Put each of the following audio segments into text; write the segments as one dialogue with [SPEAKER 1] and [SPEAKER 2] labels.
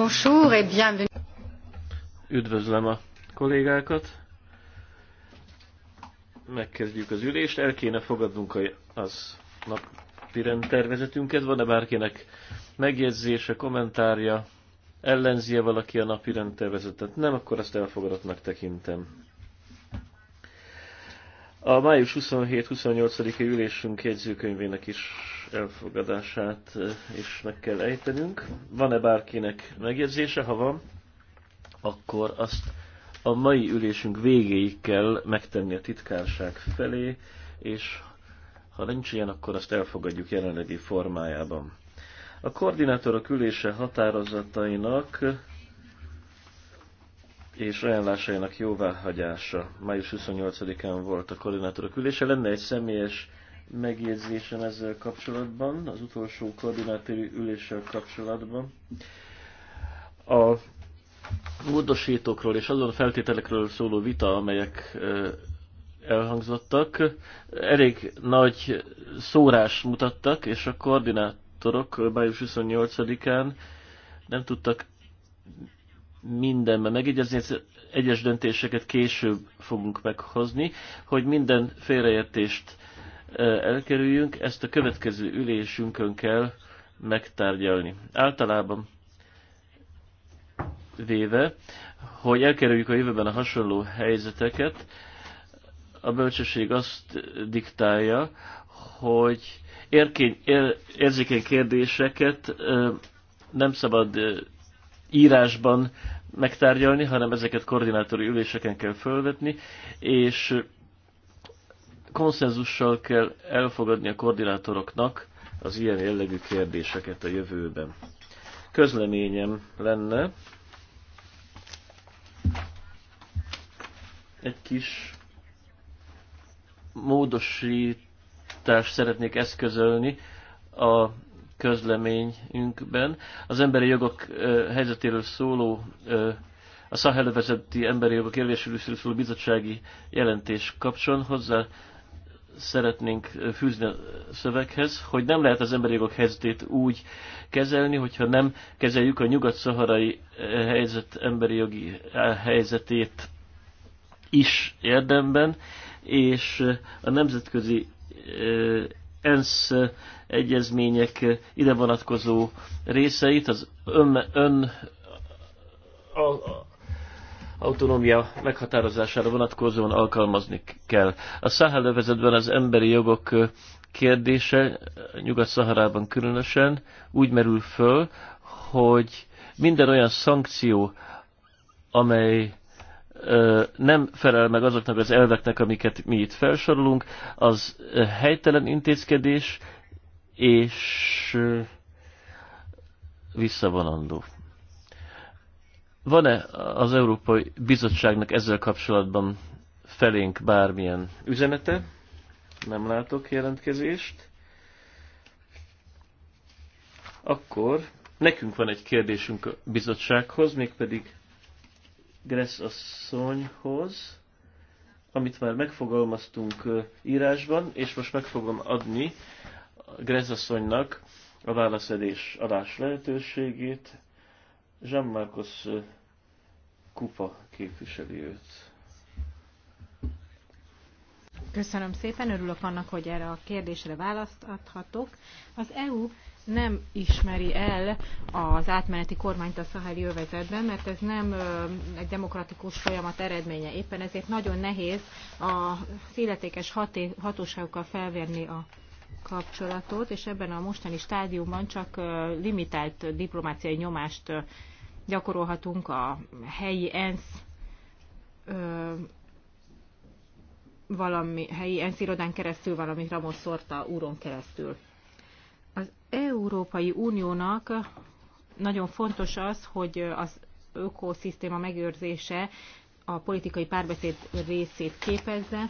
[SPEAKER 1] Bonjour et bienvenue.
[SPEAKER 2] Üdvözlöm a kollégákat. Megkezdjük az ülést. El kéne fogadnunk az napi rendtervezetünket. Van-e bárkinek megjegyzése, kommentárja? Ellenzi-e valaki a napi rendtervezetet? Nem, akkor azt elfogadottnak tekintem. A május 27-28-i ülésünk jegyzőkönyvének is elfogadását is meg kell ejtenünk. Van-e bárkinek megjegyzése? Ha van, akkor azt a mai ülésünk végéig kell megtenni a titkárság felé, és ha nincs ilyen, akkor azt elfogadjuk jelenlegi formájában. A koordinátorok ülése határozatainak és ajánlásainak jóváhagyása. Május 28-án volt a koordinátorok ülése. Lenne egy személyes megjegyzésem ezzel kapcsolatban, az utolsó koordinátori üléssel kapcsolatban. A módosítókról és azon feltételekről szóló vita, amelyek elhangzottak, elég nagy szórás mutattak, és a koordinátorok május 28-án nem tudtak mindenben megegyezni, egyes döntéseket később fogunk meghozni, hogy minden félreértést e, elkerüljünk, ezt a következő ülésünkön kell megtárgyalni. Általában véve, hogy elkerüljük a jövőben a hasonló helyzeteket, a bölcsesség azt diktálja, hogy érkény, ér, érzékeny kérdéseket ö, e, nem szabad e, írásban megtárgyalni, hanem ezeket koordinátori üléseken kell fölvetni, és konszenzussal kell elfogadni a koordinátoroknak az ilyen jellegű kérdéseket a jövőben. Közleményem lenne egy kis módosítást szeretnék eszközölni a közleményünkben. Az emberi jogok helyzetéről szóló, a Szahelövezeti Emberi Jogok Érvésülésről szóló bizottsági jelentés kapcsolatban hozzá szeretnénk fűzni a szöveghez, hogy nem lehet az emberi jogok helyzetét úgy kezelni, hogyha nem kezeljük a nyugat-szaharai helyzet, emberi jogi helyzetét is érdemben, és a nemzetközi ENSZ egyezmények eh, ide vonatkozó részeit, az ön, ön a, a, autonómia meghatározására vonatkozóan alkalmazni kell. A Száhel övezetben az emberi jogok eh, kérdése, Nyugat-Szaharában különösen, úgy merül föl, hogy minden olyan szankció, amely ö, eh, nem felel meg azoknak az elveknek, amiket mi itt felsorolunk, az helytelen intézkedés, és visszavonandó. Van-e az Európai Bizottságnak ezzel kapcsolatban felénk bármilyen üzenete? Nem látok jelentkezést. Akkor nekünk van egy kérdésünk a bizottsághoz, mégpedig Gressz asszonyhoz, amit már megfogalmaztunk írásban, és most meg fogom adni Grezasszonynak a válaszedés adás lehetőségét. Jean-Marcos Kupa képviseli őt.
[SPEAKER 3] Köszönöm szépen, örülök annak, hogy erre a kérdésre választ adhatok. Az EU nem ismeri el az átmeneti kormányt a szaheli övezetben, mert ez nem egy demokratikus folyamat eredménye. Éppen ezért nagyon nehéz a illetékes hatóságokkal felvérni a kapcsolatot, és ebben a mostani stádiumban csak limitált diplomáciai nyomást gyakorolhatunk a helyi ENSZ valami helyi ENSZ irodán keresztül, valamit Ramos Szorta úron keresztül. Az Európai Uniónak nagyon fontos az, hogy az ökoszisztéma megőrzése a politikai párbeszéd részét képezze.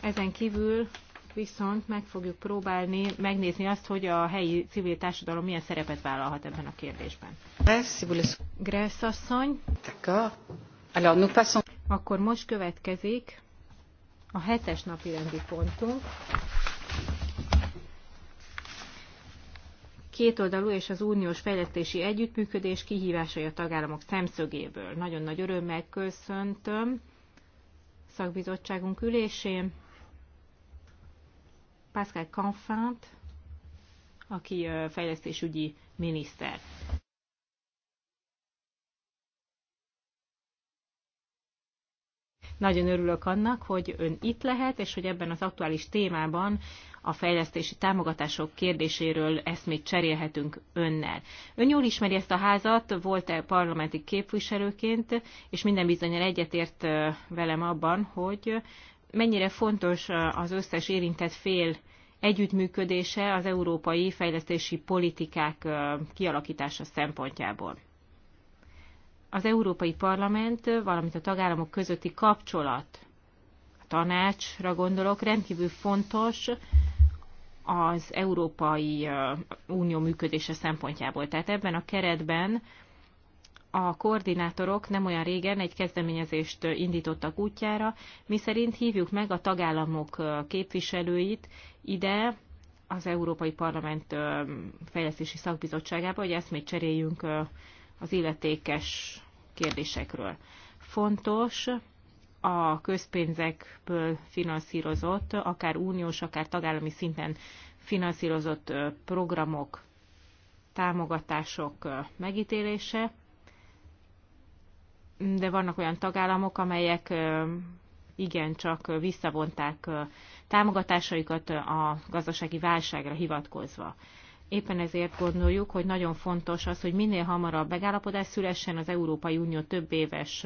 [SPEAKER 3] Ezen kívül viszont meg fogjuk próbálni megnézni azt, hogy a helyi civil társadalom milyen szerepet vállalhat ebben a kérdésben. Grász asszony. Akkor most következik a hetes napi rendi pontunk. kétoldalú és az uniós fejlesztési együttműködés kihívásai a tagállamok szemszögéből. Nagyon nagy örömmel köszöntöm szakbizottságunk ülésén Pascal Canfant, aki fejlesztésügyi miniszter. Nagyon örülök annak, hogy ön itt lehet, és hogy ebben az aktuális témában a fejlesztési támogatások kérdéséről még cserélhetünk önnel. Ön jól ismeri ezt a házat, volt -e parlamenti képviselőként, és minden bizonyal egyetért velem abban, hogy mennyire fontos az összes érintett fél együttműködése az európai fejlesztési politikák kialakítása szempontjából. Az Európai Parlament, valamint a tagállamok közötti kapcsolat, a tanácsra gondolok, rendkívül fontos az Európai Unió működése szempontjából. Tehát ebben a keretben a koordinátorok nem olyan régen egy kezdeményezést indítottak útjára, miszerint hívjuk meg a tagállamok képviselőit ide az Európai Parlament Fejlesztési Szakbizottságába, hogy ezt még cseréljünk az illetékes kérdésekről. Fontos a közpénzekből finanszírozott, akár uniós, akár tagállami szinten finanszírozott programok, támogatások megítélése, de vannak olyan tagállamok, amelyek igencsak visszavonták támogatásaikat a gazdasági válságra hivatkozva. Éppen ezért gondoljuk, hogy nagyon fontos az, hogy minél hamarabb megállapodás szülessen az Európai Unió több éves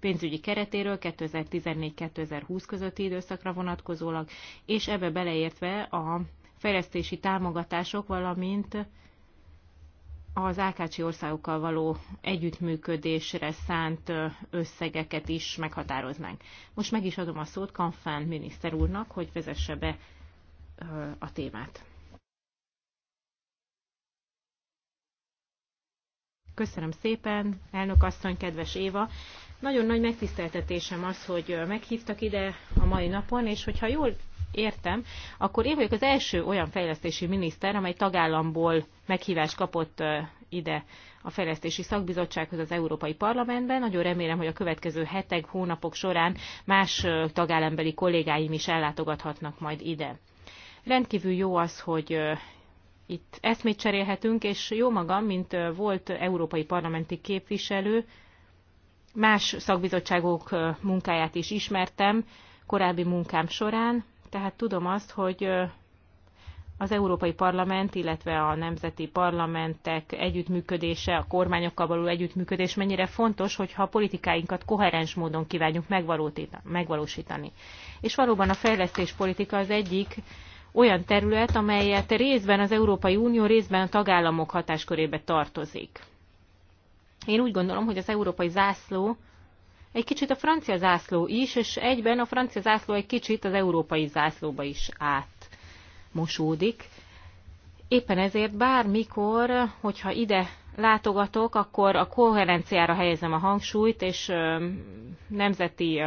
[SPEAKER 3] pénzügyi keretéről 2014-2020 közötti időszakra vonatkozólag, és ebbe beleértve a fejlesztési támogatások, valamint az Ákácsi országokkal való együttműködésre szánt összegeket is meghatároznánk. Most meg is adom a szót Kanfán miniszter úrnak, hogy vezesse be a témát. Köszönöm szépen, elnök asszony, kedves Éva. Nagyon nagy megtiszteltetésem az, hogy meghívtak ide a mai napon, és hogyha jól értem, akkor én vagyok az első olyan fejlesztési miniszter, amely tagállamból meghívást kapott ide a Fejlesztési Szakbizottsághoz az Európai Parlamentben. Nagyon remélem, hogy a következő hetek, hónapok során más tagállambeli kollégáim is ellátogathatnak majd ide. Rendkívül jó az, hogy itt eszmét cserélhetünk, és jó magam, mint volt európai parlamenti képviselő, más szakbizottságok munkáját is ismertem korábbi munkám során, tehát tudom azt, hogy az Európai Parlament, illetve a nemzeti parlamentek együttműködése, a kormányokkal való együttműködés mennyire fontos, hogyha a politikáinkat koherens módon kívánjuk megvalósítani. És valóban a fejlesztéspolitika az egyik olyan terület, amelyet részben az Európai Unió, részben a tagállamok hatáskörébe tartozik. Én úgy gondolom, hogy az európai zászló egy kicsit a francia zászló is, és egyben a francia zászló egy kicsit az európai zászlóba is átmosódik. Éppen ezért bármikor, hogyha ide látogatok, akkor a koherenciára helyezem a hangsúlyt, és nemzeti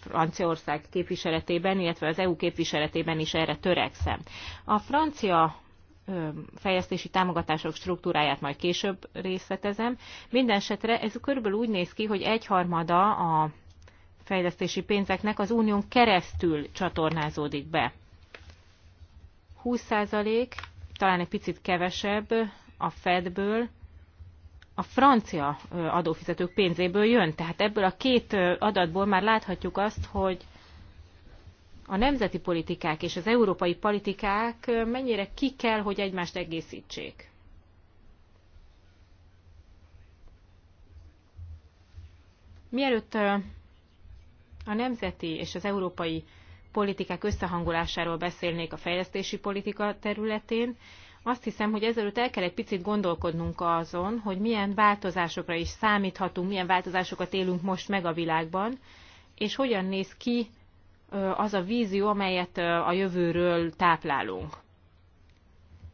[SPEAKER 3] Franciaország képviseletében, illetve az EU képviseletében is erre törekszem. A francia fejlesztési támogatások struktúráját majd később részletezem. Mindenesetre ez körülbelül úgy néz ki, hogy egyharmada a fejlesztési pénzeknek az unión keresztül csatornázódik be. 20% talán egy picit kevesebb a Fedből, a francia adófizetők pénzéből jön. Tehát ebből a két adatból már láthatjuk azt, hogy a nemzeti politikák és az európai politikák mennyire ki kell, hogy egymást egészítsék. Mielőtt a nemzeti és az európai politikák összehangolásáról beszélnék a fejlesztési politika területén, azt hiszem, hogy ezelőtt el kell egy picit gondolkodnunk azon, hogy milyen változásokra is számíthatunk, milyen változásokat élünk most meg a világban, és hogyan néz ki az a vízió, amelyet a jövőről táplálunk.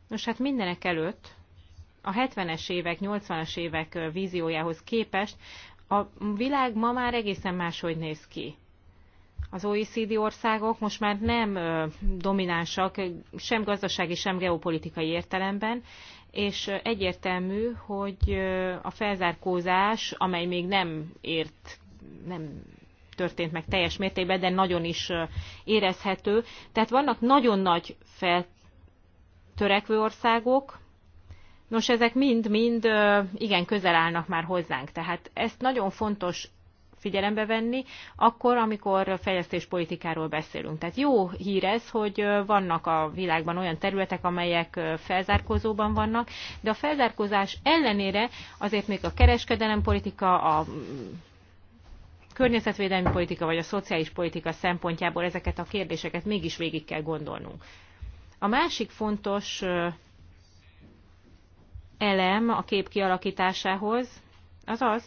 [SPEAKER 3] Nos hát mindenek előtt a 70-es évek, 80-as évek víziójához képest a világ ma már egészen máshogy néz ki. Az OECD országok most már nem dominánsak sem gazdasági, sem geopolitikai értelemben, és egyértelmű, hogy a felzárkózás, amely még nem ért, nem történt meg teljes mértékben, de nagyon is érezhető. Tehát vannak nagyon nagy feltörekvő országok, Nos, ezek mind-mind igen közel állnak már hozzánk, tehát ezt nagyon fontos figyelembe venni, akkor, amikor fejlesztéspolitikáról beszélünk. Tehát jó hír ez, hogy vannak a világban olyan területek, amelyek felzárkózóban vannak, de a felzárkózás ellenére azért még a kereskedelempolitika, a környezetvédelmi politika vagy a szociális politika szempontjából ezeket a kérdéseket mégis végig kell gondolnunk. A másik fontos elem a kép kialakításához az az,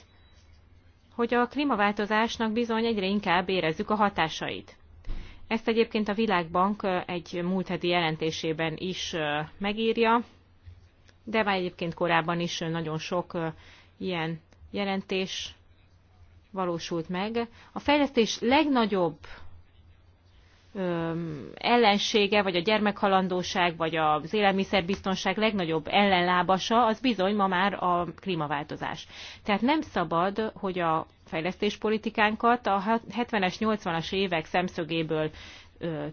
[SPEAKER 3] hogy a klímaváltozásnak bizony egyre inkább érezzük a hatásait. Ezt egyébként a Világbank egy múlt heti jelentésében is megírja, de már egyébként korábban is nagyon sok ilyen jelentés valósult meg. A fejlesztés legnagyobb ellensége, vagy a gyermekhalandóság, vagy az élelmiszerbiztonság legnagyobb ellenlábasa, az bizony ma már a klímaváltozás. Tehát nem szabad, hogy a fejlesztéspolitikánkat a 70-es, 80-as évek szemszögéből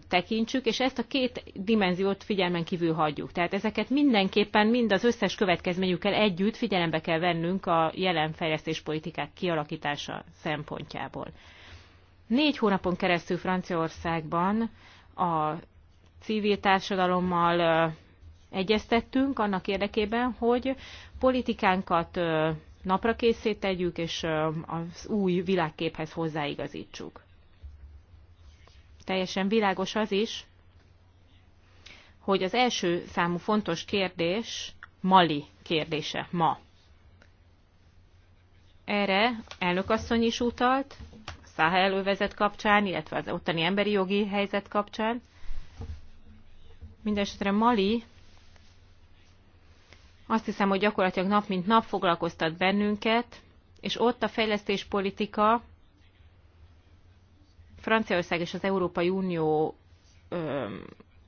[SPEAKER 3] tekintsük, és ezt a két dimenziót figyelmen kívül hagyjuk. Tehát ezeket mindenképpen mind az összes következményükkel együtt figyelembe kell vennünk a jelen fejlesztéspolitikák kialakítása szempontjából. Négy hónapon keresztül Franciaországban a civil társadalommal egyeztettünk annak érdekében, hogy politikánkat napra készítjük és az új világképhez hozzáigazítsuk teljesen világos az is, hogy az első számú fontos kérdés Mali kérdése ma. Erre elnökasszony is utalt, Száhel övezet kapcsán, illetve az ottani emberi jogi helyzet kapcsán. Mindenesetre Mali azt hiszem, hogy gyakorlatilag nap mint nap foglalkoztat bennünket, és ott a fejlesztéspolitika Franciaország és az Európai Unió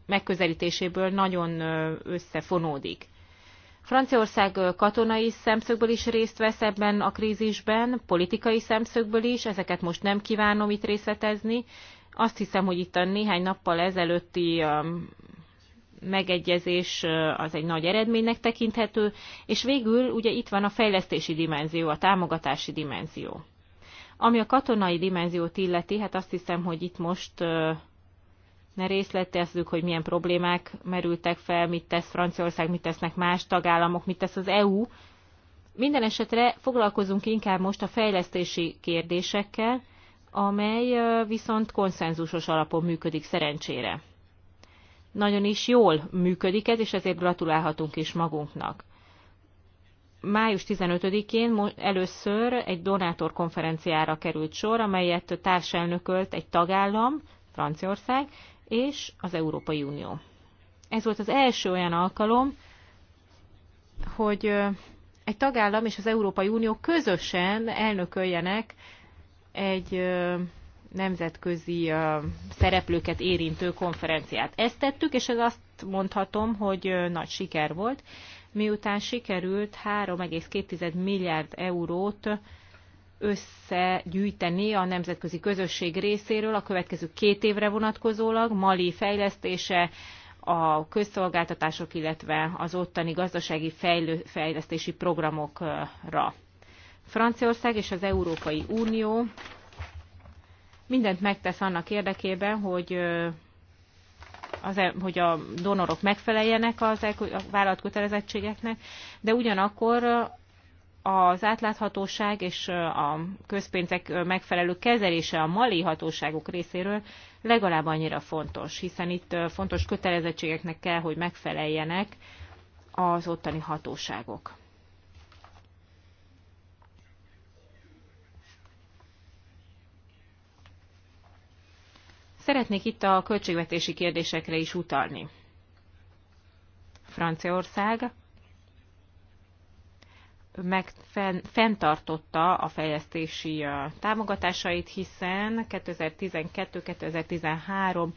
[SPEAKER 3] megközelítéséből nagyon összefonódik. Franciaország katonai szemszögből is részt vesz ebben a krízisben, politikai szemszögből is, ezeket most nem kívánom itt részletezni. Azt hiszem, hogy itt a néhány nappal ezelőtti megegyezés az egy nagy eredménynek tekinthető, és végül ugye itt van a fejlesztési dimenzió, a támogatási dimenzió. Ami a katonai dimenziót illeti, hát azt hiszem, hogy itt most ne részletezzük, hogy milyen problémák merültek fel, mit tesz Franciaország, mit tesznek más tagállamok, mit tesz az EU. Minden esetre foglalkozunk inkább most a fejlesztési kérdésekkel, amely viszont konszenzusos alapon működik szerencsére. Nagyon is jól működik ez, és ezért gratulálhatunk is magunknak május 15-én először egy donátor konferenciára került sor, amelyet társelnökölt egy tagállam, Franciaország, és az Európai Unió. Ez volt az első olyan alkalom, hogy egy tagállam és az Európai Unió közösen elnököljenek egy nemzetközi szereplőket érintő konferenciát. Ezt tettük, és ez azt mondhatom, hogy nagy siker volt miután sikerült 3,2 milliárd eurót összegyűjteni a nemzetközi közösség részéről a következő két évre vonatkozólag, Mali fejlesztése, a közszolgáltatások, illetve az ottani gazdasági fejlő, fejlesztési programokra. Franciaország és az Európai Unió mindent megtesz annak érdekében, hogy az, hogy a donorok megfeleljenek az a vállalt kötelezettségeknek, de ugyanakkor az átláthatóság és a közpénzek megfelelő kezelése a mali hatóságok részéről legalább annyira fontos, hiszen itt fontos kötelezettségeknek kell, hogy megfeleljenek az ottani hatóságok. Szeretnék itt a költségvetési kérdésekre is utalni. Franciaország meg fenntartotta a fejlesztési támogatásait, hiszen 2012-2013-ra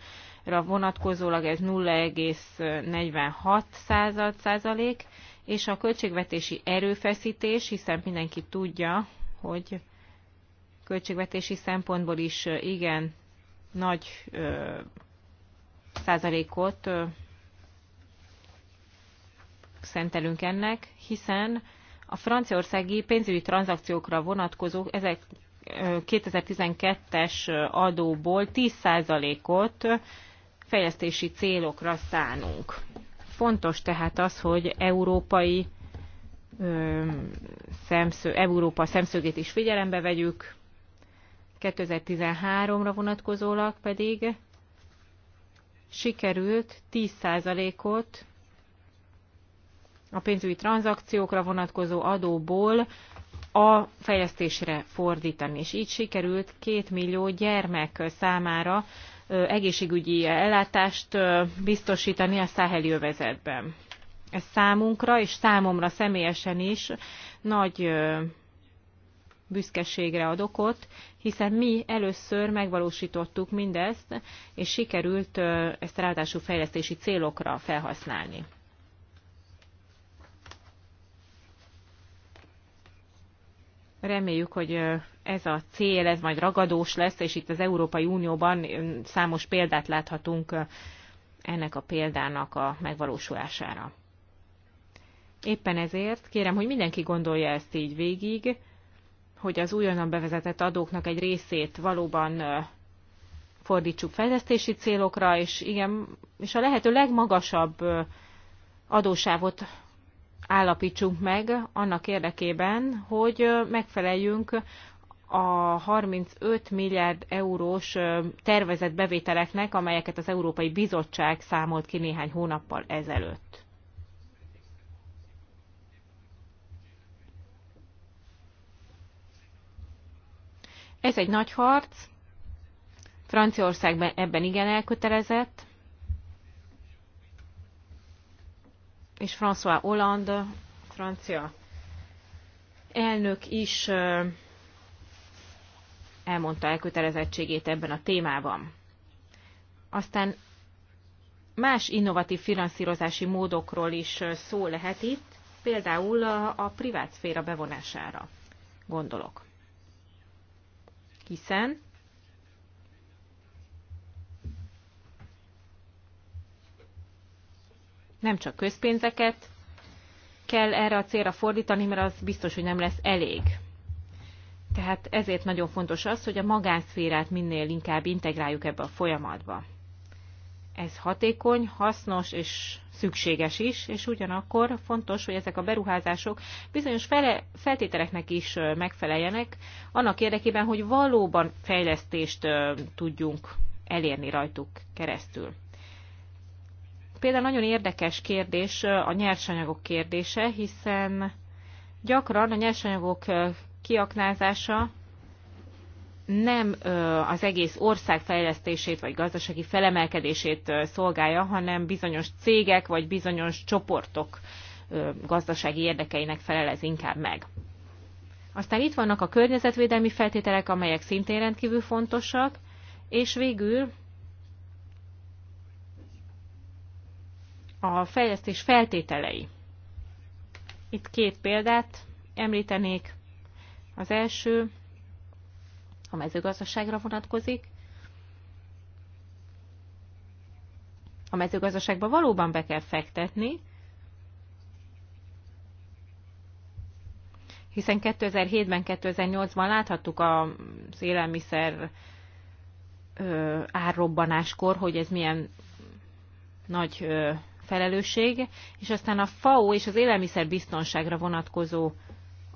[SPEAKER 3] vonatkozólag ez 0,46 század százalék, és a költségvetési erőfeszítés, hiszen mindenki tudja, hogy költségvetési szempontból is igen nagy ö, százalékot ö, szentelünk ennek, hiszen a franciaországi pénzügyi tranzakciókra vonatkozó ezek 2012-es adóból 10%-ot fejlesztési célokra szánunk. Fontos tehát az, hogy európai ö, szemsző, Európa szemszögét is figyelembe vegyük, 2013-ra vonatkozólag pedig sikerült 10%-ot a pénzügyi tranzakciókra vonatkozó adóból a fejlesztésre fordítani. És így sikerült 2 millió gyermek számára egészségügyi ellátást biztosítani a száheli övezetben. Ez számunkra és számomra személyesen is nagy büszkeségre ad okot, hiszen mi először megvalósítottuk mindezt, és sikerült ezt ráadásul fejlesztési célokra felhasználni. Reméljük, hogy ez a cél, ez majd ragadós lesz, és itt az Európai Unióban számos példát láthatunk ennek a példának a megvalósulására. Éppen ezért kérem, hogy mindenki gondolja ezt így végig, hogy az újonnan bevezetett adóknak egy részét valóban fordítsuk fejlesztési célokra, és, igen, és a lehető legmagasabb adósávot állapítsunk meg annak érdekében, hogy megfeleljünk a 35 milliárd eurós tervezett bevételeknek, amelyeket az Európai Bizottság számolt ki néhány hónappal ezelőtt. Ez egy nagy harc, Franciaország ebben igen elkötelezett, és François Hollande, francia elnök is elmondta elkötelezettségét ebben a témában. Aztán más innovatív finanszírozási módokról is szó lehet itt, például a privát szféra bevonására gondolok hiszen nem csak közpénzeket kell erre a célra fordítani, mert az biztos, hogy nem lesz elég. Tehát ezért nagyon fontos az, hogy a magánszférát minél inkább integráljuk ebbe a folyamatba. Ez hatékony, hasznos és szükséges is, és ugyanakkor fontos, hogy ezek a beruházások bizonyos fele, feltételeknek is megfeleljenek, annak érdekében, hogy valóban fejlesztést tudjunk elérni rajtuk keresztül. Például nagyon érdekes kérdés a nyersanyagok kérdése, hiszen gyakran a nyersanyagok kiaknázása nem az egész ország fejlesztését vagy gazdasági felemelkedését szolgálja, hanem bizonyos cégek vagy bizonyos csoportok gazdasági érdekeinek felelez inkább meg. Aztán itt vannak a környezetvédelmi feltételek, amelyek szintén rendkívül fontosak, és végül a fejlesztés feltételei. Itt két példát említenék. Az első a mezőgazdaságra vonatkozik. A mezőgazdaságba valóban be kell fektetni, hiszen 2007-ben, 2008-ban láthattuk az élelmiszer árrobbanáskor, hogy ez milyen nagy felelősség, és aztán a FAO és az biztonságra vonatkozó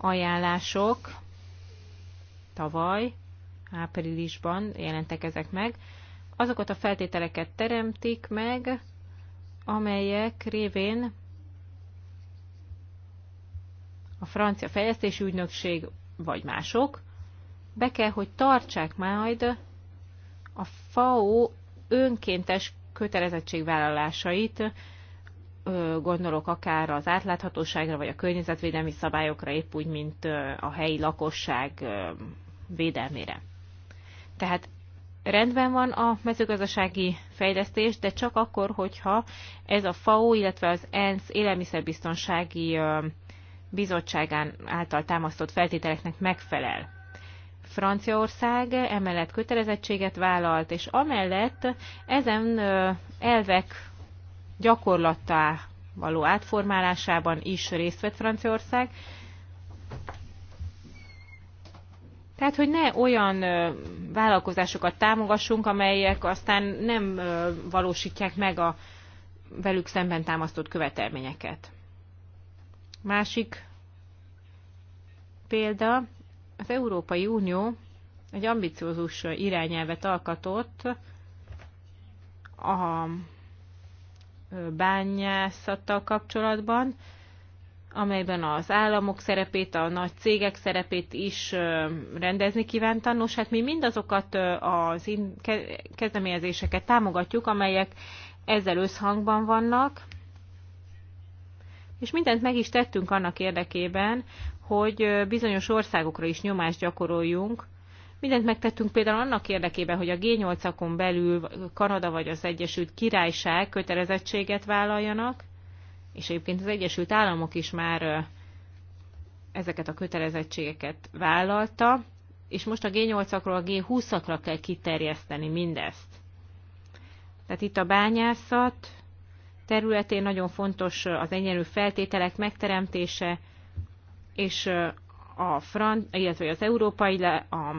[SPEAKER 3] ajánlások tavaly áprilisban jelentek ezek meg, azokat a feltételeket teremtik meg, amelyek révén a francia fejlesztési ügynökség vagy mások be kell, hogy tartsák majd a FAO önkéntes kötelezettségvállalásait, gondolok akár az átláthatóságra, vagy a környezetvédelmi szabályokra, épp úgy, mint a helyi lakosság védelmére. Tehát rendben van a mezőgazdasági fejlesztés, de csak akkor, hogyha ez a FAO, illetve az ENSZ élelmiszerbiztonsági bizottságán által támasztott feltételeknek megfelel. Franciaország emellett kötelezettséget vállalt, és amellett ezen elvek gyakorlattá való átformálásában is részt vett Franciaország, Tehát, hogy ne olyan vállalkozásokat támogassunk, amelyek aztán nem valósítják meg a velük szemben támasztott követelményeket. Másik példa, az Európai Unió egy ambiciózus irányelvet alkatott a bányászattal kapcsolatban, amelyben az államok szerepét, a nagy cégek szerepét is rendezni kívánta. Nos, hát mi mindazokat az kezdeményezéseket támogatjuk, amelyek ezzel összhangban vannak, és mindent meg is tettünk annak érdekében, hogy bizonyos országokra is nyomást gyakoroljunk. Mindent megtettünk például annak érdekében, hogy a G8-akon belül Kanada vagy az Egyesült Királyság kötelezettséget vállaljanak, és egyébként az Egyesült Államok is már ezeket a kötelezettségeket vállalta, és most a G8-akról a G20-akra kell kiterjeszteni mindezt. Tehát itt a bányászat területén nagyon fontos az egyenlő feltételek megteremtése, és a fran, illetve az európai, a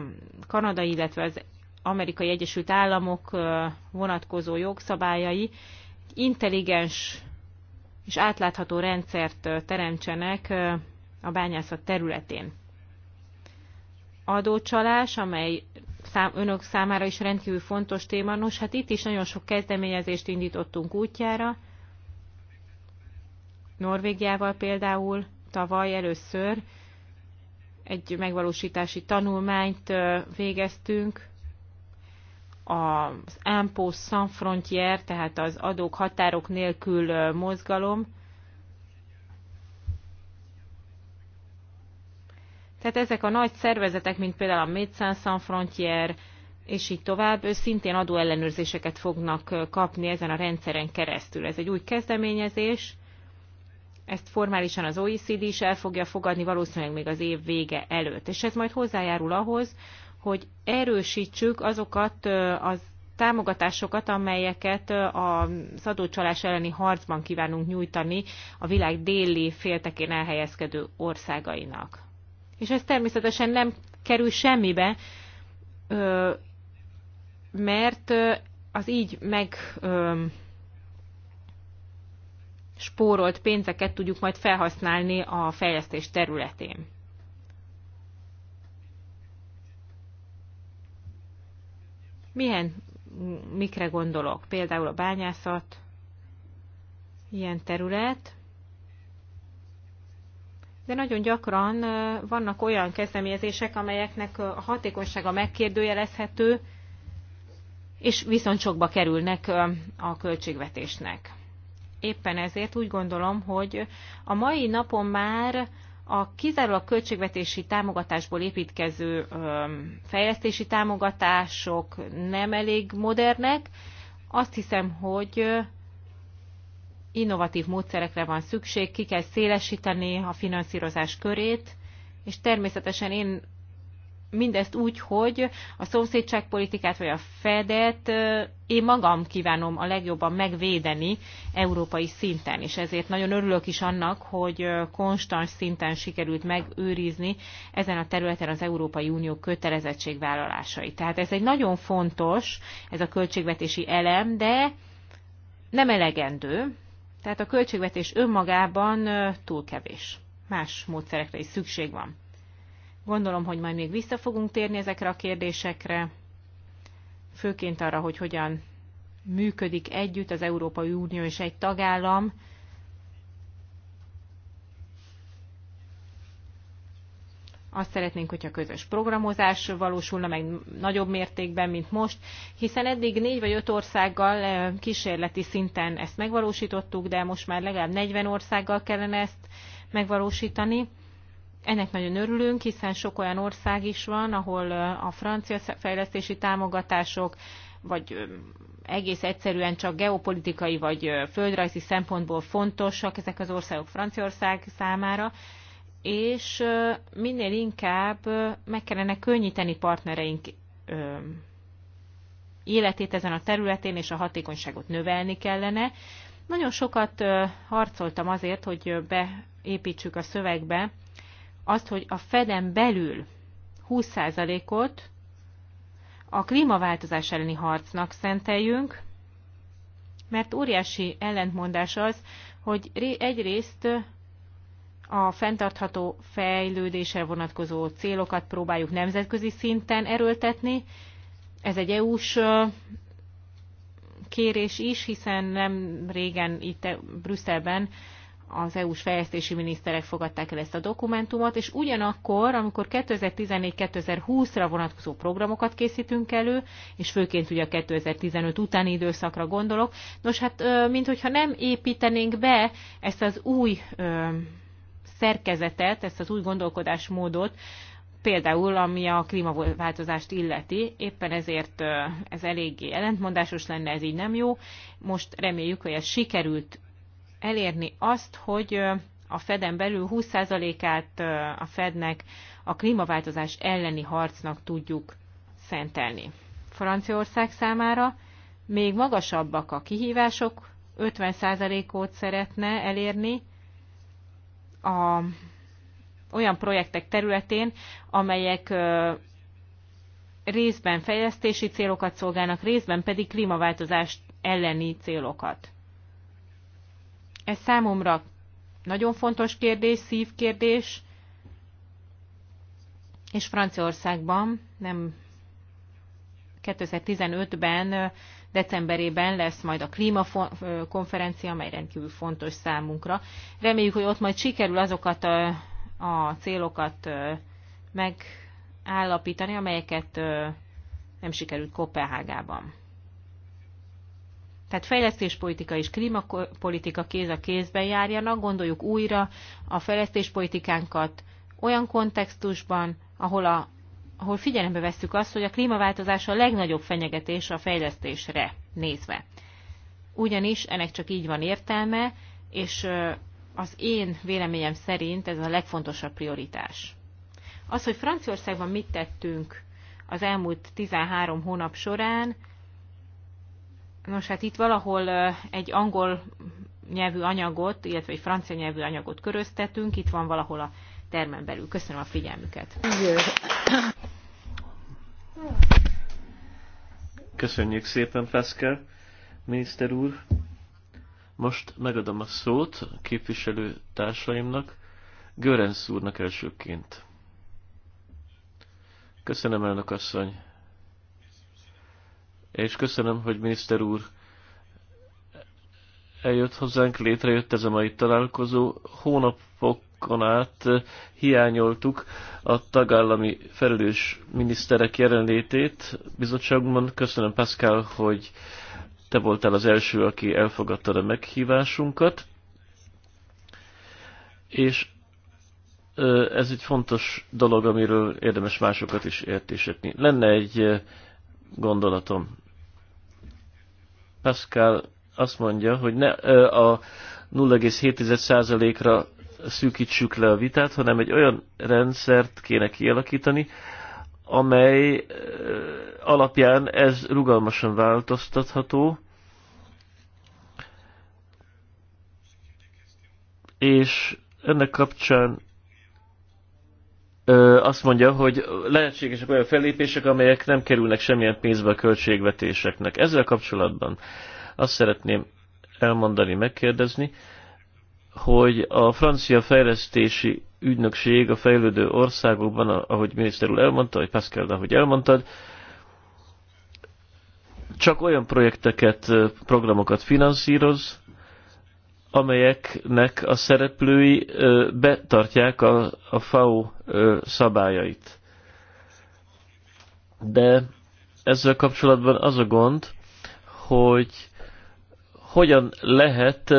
[SPEAKER 3] kanadai, illetve az amerikai Egyesült Államok vonatkozó jogszabályai intelligens és átlátható rendszert teremtsenek a bányászat területén. Adócsalás, amely szám, önök számára is rendkívül fontos téma. Nos, hát itt is nagyon sok kezdeményezést indítottunk útjára. Norvégiával például tavaly először egy megvalósítási tanulmányt végeztünk, az Ampo Sans Frontier, tehát az adók határok nélkül mozgalom. Tehát ezek a nagy szervezetek, mint például a Médecins Sans Frontier, és így tovább, szintén adóellenőrzéseket fognak kapni ezen a rendszeren keresztül. Ez egy új kezdeményezés, ezt formálisan az OECD is el fogja fogadni, valószínűleg még az év vége előtt. És ez majd hozzájárul ahhoz, hogy erősítsük azokat az támogatásokat, amelyeket a szadócsalás elleni harcban kívánunk nyújtani a világ déli féltekén elhelyezkedő országainak. És ez természetesen nem kerül semmibe, mert az így meg spórolt pénzeket tudjuk majd felhasználni a fejlesztés területén. Milyen, mikre gondolok? Például a bányászat, ilyen terület, de nagyon gyakran vannak olyan kezdeményezések, amelyeknek a hatékonysága megkérdőjelezhető, és viszont sokba kerülnek a költségvetésnek. Éppen ezért úgy gondolom, hogy a mai napon már a kizárólag költségvetési támogatásból építkező fejlesztési támogatások nem elég modernek. Azt hiszem, hogy innovatív módszerekre van szükség, ki kell szélesíteni a finanszírozás körét, és természetesen én mindezt úgy, hogy a szomszédságpolitikát vagy a Fedet én magam kívánom a legjobban megvédeni európai szinten, és ezért nagyon örülök is annak, hogy konstans szinten sikerült megőrizni ezen a területen az Európai Unió kötelezettségvállalásai. Tehát ez egy nagyon fontos, ez a költségvetési elem, de nem elegendő, tehát a költségvetés önmagában túl kevés. Más módszerekre is szükség van. Gondolom, hogy majd még vissza fogunk térni ezekre a kérdésekre, főként arra, hogy hogyan működik együtt az Európai Unió és egy tagállam. Azt szeretnénk, hogyha közös programozás valósulna meg nagyobb mértékben, mint most, hiszen eddig négy vagy öt országgal eh, kísérleti szinten ezt megvalósítottuk, de most már legalább 40 országgal kellene ezt megvalósítani ennek nagyon örülünk, hiszen sok olyan ország is van, ahol a francia fejlesztési támogatások, vagy egész egyszerűen csak geopolitikai vagy földrajzi szempontból fontosak ezek az országok Franciaország számára, és minél inkább meg kellene könnyíteni partnereink életét ezen a területén, és a hatékonyságot növelni kellene. Nagyon sokat harcoltam azért, hogy beépítsük a szövegbe azt, hogy a Feden belül 20%-ot a klímaváltozás elleni harcnak szenteljünk, mert óriási ellentmondás az, hogy egyrészt a fenntartható fejlődésre vonatkozó célokat próbáljuk nemzetközi szinten erőltetni. Ez egy EU-s kérés is, hiszen nem régen itt Brüsszelben az EU-s fejlesztési miniszterek fogadták el ezt a dokumentumot, és ugyanakkor, amikor 2014-2020-ra vonatkozó programokat készítünk elő, és főként ugye a 2015 utáni időszakra gondolok, nos hát minthogyha nem építenénk be ezt az új szerkezetet, ezt az új gondolkodásmódot, például ami a klímaváltozást illeti, éppen ezért ez eléggé ellentmondásos lenne, ez így nem jó. Most reméljük, hogy ez sikerült elérni azt, hogy a Feden belül 20%-át a Fednek a klímaváltozás elleni harcnak tudjuk szentelni. Franciaország számára még magasabbak a kihívások, 50%-ot szeretne elérni a, olyan projektek területén, amelyek részben fejlesztési célokat szolgálnak, részben pedig klímaváltozást elleni célokat. Ez számomra nagyon fontos kérdés, szívkérdés, és Franciaországban nem 2015-ben, decemberében lesz majd a klímakonferencia, amely rendkívül fontos számunkra. Reméljük, hogy ott majd sikerül azokat a, a célokat megállapítani, amelyeket nem sikerült Kopenhágában. Tehát fejlesztéspolitika és klímapolitika kéz a kézben járjanak, gondoljuk újra a fejlesztéspolitikánkat olyan kontextusban, ahol, a, ahol figyelembe vesszük azt, hogy a klímaváltozás a legnagyobb fenyegetés a fejlesztésre nézve. Ugyanis ennek csak így van értelme, és az én véleményem szerint ez a legfontosabb prioritás. Az, hogy Franciaországban mit tettünk az elmúlt 13 hónap során, Nos, hát itt valahol egy angol nyelvű anyagot, illetve egy francia nyelvű anyagot köröztetünk, itt van valahol a termen belül. Köszönöm a figyelmüket.
[SPEAKER 2] Köszönjük szépen, Feszker miniszter úr. Most megadom a szót a képviselő társaimnak, Görensz úrnak elsőként. Köszönöm, elnök asszony és köszönöm, hogy miniszter úr eljött hozzánk, létrejött ez a mai találkozó. Hónapokon át hiányoltuk a tagállami felelős miniszterek jelenlétét bizottságban. Köszönöm, Pascal, hogy te voltál az első, aki elfogadta a meghívásunkat. És ez egy fontos dolog, amiről érdemes másokat is értésetni. Lenne egy gondolatom. Pascal azt mondja, hogy ne a 0,7%-ra szűkítsük le a vitát, hanem egy olyan rendszert kéne kialakítani, amely alapján ez rugalmasan változtatható, és ennek kapcsán ö, azt mondja, hogy lehetségesek olyan fellépések, amelyek nem kerülnek semmilyen pénzbe a költségvetéseknek. Ezzel kapcsolatban azt szeretném elmondani, megkérdezni, hogy a francia fejlesztési ügynökség a fejlődő országokban, ahogy miniszter úr elmondta, vagy Pascal, ahogy elmondtad, csak olyan projekteket, programokat finanszíroz, amelyeknek a szereplői betartják a, a FAO szabályait. De ezzel kapcsolatban az a gond, hogy hogyan lehet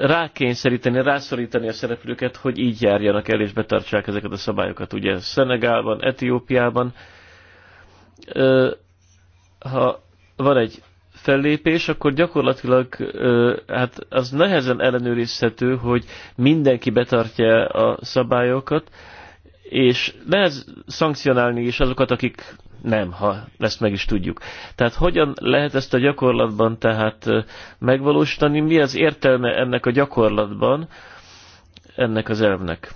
[SPEAKER 2] rákényszeríteni, rászorítani a szereplőket, hogy így járjanak el és betartsák ezeket a szabályokat. Ugye Szenegálban, Etiópiában, ha van egy fellépés, akkor gyakorlatilag hát az nehezen ellenőrizhető, hogy mindenki betartja a szabályokat, és nehez szankcionálni is azokat, akik nem, ha ezt meg is tudjuk. Tehát hogyan lehet ezt a gyakorlatban tehát megvalósítani, mi az értelme ennek a gyakorlatban, ennek az elvnek?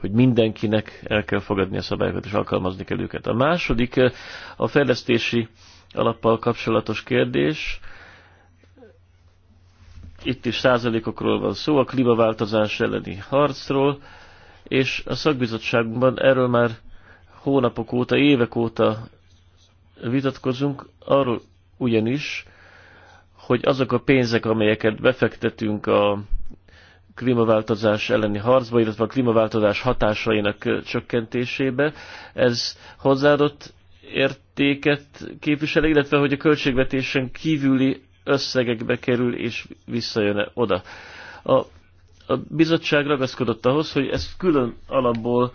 [SPEAKER 2] hogy mindenkinek el kell fogadni a szabályokat és alkalmazni kell őket. A második eh, a fejlesztési alappal kapcsolatos kérdés. Itt is százalékokról van szó, a klímaváltozás elleni harcról, és a szakbizottságunkban erről már hónapok óta, évek óta vitatkozunk, arról ugyanis, hogy azok a pénzek, amelyeket befektetünk a klímaváltozás elleni harcba, illetve a klímaváltozás hatásainak csökkentésébe. Ez hozzáadott értéket képvisel, illetve hogy a költségvetésen kívüli összegekbe kerül és visszajön -e oda. A, a bizottság ragaszkodott ahhoz, hogy ezt külön alapból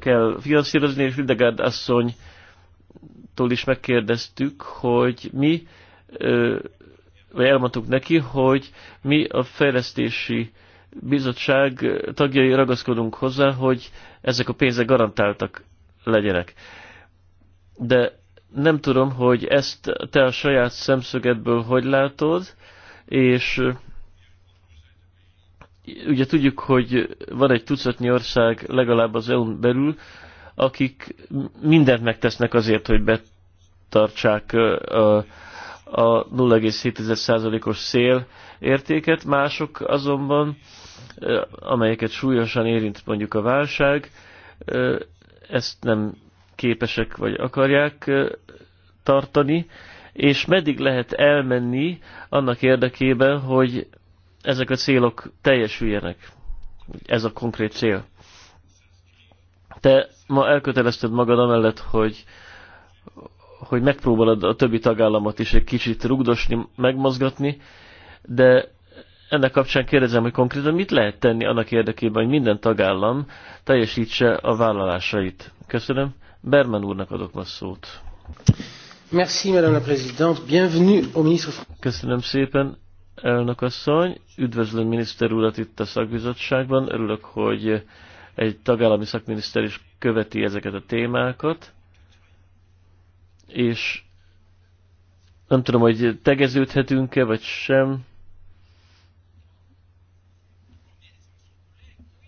[SPEAKER 2] kell finanszírozni, és Hildegard asszonytól is megkérdeztük, hogy mi, vagy elmondtuk neki, hogy mi a fejlesztési bizottság tagjai ragaszkodunk hozzá, hogy ezek a pénzek garantáltak legyenek. De nem tudom, hogy ezt te a saját szemszögedből hogy látod, és eh, ugye tudjuk, hogy van egy tucatnyi ország legalább az EU-n belül, akik mindent megtesznek azért, hogy betartsák eh, a a 0,7%-os szél értéket, mások azonban, amelyeket súlyosan érint mondjuk a válság, ezt nem képesek vagy akarják tartani, és meddig lehet elmenni annak érdekében, hogy ezek a célok teljesüljenek. Ez a konkrét cél. Te ma elkötelezted magad amellett, hogy, hogy megpróbálod a többi tagállamot is egy kicsit rugdosni, megmozgatni, de ennek kapcsán kérdezem, hogy konkrétan mit lehet tenni annak érdekében, hogy minden tagállam teljesítse a vállalásait. Köszönöm. Berman úrnak adok most szót. Merci, Madame la Présidente. Bienvenue au ministre. Köszönöm szépen, elnök asszony. Üdvözlöm miniszter urat itt a szakbizottságban. Örülök, hogy egy tagállami szakminiszter is követi ezeket a témákat és nem tudom, hogy tegeződhetünk-e, vagy sem.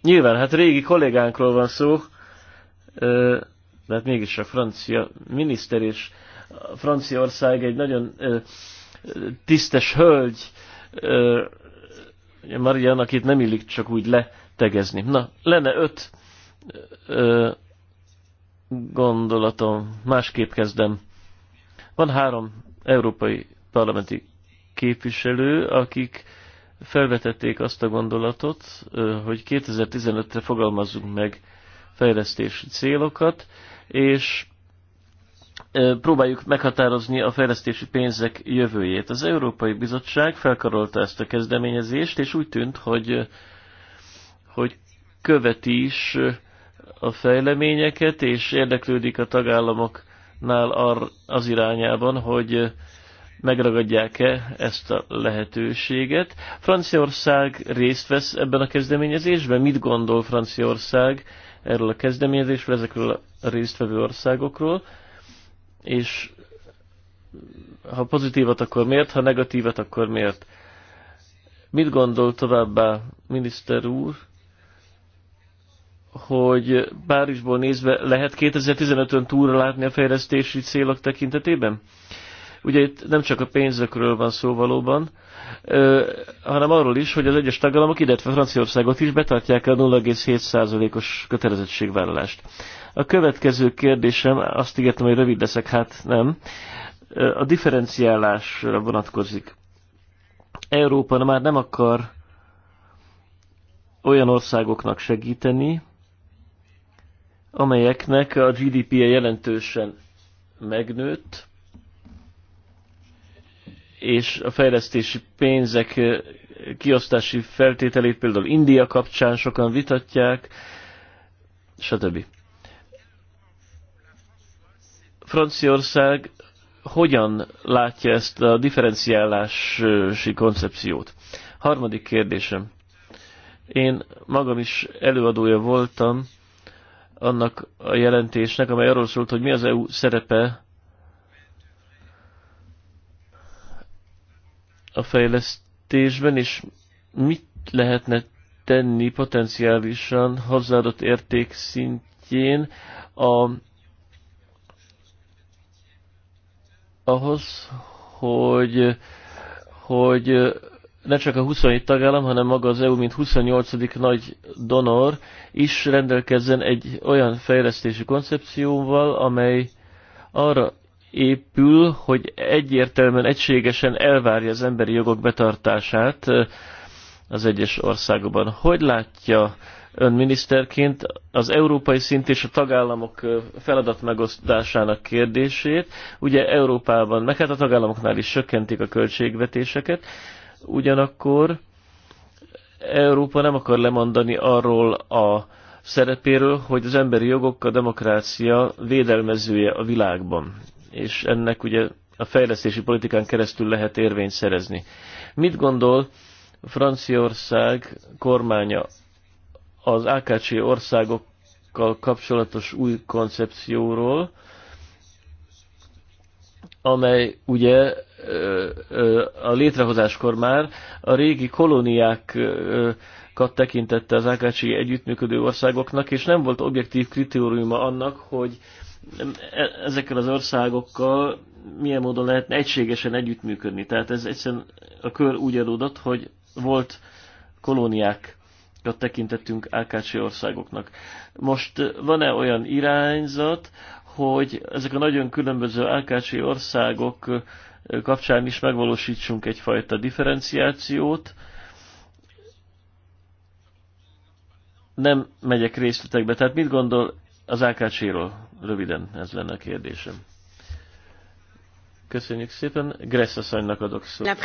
[SPEAKER 2] Nyilván, hát régi kollégánkról van szó, de hát mégis a francia miniszter és Franciaország egy nagyon tisztes hölgy, Marian, akit nem illik csak úgy letegezni. Na, lenne öt gondolatom, másképp kezdem. Van három európai parlamenti képviselő, akik felvetették azt a gondolatot, hogy 2015-re fogalmazzunk meg fejlesztési célokat, és próbáljuk meghatározni a fejlesztési pénzek jövőjét. Az Európai Bizottság felkarolta ezt a kezdeményezést, és úgy tűnt, hogy, hogy követi is a fejleményeket, és érdeklődik a tagállamok nál az irányában, hogy megragadják-e ezt a lehetőséget. Franciaország részt vesz ebben a kezdeményezésben? Mit gondol Franciaország erről a kezdeményezésről, ezekről a résztvevő országokról? És ha pozitívat, akkor miért? Ha negatívat, akkor miért? Mit gondol továbbá miniszter úr hogy Párizsból nézve lehet 2015-ön túlra látni a fejlesztési célok tekintetében? Ugye itt nem csak a pénzekről van szó valóban, hanem arról is, hogy az egyes tagállamok, illetve Franciaországot is betartják a 0,7%-os kötelezettségvállalást. A következő kérdésem, azt ígértem, hogy rövid leszek, hát nem, a differenciálásra vonatkozik. Európa már nem akar olyan országoknak segíteni, amelyeknek a GDP-je jelentősen megnőtt, és a fejlesztési pénzek eh, kiosztási feltételét például India kapcsán sokan vitatják, stb. Franciaország hogyan látja ezt a differenciálási koncepciót? Harmadik kérdésem. Én magam is előadója voltam annak a jelentésnek, amely arról szólt, hogy mi az EU szerepe a fejlesztésben, és mit lehetne tenni potenciálisan hozzáadott érték szintjén a, ahhoz, hogy, hogy ne csak a 27 tagállam, hanem maga az EU, mint 28. nagy donor is rendelkezzen egy olyan fejlesztési koncepcióval, amely arra épül, hogy egyértelműen, egységesen elvárja az emberi jogok betartását az egyes országokban. Hogy látja ön miniszterként az európai szint és a tagállamok feladatmegosztásának kérdését? Ugye Európában, meg hát a tagállamoknál is csökkentik a költségvetéseket, ugyanakkor Európa nem akar lemondani arról a szerepéről, hogy az emberi jogok a demokrácia védelmezője a világban, és ennek ugye a fejlesztési politikán keresztül lehet érvényt szerezni. Mit gondol Franciaország kormánya az AKC országokkal kapcsolatos új koncepcióról, amely ugye a létrehozáskor már a régi kolóniákat tekintette az Ákácsi együttműködő országoknak, és nem volt objektív kritériuma annak, hogy e, ezekkel az országokkal milyen módon lehetne egységesen együttműködni. Tehát ez egyszerűen a kör úgy adódott, hogy volt kolóniák tekintettünk Ákácsi országoknak. Most van-e olyan irányzat, hogy ezek a nagyon különböző AKC országok kapcsán is megvalósítsunk egyfajta differenciációt. Nem megyek részletekbe, tehát mit gondol az AKC-ról? Röviden ez lenne a kérdésem. Köszönjük szépen. Gresszaszanynak adok szót.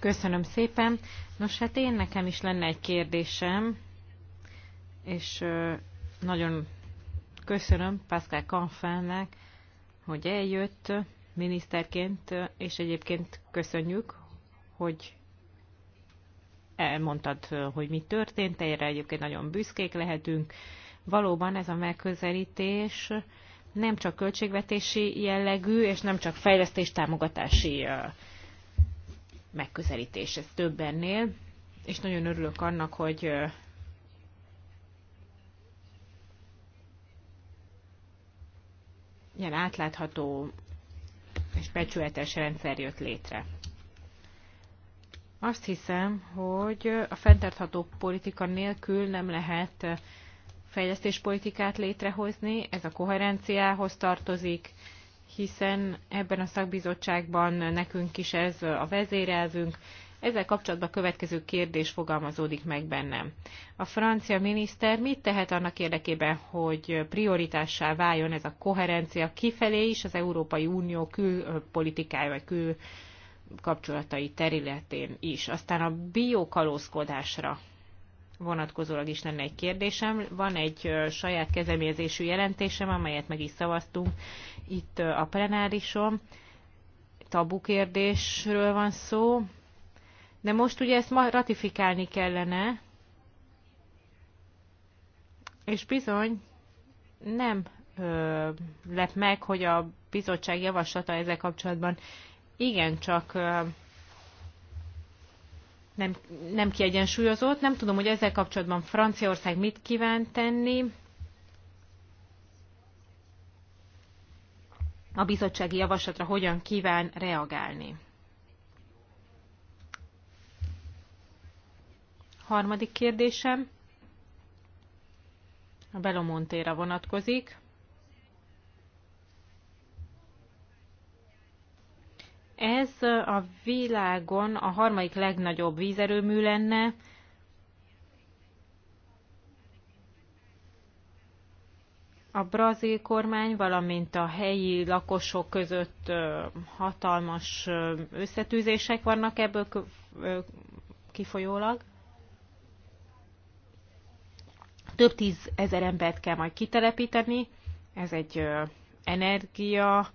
[SPEAKER 3] Köszönöm szépen. Nos, hát én nekem is lenne egy kérdésem, és nagyon köszönöm Pascal Kanfánnak, hogy eljött miniszterként, és egyébként köszönjük, hogy elmondtad, hogy mi történt, erre egyébként nagyon büszkék lehetünk. Valóban ez a megközelítés nem csak költségvetési jellegű, és nem csak fejlesztés támogatási megközelítés, ez több ennél, és nagyon örülök annak, hogy ilyen átlátható és becsületes rendszer jött létre. Azt hiszem, hogy a fenntartható politika nélkül nem lehet fejlesztéspolitikát létrehozni, ez a koherenciához tartozik, hiszen ebben a szakbizottságban nekünk is ez a vezérelvünk, ezzel kapcsolatban a következő kérdés fogalmazódik meg bennem. A francia miniszter mit tehet annak érdekében, hogy prioritássá váljon ez a koherencia kifelé is az Európai Unió külpolitikája vagy kül kapcsolatai területén is. Aztán a biokalózkodásra vonatkozólag is lenne egy kérdésem. Van egy saját kezemérzésű jelentésem, amelyet meg is szavaztunk itt a plenárison. Tabu kérdésről van szó, de most ugye ezt ma ratifikálni kellene, és bizony nem ö, lett meg, hogy a bizottság javaslata ezzel kapcsolatban igencsak ö, nem, nem kiegyensúlyozott. Nem tudom, hogy ezzel kapcsolatban Franciaország mit kíván tenni. A bizottsági javaslatra hogyan kíván reagálni. Harmadik kérdésem a Belomontéra vonatkozik. Ez a világon a harmadik legnagyobb vízerőmű lenne, a brazil kormány, valamint a helyi lakosok között hatalmas összetűzések vannak ebből kifolyólag. több tízezer embert kell majd kitelepíteni. Ez egy energia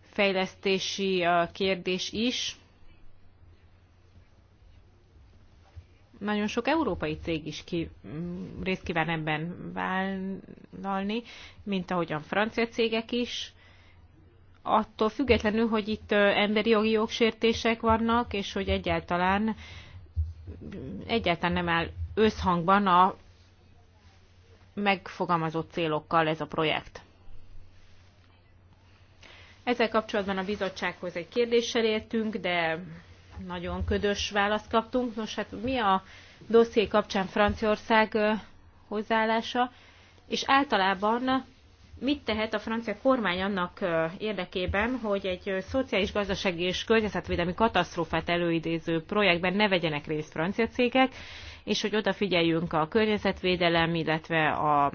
[SPEAKER 3] fejlesztési kérdés is. Nagyon sok európai cég is ki, mm, részt kíván ebben vállalni, mint ahogyan francia cégek is attól függetlenül, hogy itt emberi jogi jogsértések vannak, és hogy egyáltalán, egyáltalán nem áll összhangban a megfogalmazott célokkal ez a projekt. Ezzel kapcsolatban a bizottsághoz egy kérdéssel értünk, de nagyon ködös választ kaptunk. Nos, hát mi a dosszié kapcsán Franciaország hozzáállása? És általában mit tehet a francia kormány annak érdekében, hogy egy szociális, gazdasági és környezetvédelmi katasztrófát előidéző projektben ne vegyenek részt francia cégek, és hogy odafigyeljünk a környezetvédelem, illetve a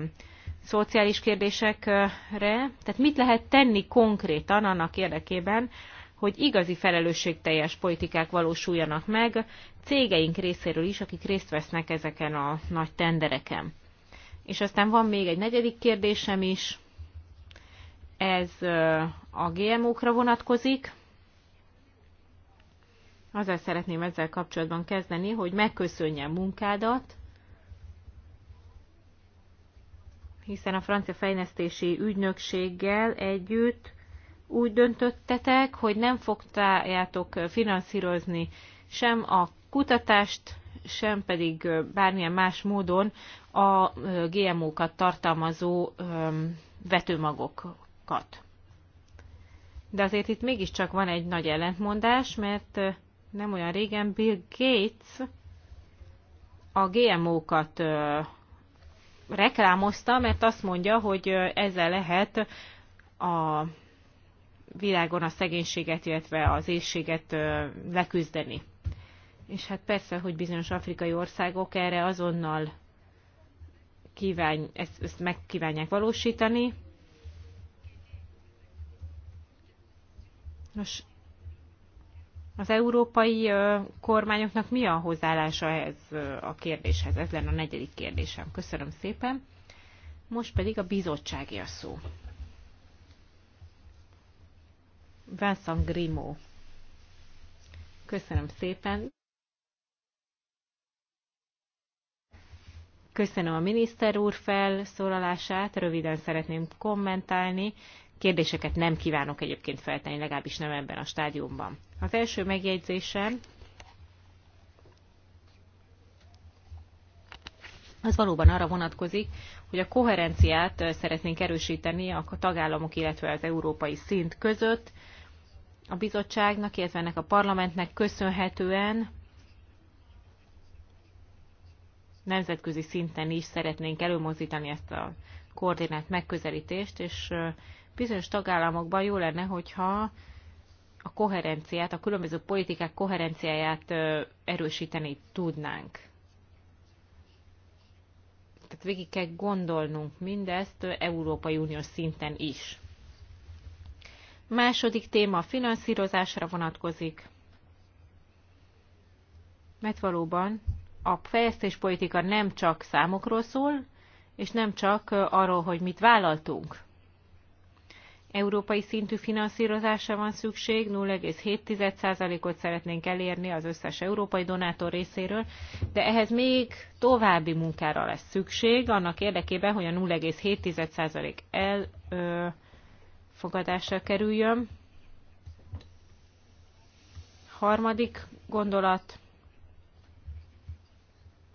[SPEAKER 3] szociális kérdésekre. Tehát mit lehet tenni konkrétan annak érdekében, hogy igazi felelősségteljes politikák valósuljanak meg cégeink részéről is, akik részt vesznek ezeken a nagy tendereken. És aztán van még egy negyedik kérdésem is. Ez a GMO-kra vonatkozik. Azzal szeretném ezzel kapcsolatban kezdeni, hogy megköszönjem munkádat, hiszen a francia fejlesztési ügynökséggel együtt úgy döntöttetek, hogy nem fogtájátok finanszírozni sem a kutatást, sem pedig bármilyen más módon a GMO-kat tartalmazó vetőmagok sokat. De azért itt mégiscsak van egy nagy ellentmondás, mert nem olyan régen Bill Gates a GMO-kat reklámozta, mert azt mondja, hogy ezzel lehet a világon a szegénységet, illetve az éjséget leküzdeni. És hát persze, hogy bizonyos afrikai országok erre azonnal kívánj, ezt, ezt meg kívánják valósítani, Nos, az európai kormányoknak mi a hozzáállása ez a kérdéshez? Ez lenne a negyedik kérdésem. Köszönöm szépen. Most pedig a bizottsági a szó. Vincent Grimo. Köszönöm szépen. Köszönöm a miniszter úr felszólalását, röviden szeretném kommentálni. Kérdéseket nem kívánok egyébként feltenni, legalábbis nem ebben a stádiumban. Az első megjegyzésem az valóban arra vonatkozik, hogy a koherenciát szeretnénk erősíteni a tagállamok, illetve az európai szint között. A bizottságnak, illetve ennek a parlamentnek köszönhetően nemzetközi szinten is szeretnénk előmozdítani ezt a koordinált megközelítést, és bizonyos tagállamokban jó lenne, hogyha a koherenciát, a különböző politikák koherenciáját erősíteni tudnánk. Tehát végig kell gondolnunk mindezt Európai Unió szinten is. Második téma a finanszírozásra vonatkozik, mert valóban a fejlesztéspolitika nem csak számokról szól, és nem csak arról, hogy mit vállaltunk európai szintű finanszírozásra van szükség, 0,7%-ot szeretnénk elérni az összes európai donátor részéről, de ehhez még további munkára lesz szükség, annak érdekében, hogy a 0,7% elfogadásra kerüljön. Harmadik gondolat,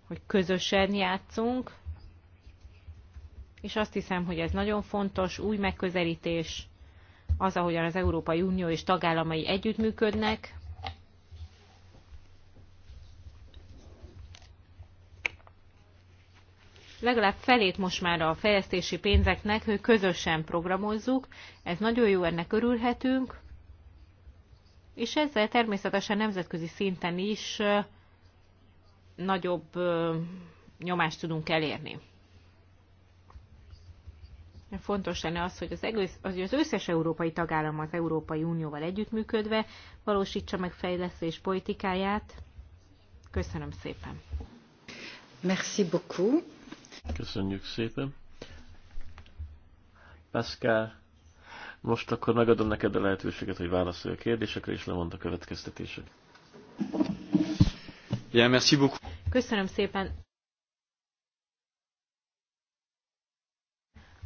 [SPEAKER 3] hogy közösen játszunk, és azt hiszem, hogy ez nagyon fontos, új megközelítés, az, ahogyan az Európai Unió és tagállamai együttműködnek. Legalább felét most már a fejlesztési pénzeknek hogy közösen programozzuk, ez nagyon jó, ennek örülhetünk, és ezzel természetesen nemzetközi szinten is nagyobb nyomást tudunk elérni fontos lenne az, hogy az, egész, az, összes európai tagállam az Európai Unióval együttműködve valósítsa meg fejlesztés politikáját. Köszönöm szépen.
[SPEAKER 1] Merci beaucoup.
[SPEAKER 2] Köszönjük szépen. Pascal, most akkor megadom neked a lehetőséget, hogy válaszolj a kérdésekre, és lemond a következtetések. Yeah, merci beaucoup.
[SPEAKER 3] Köszönöm szépen.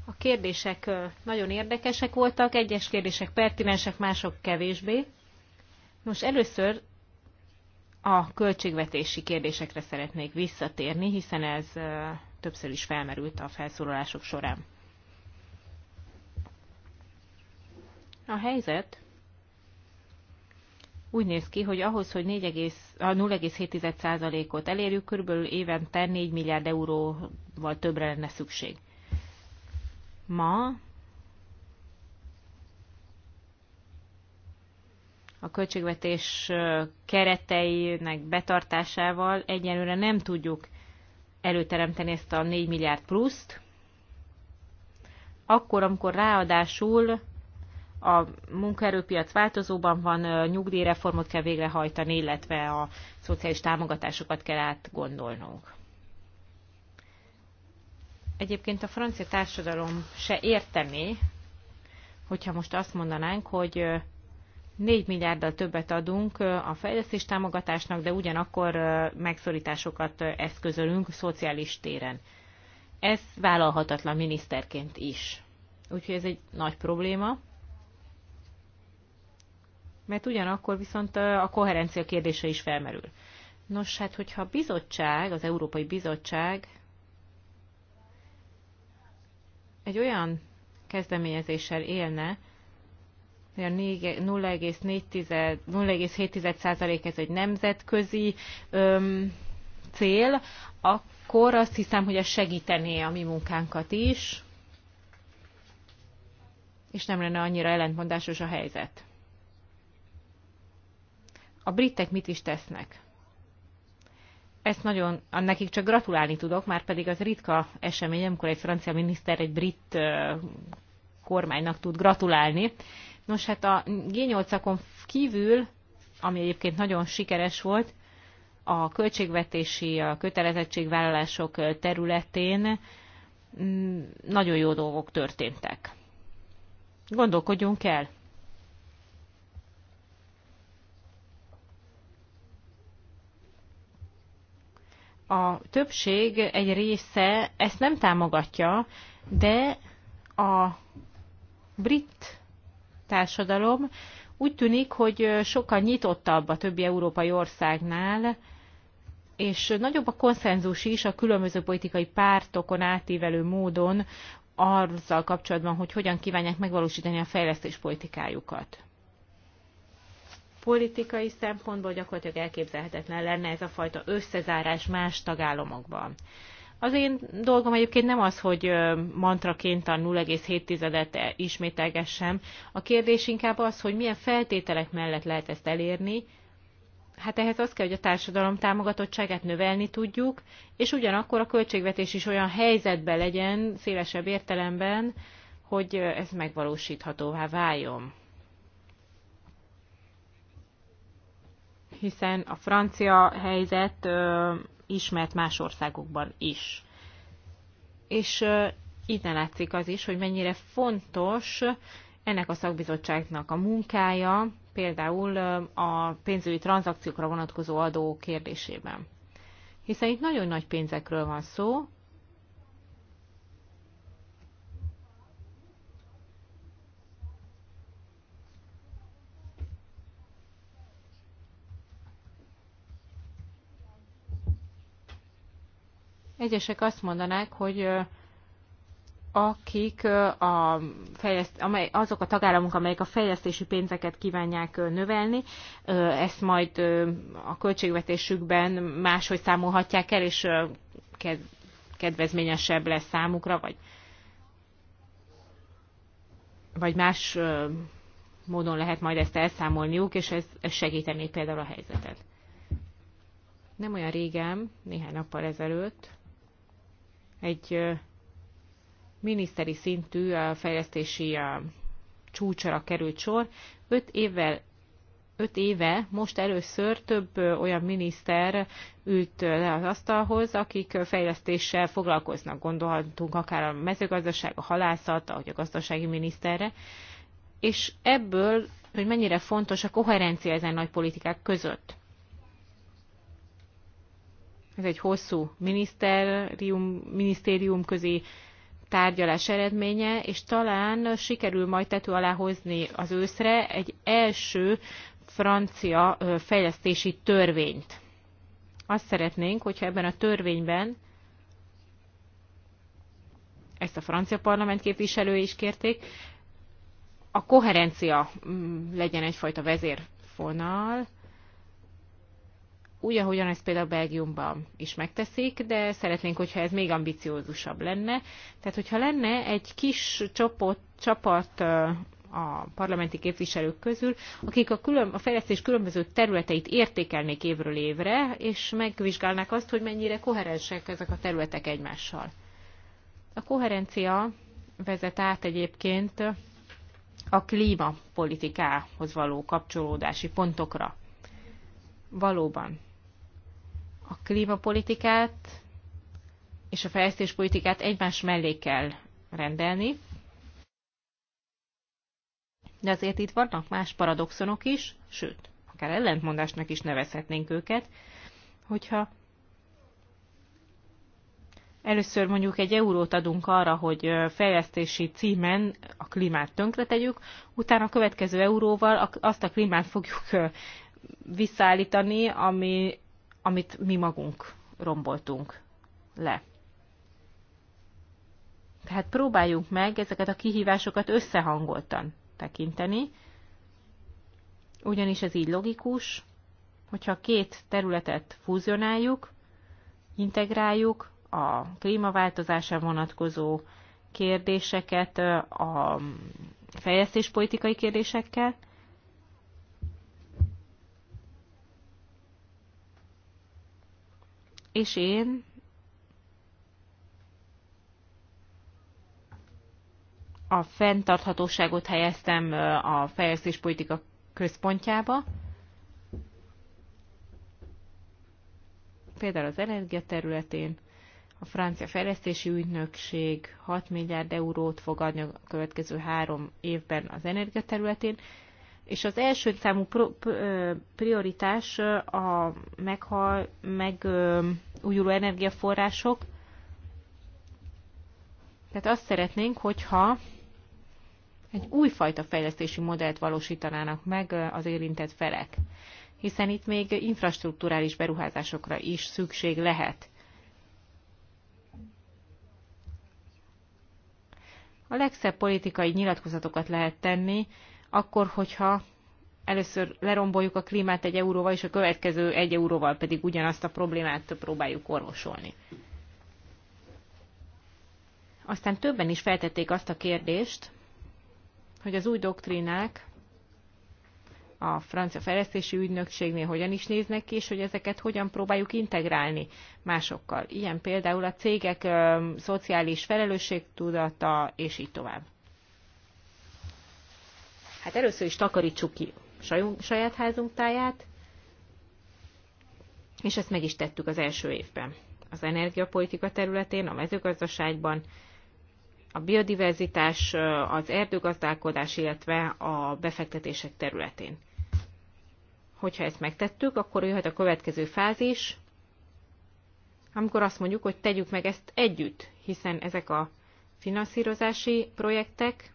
[SPEAKER 3] A kérdések nagyon érdekesek voltak, egyes kérdések pertinensek, mások kevésbé. Most először a költségvetési kérdésekre szeretnék visszatérni, hiszen ez többször is felmerült a felszólalások során. A helyzet úgy néz ki, hogy ahhoz, hogy 0,7%-ot elérjük, körülbelül évente 4 milliárd euróval többre lenne szükség ma a költségvetés kereteinek betartásával egyelőre nem tudjuk előteremteni ezt a 4 milliárd pluszt, akkor, amikor ráadásul a munkaerőpiac változóban van, nyugdíjreformot kell végrehajtani, illetve a szociális támogatásokat kell átgondolnunk egyébként a francia társadalom se értené, hogyha most azt mondanánk, hogy 4 milliárddal többet adunk a fejlesztés támogatásnak, de ugyanakkor megszorításokat eszközölünk szociális téren. Ez vállalhatatlan miniszterként is. Úgyhogy ez egy nagy probléma. Mert ugyanakkor viszont a koherencia kérdése is felmerül. Nos, hát hogyha a bizottság, az Európai Bizottság egy olyan kezdeményezéssel élne, hogy a 0,7% ez egy nemzetközi öm, cél, akkor azt hiszem, hogy ez segítené a mi munkánkat is, és nem lenne annyira ellentmondásos a helyzet. A britek mit is tesznek? ezt nagyon, nekik csak gratulálni tudok, már pedig az ritka esemény, amikor egy francia miniszter egy brit kormánynak tud gratulálni. Nos, hát a G8-akon kívül, ami egyébként nagyon sikeres volt, a költségvetési a kötelezettségvállalások területén mm, nagyon jó dolgok történtek. Gondolkodjunk el! a többség egy része ezt nem támogatja, de a brit társadalom úgy tűnik, hogy sokkal nyitottabb a többi európai országnál, és nagyobb a konszenzus is a különböző politikai pártokon átívelő módon arzzal kapcsolatban, hogy hogyan kívánják megvalósítani a fejlesztés politikájukat politikai szempontból gyakorlatilag elképzelhetetlen lenne ez a fajta összezárás más tagállamokban. Az én dolgom egyébként nem az, hogy mantraként a 0,7-et e, ismételgessem. A kérdés inkább az, hogy milyen feltételek mellett lehet ezt elérni. Hát ehhez az kell, hogy a társadalom támogatottságát növelni tudjuk, és ugyanakkor a költségvetés is olyan helyzetben legyen, szélesebb értelemben, hogy ez megvalósíthatóvá váljon. hiszen a francia helyzet ö, ismert más országokban is. És ö, innen látszik az is, hogy mennyire fontos ennek a szakbizottságnak a munkája, például a pénzügyi tranzakciókra vonatkozó adó kérdésében. Hiszen itt nagyon nagy pénzekről van szó, Egyesek azt mondanák, hogy akik a fejleszt, amely, azok a tagállamok, amelyek a fejlesztési pénzeket kívánják növelni, ezt majd a költségvetésükben máshogy számolhatják el, és kedvezményesebb lesz számukra, vagy, vagy más módon lehet majd ezt elszámolniuk, és ez, ez segítené például a helyzetet. Nem olyan régen, néhány nappal ezelőtt, egy miniszteri szintű fejlesztési csúcsra került sor. Öt évvel öt éve most először több olyan miniszter ült le az asztalhoz, akik fejlesztéssel foglalkoznak. Gondolhatunk akár a mezőgazdaság, a halászat, vagy a gazdasági miniszterre. És ebből, hogy mennyire fontos a koherencia ezen nagy politikák között. Ez egy hosszú minisztérium, minisztérium közé tárgyalás eredménye, és talán sikerül majd tető alá hozni az őszre egy első francia fejlesztési törvényt. Azt szeretnénk, hogyha ebben a törvényben ezt a francia parlament képviselői is kérték, a koherencia mm, legyen egyfajta vezérfonal, úgy, ahogyan ezt például Belgiumban is megteszik, de szeretnénk, hogyha ez még ambiciózusabb lenne. Tehát, hogyha lenne egy kis csoport, csapat a parlamenti képviselők közül, akik a, külön, a fejlesztés különböző területeit értékelnék évről évre, és megvizsgálnák azt, hogy mennyire koherensek ezek a területek egymással. A koherencia vezet át egyébként a klímapolitikához való kapcsolódási pontokra. Valóban a klímapolitikát és a fejlesztéspolitikát egymás mellé kell rendelni. De azért itt vannak más paradoxonok is, sőt, akár ellentmondásnak is nevezhetnénk őket, hogyha először mondjuk egy eurót adunk arra, hogy fejlesztési címen a klímát tönkretegyük, utána a következő euróval azt a klímát fogjuk visszaállítani, ami amit mi magunk romboltunk le. Tehát próbáljunk meg ezeket a kihívásokat összehangoltan tekinteni, ugyanis ez így logikus, hogyha két területet fúzionáljuk, integráljuk a klímaváltozásra vonatkozó kérdéseket a fejlesztéspolitikai kérdésekkel, és én a fenntarthatóságot helyeztem a fejlesztéspolitika központjába. Például az energia területén a francia fejlesztési ügynökség 6 milliárd eurót fog adni a következő három évben az energia területén, és az első számú prioritás a meghal, megújuló energiaforrások. Tehát azt szeretnénk, hogyha egy újfajta fejlesztési modellt valósítanának meg az érintett felek, hiszen itt még infrastruktúrális beruházásokra is szükség lehet. A legszebb politikai nyilatkozatokat lehet tenni, akkor, hogyha először leromboljuk a klímát egy euróval, és a következő egy euróval pedig ugyanazt a problémát próbáljuk orvosolni. Aztán többen is feltették azt a kérdést, hogy az új doktrínák a francia fejlesztési ügynökségnél hogyan is néznek ki, és hogy ezeket hogyan próbáljuk integrálni másokkal. Ilyen például a cégek ö, szociális felelősségtudata, és így tovább. Hát először is takarítsuk ki saját házunk táját, és ezt meg is tettük az első évben. Az energiapolitika területén, a mezőgazdaságban, a biodiverzitás, az erdőgazdálkodás, illetve a befektetések területén. Hogyha ezt megtettük, akkor jöhet a következő fázis, amikor azt mondjuk, hogy tegyük meg ezt együtt, hiszen ezek a finanszírozási projektek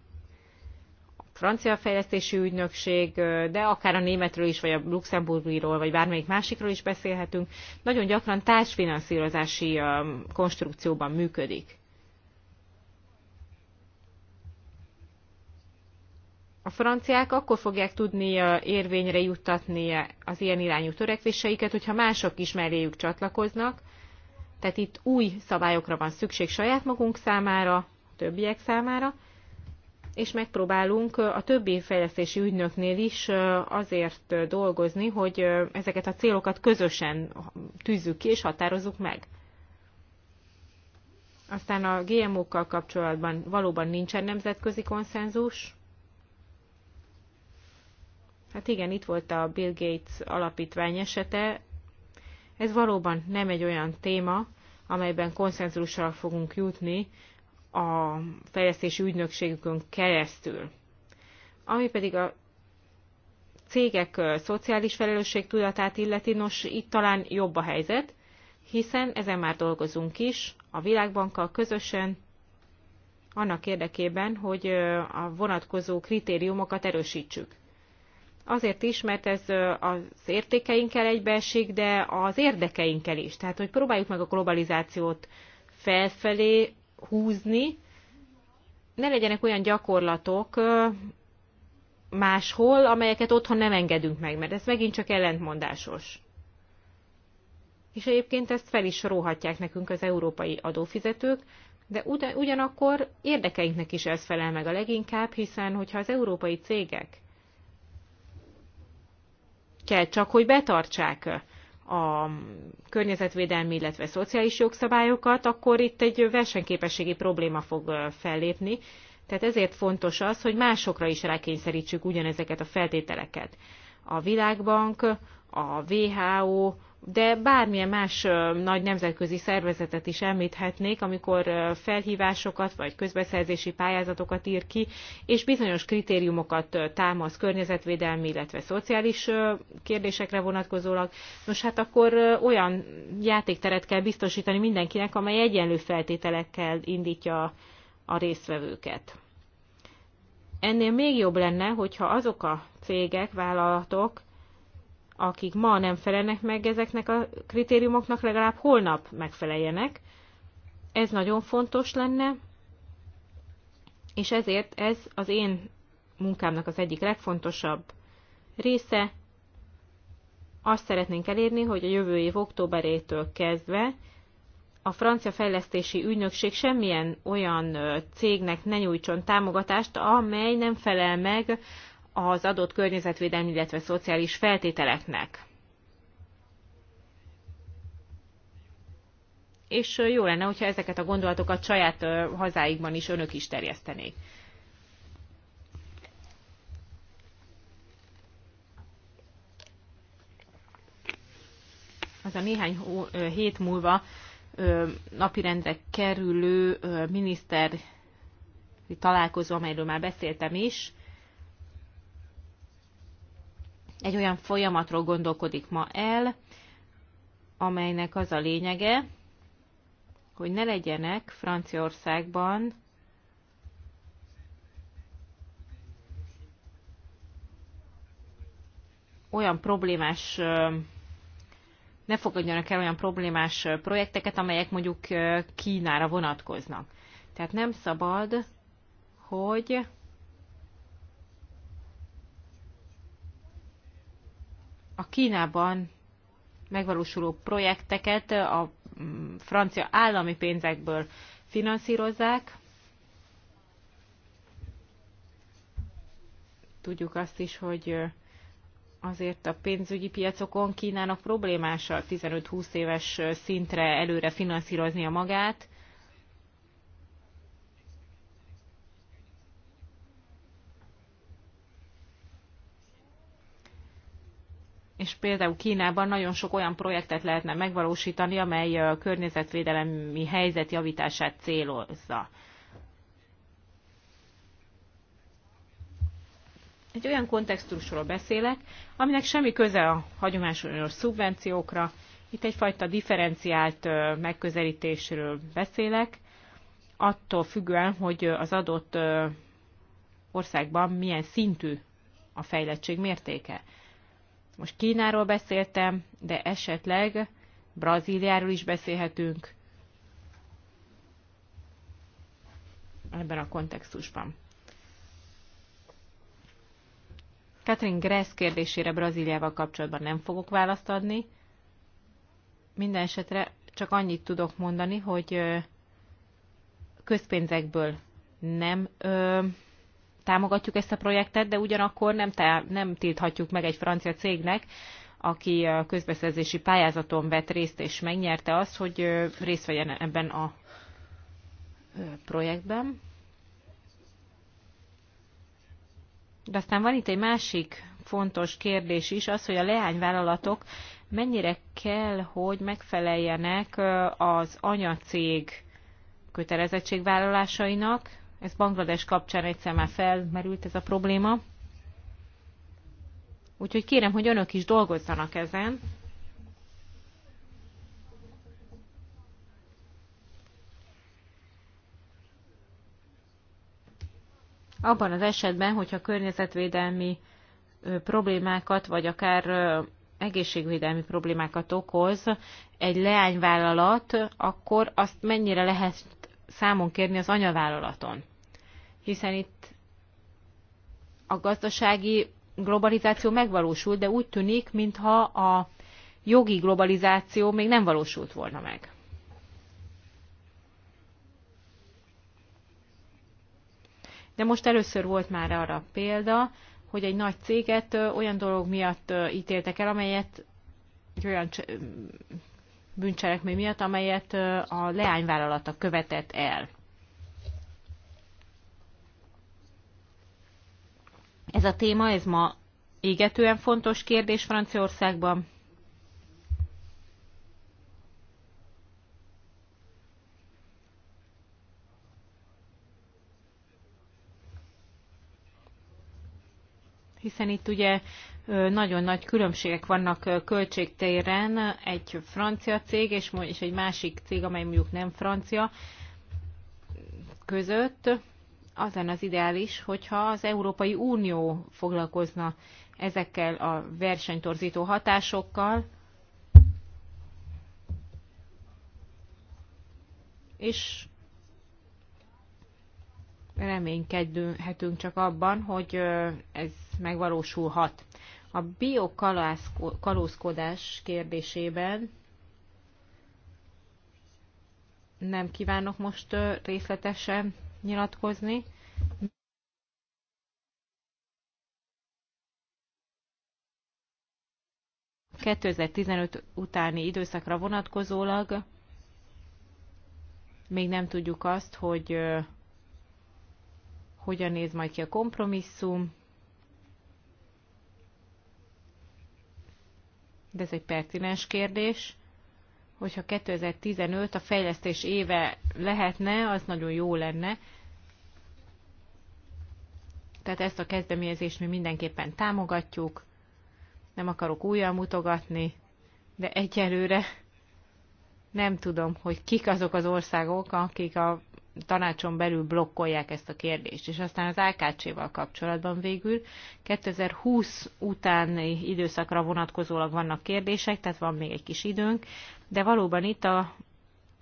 [SPEAKER 3] francia fejlesztési ügynökség, de akár a németről is, vagy a luxemburgiról, vagy bármelyik másikról is beszélhetünk, nagyon gyakran társfinanszírozási konstrukcióban működik. A franciák akkor fogják tudni érvényre juttatni az ilyen irányú törekvéseiket, hogyha mások is melléjük csatlakoznak, tehát itt új szabályokra van szükség saját magunk számára, többiek számára, és megpróbálunk a többi fejlesztési ügynöknél is azért dolgozni, hogy ezeket a célokat közösen tűzzük ki és határozzuk meg. Aztán a GMO-kkal kapcsolatban valóban nincsen nemzetközi konszenzus. Hát igen, itt volt a Bill Gates alapítvány esete. Ez valóban nem egy olyan téma, amelyben konszenzusra fogunk jutni a fejlesztési ügynökségükön keresztül. Ami pedig a cégek szociális tudatát illeti, nos, itt talán jobb a helyzet, hiszen ezen már dolgozunk is, a Világbankkal közösen, annak érdekében, hogy a vonatkozó kritériumokat erősítsük. Azért is, mert ez az értékeinkkel egybeesik, de az érdekeinkkel is. Tehát, hogy próbáljuk meg a globalizációt felfelé húzni, ne legyenek olyan gyakorlatok máshol, amelyeket otthon nem engedünk meg, mert ez megint csak ellentmondásos. És egyébként ezt fel is sorolhatják nekünk az európai adófizetők, de ugyanakkor érdekeinknek is ez felel meg a leginkább, hiszen hogyha az európai cégek kell csak, hogy betartsák a környezetvédelmi, illetve szociális jogszabályokat, akkor itt egy versenyképességi probléma fog fellépni. Tehát ezért fontos az, hogy másokra is rákényszerítsük ugyanezeket a feltételeket. A Világbank, a WHO, de bármilyen más nagy nemzetközi szervezetet is említhetnék, amikor felhívásokat vagy közbeszerzési pályázatokat ír ki, és bizonyos kritériumokat támaszt környezetvédelmi, illetve szociális kérdésekre vonatkozólag. Nos, hát akkor olyan játékteret kell biztosítani mindenkinek, amely egyenlő feltételekkel indítja a résztvevőket. Ennél még jobb lenne, hogyha azok a cégek, vállalatok, akik ma nem felelnek meg ezeknek a kritériumoknak, legalább holnap megfeleljenek. Ez nagyon fontos lenne, és ezért ez az én munkámnak az egyik legfontosabb része. Azt szeretnénk elérni, hogy a jövő év októberétől kezdve a francia fejlesztési ügynökség semmilyen olyan cégnek ne nyújtson támogatást, amely nem felel meg az adott környezetvédelmi, illetve szociális feltételeknek. És jó lenne, hogyha ezeket a gondolatokat saját hazáikban is önök is terjesztenék. az a néhány hét múlva napirendre kerülő miniszteri találkozó, amelyről már beszéltem is, egy olyan folyamatról gondolkodik ma el, amelynek az a lényege, hogy ne legyenek Franciaországban olyan problémás, ne fogadjanak el olyan problémás projekteket, amelyek mondjuk Kínára vonatkoznak. Tehát nem szabad, hogy a Kínában megvalósuló projekteket a mm, francia állami pénzekből finanszírozzák. Tudjuk azt is, hogy azért a pénzügyi piacokon Kínának problémással 15-20 éves szintre előre a magát, és például Kínában nagyon sok olyan projektet lehetne megvalósítani, amely a környezetvédelemi helyzet javítását célozza. Egy olyan kontextusról beszélek, aminek semmi köze a hagyományos szubvenciókra. Itt egyfajta differenciált megközelítésről beszélek, attól függően, hogy az adott országban milyen szintű a fejlettség mértéke. Most Kínáról beszéltem, de esetleg Brazíliáról is beszélhetünk ebben a kontextusban. Catherine Gress kérdésére Brazíliával kapcsolatban nem fogok választ adni. Minden esetre csak annyit tudok mondani, hogy közpénzekből nem támogatjuk ezt a projektet, de ugyanakkor nem, te, nem tilthatjuk meg egy francia cégnek, aki a közbeszerzési pályázaton vett részt és megnyerte azt, hogy részt vegyen ebben a projektben. De aztán van itt egy másik fontos kérdés is, az, hogy a leányvállalatok mennyire kell, hogy megfeleljenek az anyacég kötelezettségvállalásainak, ez Banglades kapcsán egyszer már felmerült ez a probléma. Úgyhogy kérem, hogy önök is dolgozzanak ezen. Abban az esetben, hogyha környezetvédelmi problémákat, vagy akár egészségvédelmi problémákat okoz egy leányvállalat, akkor azt mennyire lehet számon kérni az anyavállalaton hiszen itt a gazdasági globalizáció megvalósult, de úgy tűnik, mintha a jogi globalizáció még nem valósult volna meg. De most először volt már arra példa, hogy egy nagy céget olyan dolog miatt ítéltek el, amelyet egy olyan bűncselekmény miatt, amelyet a leányvállalata követett el. Ez a téma, ez ma égetően fontos kérdés Franciaországban. hiszen itt ugye nagyon nagy különbségek vannak költségtéren egy francia cég és egy másik cég, amely mondjuk nem francia között az lenne az ideális, hogyha az Európai Unió foglalkozna ezekkel a versenytorzító hatásokkal, és reménykedhetünk csak abban, hogy ez megvalósulhat. A biokalózkodás kérdésében nem kívánok most részletesen nyilatkozni. ...2015 utáni időszakra vonatkozólag még nem tudjuk azt, hogy hogyan néz majd ki a kompromisszum, de ez egy pertinens kérdés hogyha 2015 a fejlesztés éve lehetne, az nagyon jó lenne. Tehát ezt a kezdeményezést mi mindenképpen támogatjuk. Nem akarok újra mutogatni, de egyelőre nem tudom, hogy kik azok az országok, akik a tanácson belül blokkolják ezt a kérdést. És aztán az AKC-val kapcsolatban végül 2020 utáni időszakra vonatkozólag vannak kérdések, tehát van még egy kis időnk, de valóban itt a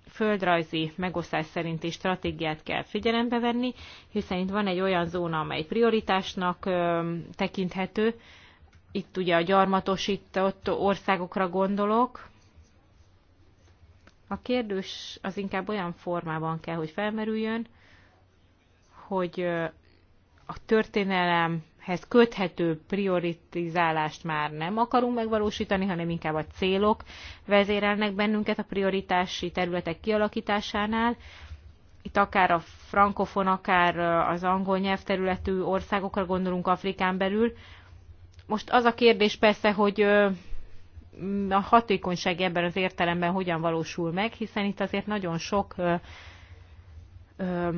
[SPEAKER 3] földrajzi megosztás szerinti stratégiát kell figyelembe venni, hiszen itt van egy olyan zóna, amely prioritásnak ö, tekinthető, itt ugye a gyarmatosított országokra gondolok, a kérdés az inkább olyan formában kell, hogy felmerüljön, hogy a történelemhez köthető prioritizálást már nem akarunk megvalósítani, hanem inkább a célok vezérelnek bennünket a prioritási területek kialakításánál. Itt akár a frankofon, akár az angol nyelvterületű országokra gondolunk Afrikán belül. Most az a kérdés persze, hogy a hatékonyság ebben az értelemben hogyan valósul meg, hiszen itt azért nagyon sok ö, ö,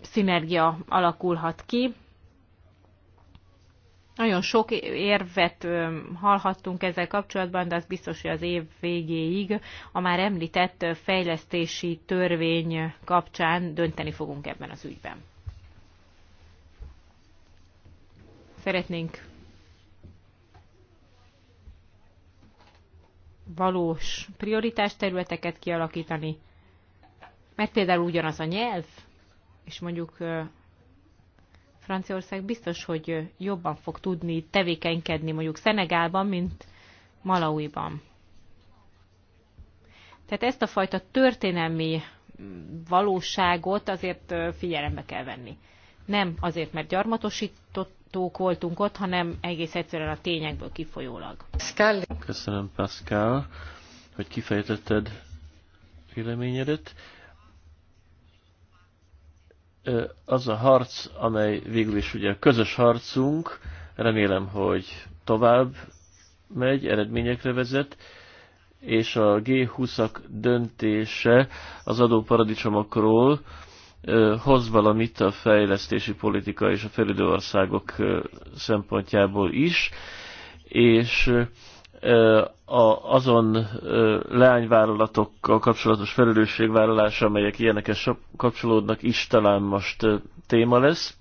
[SPEAKER 3] szinergia alakulhat ki. Nagyon sok érvet ö, hallhattunk ezzel kapcsolatban, de az biztos, hogy az év végéig a már említett fejlesztési törvény kapcsán dönteni fogunk ebben az ügyben. Szeretnénk valós prioritás területeket kialakítani, mert például ugyanaz a nyelv, és mondjuk Franciaország biztos, hogy jobban fog tudni tevékenykedni mondjuk Szenegálban, mint Malauiban. Tehát ezt a fajta történelmi valóságot azért figyelembe kell venni nem azért, mert gyarmatosítók voltunk ott, hanem egész egyszerűen a tényekből kifolyólag.
[SPEAKER 2] Köszönöm, Pascal, hogy kifejtetted véleményedet. Az a harc, amely végül is ugye a közös harcunk, remélem, hogy tovább megy, eredményekre vezet, és a G20-ak döntése az adóparadicsomokról, hoz valamit a fejlesztési politika és a felüldő országok szempontjából is, és a, azon leányvállalatokkal kapcsolatos felelősségvállalás, amelyek ilyenekhez kapcsolódnak, is talán most téma lesz.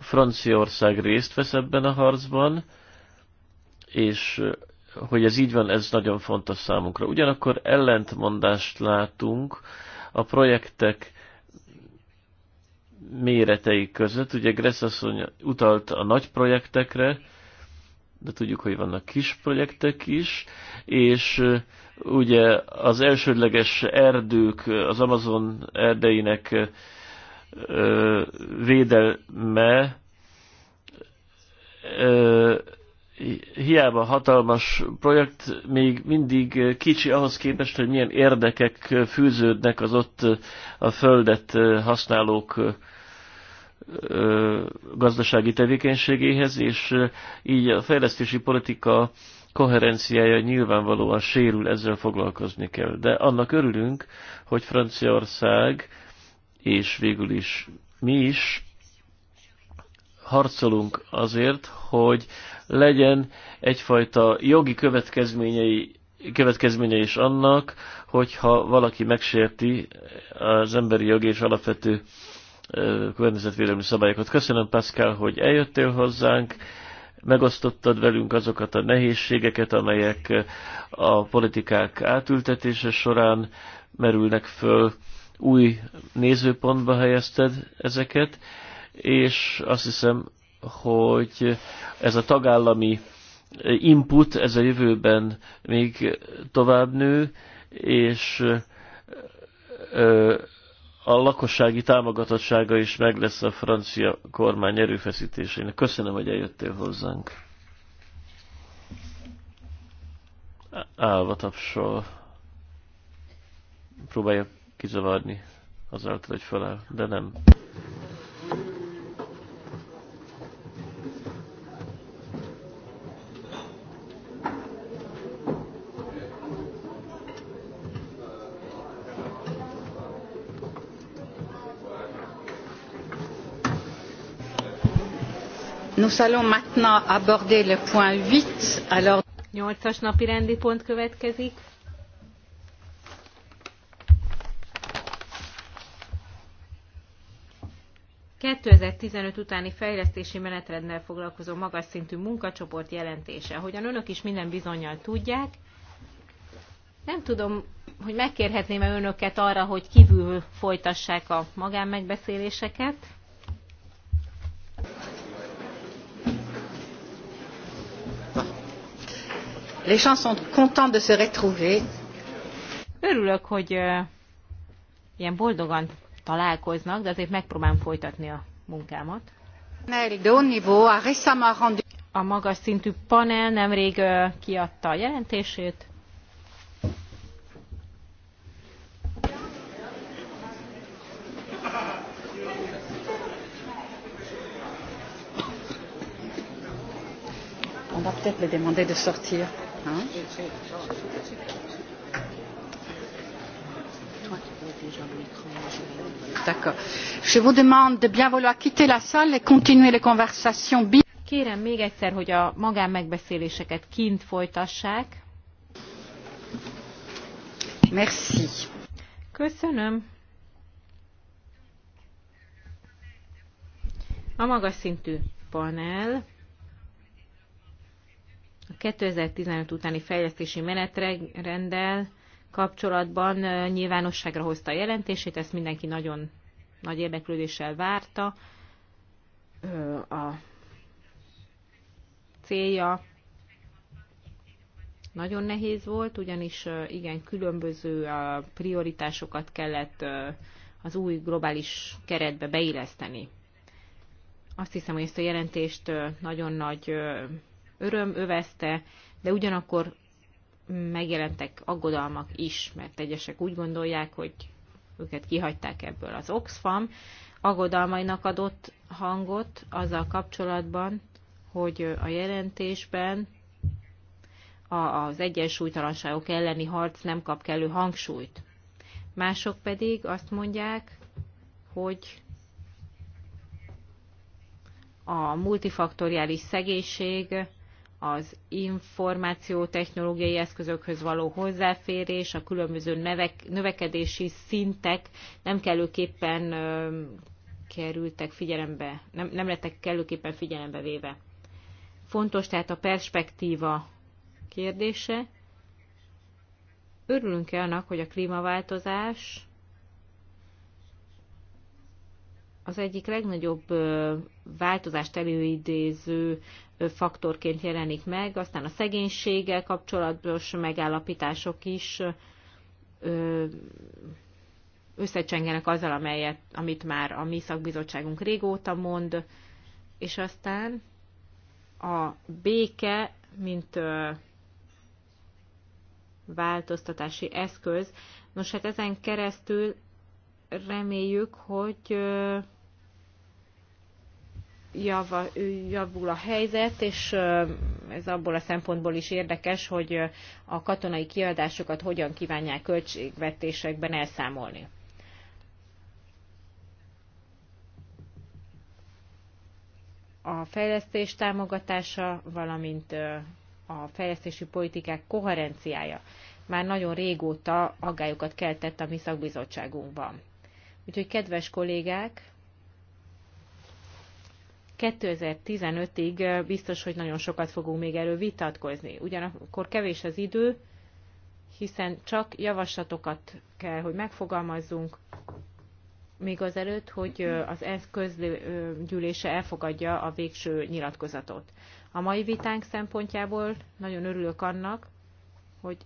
[SPEAKER 2] Franciaország részt vesz ebben a harcban, és hogy ez így van, ez nagyon fontos számunkra. Ugyanakkor ellentmondást látunk a projektek méretei között. Ugye Gressz asszony utalt a nagy projektekre, de tudjuk, hogy vannak kis projektek is, és ugye az elsődleges erdők, az Amazon erdeinek védelme hiába hatalmas projekt, még mindig kicsi ahhoz képest, hogy milyen érdekek fűződnek az ott a földet használók gazdasági tevékenységéhez, és így a fejlesztési politika koherenciája nyilvánvalóan sérül, ezzel foglalkozni kell. De annak örülünk, hogy Franciaország, és végül is mi is harcolunk azért, hogy legyen egyfajta jogi következményei következménye is annak, hogyha valaki megsérti az emberi jogi és alapvető környezetvédelmi szabályokat. Köszönöm, Pascal, hogy eljöttél hozzánk, megosztottad velünk azokat a nehézségeket, amelyek a politikák átültetése során merülnek föl, új nézőpontba helyezted ezeket, és azt hiszem hogy ez a tagállami input, ez a jövőben még tovább nő, és a lakossági támogatottsága is meg lesz a francia kormány erőfeszítésének. Köszönöm, hogy eljöttél hozzánk. Álva tapsol. Próbálja kizavarni azáltal, hogy feláll, de nem.
[SPEAKER 1] Nous allons maintenant aborder le point 8. Alors...
[SPEAKER 3] 8-as napi rendi pont következik. utáni fejlesztési menetrenddel foglalkozó magas szintű munkacsoport jelentése. Ahogyan önök is minden bizonyal tudják, nem tudom, hogy megkérhetném-e önöket arra, hogy kívül folytassák a magánmegbeszéléseket.
[SPEAKER 1] Les gens sont contents de se retrouver.
[SPEAKER 3] Örülök, hogy uh, ilyen boldogan találkoznak, de azért megpróbálom folytatni a munkámat. A magas szintű panel nemrég uh, kiadta a jelentését.
[SPEAKER 1] On va peut-être les demander de sortir. Je vous demande de bien vouloir quitter la salle et continuer les conversations.
[SPEAKER 3] Kérem még egyszer, hogy a magánmegbeszéléseket kint folytassák. Merci. Köszönöm. A magas szintű panel a 2015 utáni fejlesztési menetrenddel kapcsolatban nyilvánosságra hozta a jelentését, ezt mindenki nagyon nagy érdeklődéssel várta. A célja nagyon nehéz volt, ugyanis igen, különböző prioritásokat kellett az új globális keretbe beilleszteni. Azt hiszem, hogy ezt a jelentést nagyon nagy öröm övezte, de ugyanakkor megjelentek aggodalmak is, mert egyesek úgy gondolják, hogy őket kihagyták ebből. Az Oxfam aggodalmainak adott hangot azzal kapcsolatban, hogy a jelentésben az egyensúlytalanságok elleni harc nem kap kellő hangsúlyt. Mások pedig azt mondják, hogy a multifaktoriális szegénység az információtechnológiai eszközökhöz való hozzáférés, a különböző nevek, növekedési szintek nem kellőképpen ö, kerültek figyelembe, nem, nem lettek kellőképpen figyelembe véve. Fontos tehát a perspektíva kérdése. Örülünk-e annak, hogy a klímaváltozás az egyik legnagyobb változást előidéző faktorként jelenik meg, aztán a szegénységgel kapcsolatos megállapítások is összecsengenek azzal, amelyet, amit már a mi szakbizottságunk régóta mond, és aztán a béke, mint változtatási eszköz. Nos, hát ezen keresztül reméljük, hogy java, javul a helyzet, és ez abból a szempontból is érdekes, hogy a katonai kiadásokat hogyan kívánják költségvetésekben elszámolni. A fejlesztés támogatása, valamint a fejlesztési politikák koherenciája már nagyon régóta aggályokat keltett a mi szakbizottságunkban. Úgyhogy kedves kollégák, 2015-ig biztos, hogy nagyon sokat fogunk még erről vitatkozni. Ugyanakkor kevés az idő, hiszen csak javaslatokat kell, hogy megfogalmazzunk, még azelőtt, hogy az ENSZ közgyűlése elfogadja a végső nyilatkozatot. A mai vitánk szempontjából nagyon örülök annak, hogy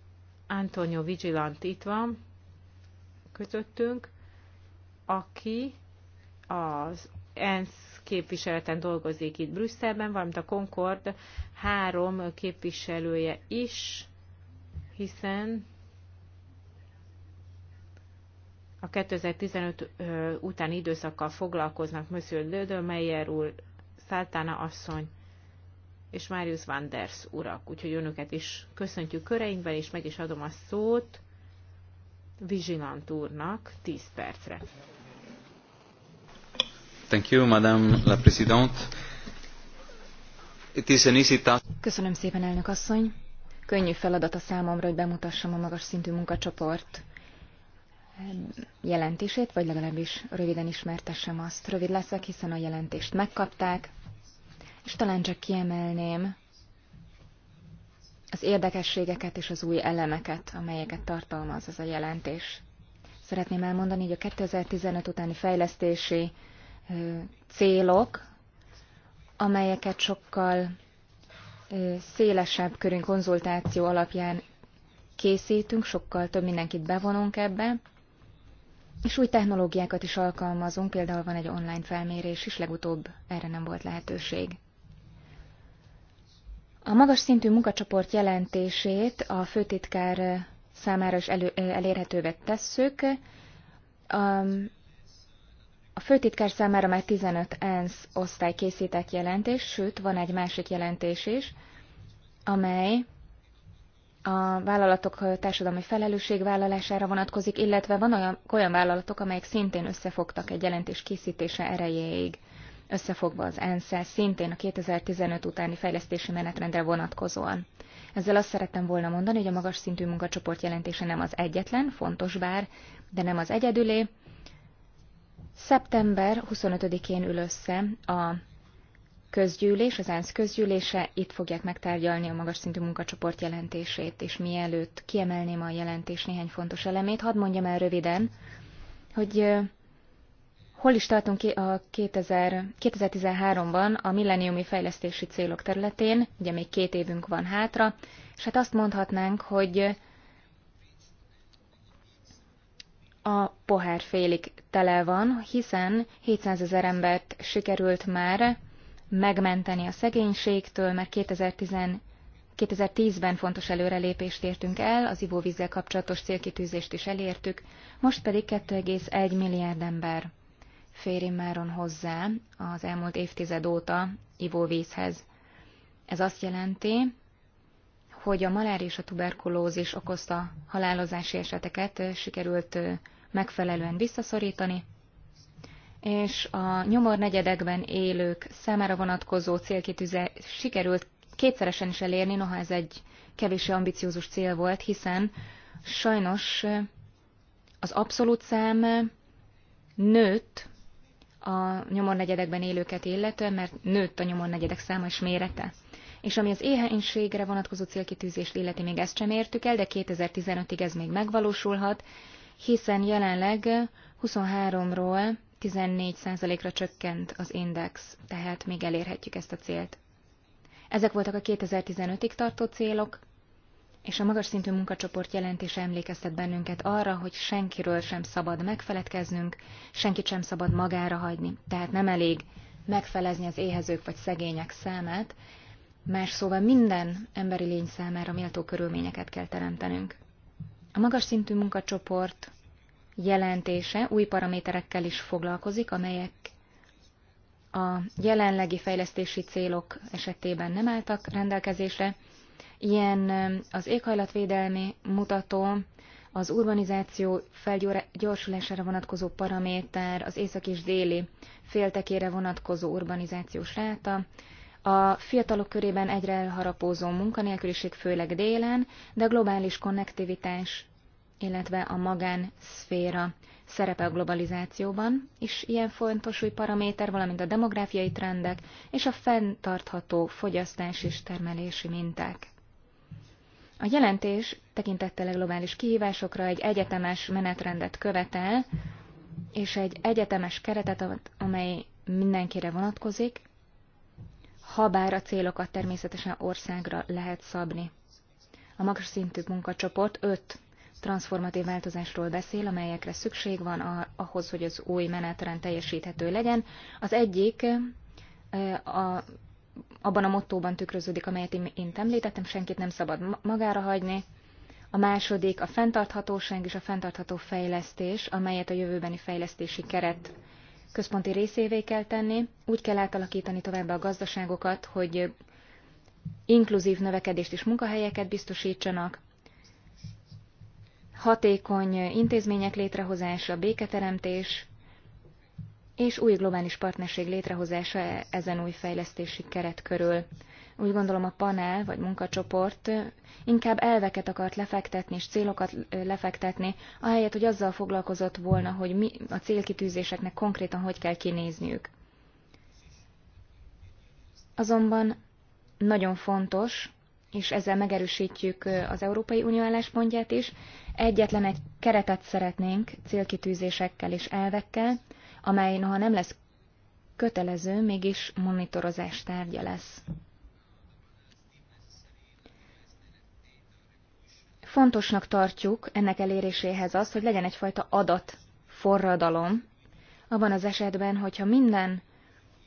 [SPEAKER 3] Antonio Vigilant itt van közöttünk, aki az ENSZ képviseleten dolgozik itt Brüsszelben, valamint a Concord három képviselője is, hiszen a 2015 utáni időszakkal foglalkoznak Monsieur Lödömeyer úr, Száltána asszony és Marius Vanders urak. Úgyhogy önöket is köszöntjük köreinkben, és meg is adom a szót Vizsilant úrnak 10 percre.
[SPEAKER 4] Köszönöm szépen, elnök asszony. Könnyű feladat a számomra, hogy bemutassam a magas szintű munkacsoport ehm, jelentését, vagy legalábbis röviden ismertessem azt. Rövid leszek, hiszen a jelentést megkapták, és talán csak kiemelném az érdekességeket és az új elemeket, amelyeket tartalmaz ez a jelentés. Szeretném elmondani, hogy a 2015 utáni fejlesztési célok, amelyeket sokkal szélesebb körű konzultáció alapján készítünk, sokkal több mindenkit bevonunk ebbe, és új technológiákat is alkalmazunk, például van egy online felmérés is, legutóbb erre nem volt lehetőség. A magas szintű munkacsoport jelentését a főtitkár számára is elő, elérhetővé tesszük. A főtitkár számára már 15 ENSZ osztály készített jelentés, sőt, van egy másik jelentés is, amely a vállalatok társadalmi felelősségvállalására vonatkozik, illetve van olyan, olyan vállalatok, amelyek szintén összefogtak egy jelentés készítése erejéig, összefogva az ensz szintén a 2015 utáni fejlesztési menetrendre vonatkozóan. Ezzel azt szerettem volna mondani, hogy a magas szintű munkacsoport jelentése nem az egyetlen, fontos bár, de nem az egyedülé, Szeptember 25-én ül össze a közgyűlés, az ENSZ közgyűlése, itt fogják megtárgyalni a magas szintű munkacsoport jelentését, és mielőtt kiemelném a jelentés néhány fontos elemét, hadd mondjam el röviden, hogy hol is tartunk ki a 2013-ban a milleniumi fejlesztési célok területén, ugye még két évünk van hátra, és hát azt mondhatnánk, hogy a pohár félig tele van, hiszen 700 ezer embert sikerült már megmenteni a szegénységtől, mert 2010, 2010-ben fontos előrelépést értünk el, az ivóvízzel kapcsolatos célkitűzést is elértük, most pedig 2,1 milliárd ember féri máron hozzá az elmúlt évtized óta ivóvízhez. Ez azt jelenti, hogy a malária és a tuberkulózis okozta halálozási eseteket sikerült megfelelően visszaszorítani, és a nyomor negyedekben élők számára vonatkozó célkitűze sikerült kétszeresen is elérni, noha ez egy kevésbé ambiciózus cél volt, hiszen sajnos az abszolút szám nőtt a nyomor negyedekben élőket illetően, mert nőtt a nyomor negyedek száma és mérete. És ami az éhenységre vonatkozó célkitűzést illeti, még ezt sem értük el, de 2015-ig ez még megvalósulhat, hiszen jelenleg 23-ról 14%-ra csökkent az index, tehát még elérhetjük ezt a célt. Ezek voltak a 2015-ig tartó célok, és a magas szintű munkacsoport jelentése emlékeztet bennünket arra, hogy senkiről sem szabad megfeledkeznünk, senkit sem szabad magára hagyni. Tehát nem elég megfelezni az éhezők vagy szegények számát, más szóval minden emberi lény számára méltó körülményeket kell teremtenünk. A magas szintű munkacsoport jelentése új paraméterekkel is foglalkozik, amelyek a jelenlegi fejlesztési célok esetében nem álltak rendelkezésre. Ilyen eh, az éghajlatvédelmi mutató, az urbanizáció felgyorsulására vonatkozó paraméter, az észak és déli féltekére vonatkozó urbanizációs ráta, a fiatalok körében egyre elharapózó munkanélküliség, főleg délen, de globális konnektivitás, illetve a magán szféra szerepe a globalizációban is ilyen fontos új paraméter, valamint a demográfiai trendek és a fenntartható fogyasztás és termelési minták. A jelentés tekintettel a globális kihívásokra egy egyetemes menetrendet követel, és egy egyetemes keretet, amely mindenkire vonatkozik, habár a célokat természetesen országra lehet szabni. A magas szintű munkacsoport öt transformatív változásról beszél, amelyekre szükség van a, ahhoz, hogy az új menetrend teljesíthető legyen. Az egyik a, abban a mottóban tükröződik, amelyet én említettem, senkit nem szabad magára hagyni. A második a fenntarthatóság és a fenntartható fejlesztés, amelyet a jövőbeni fejlesztési keret központi részévé kell tenni, úgy kell átalakítani továbbá a gazdaságokat, hogy inkluzív növekedést és munkahelyeket biztosítsanak, hatékony intézmények létrehozása, béketeremtés, és új globális partnerség létrehozása e-, ezen új fejlesztési keret körül úgy gondolom a panel vagy munkacsoport inkább elveket akart lefektetni és célokat lefektetni, ahelyett, hogy azzal foglalkozott volna, hogy mi a célkitűzéseknek konkrétan hogy kell kinézniük. Azonban nagyon fontos, és ezzel megerősítjük az Európai Unió álláspontját is, egyetlen egy keretet szeretnénk célkitűzésekkel és elvekkel, amely noha nem lesz kötelező, mégis monitorozás tárgya lesz. Fontosnak tartjuk ennek eléréséhez azt, hogy legyen egyfajta adatforradalom, abban az esetben, hogyha minden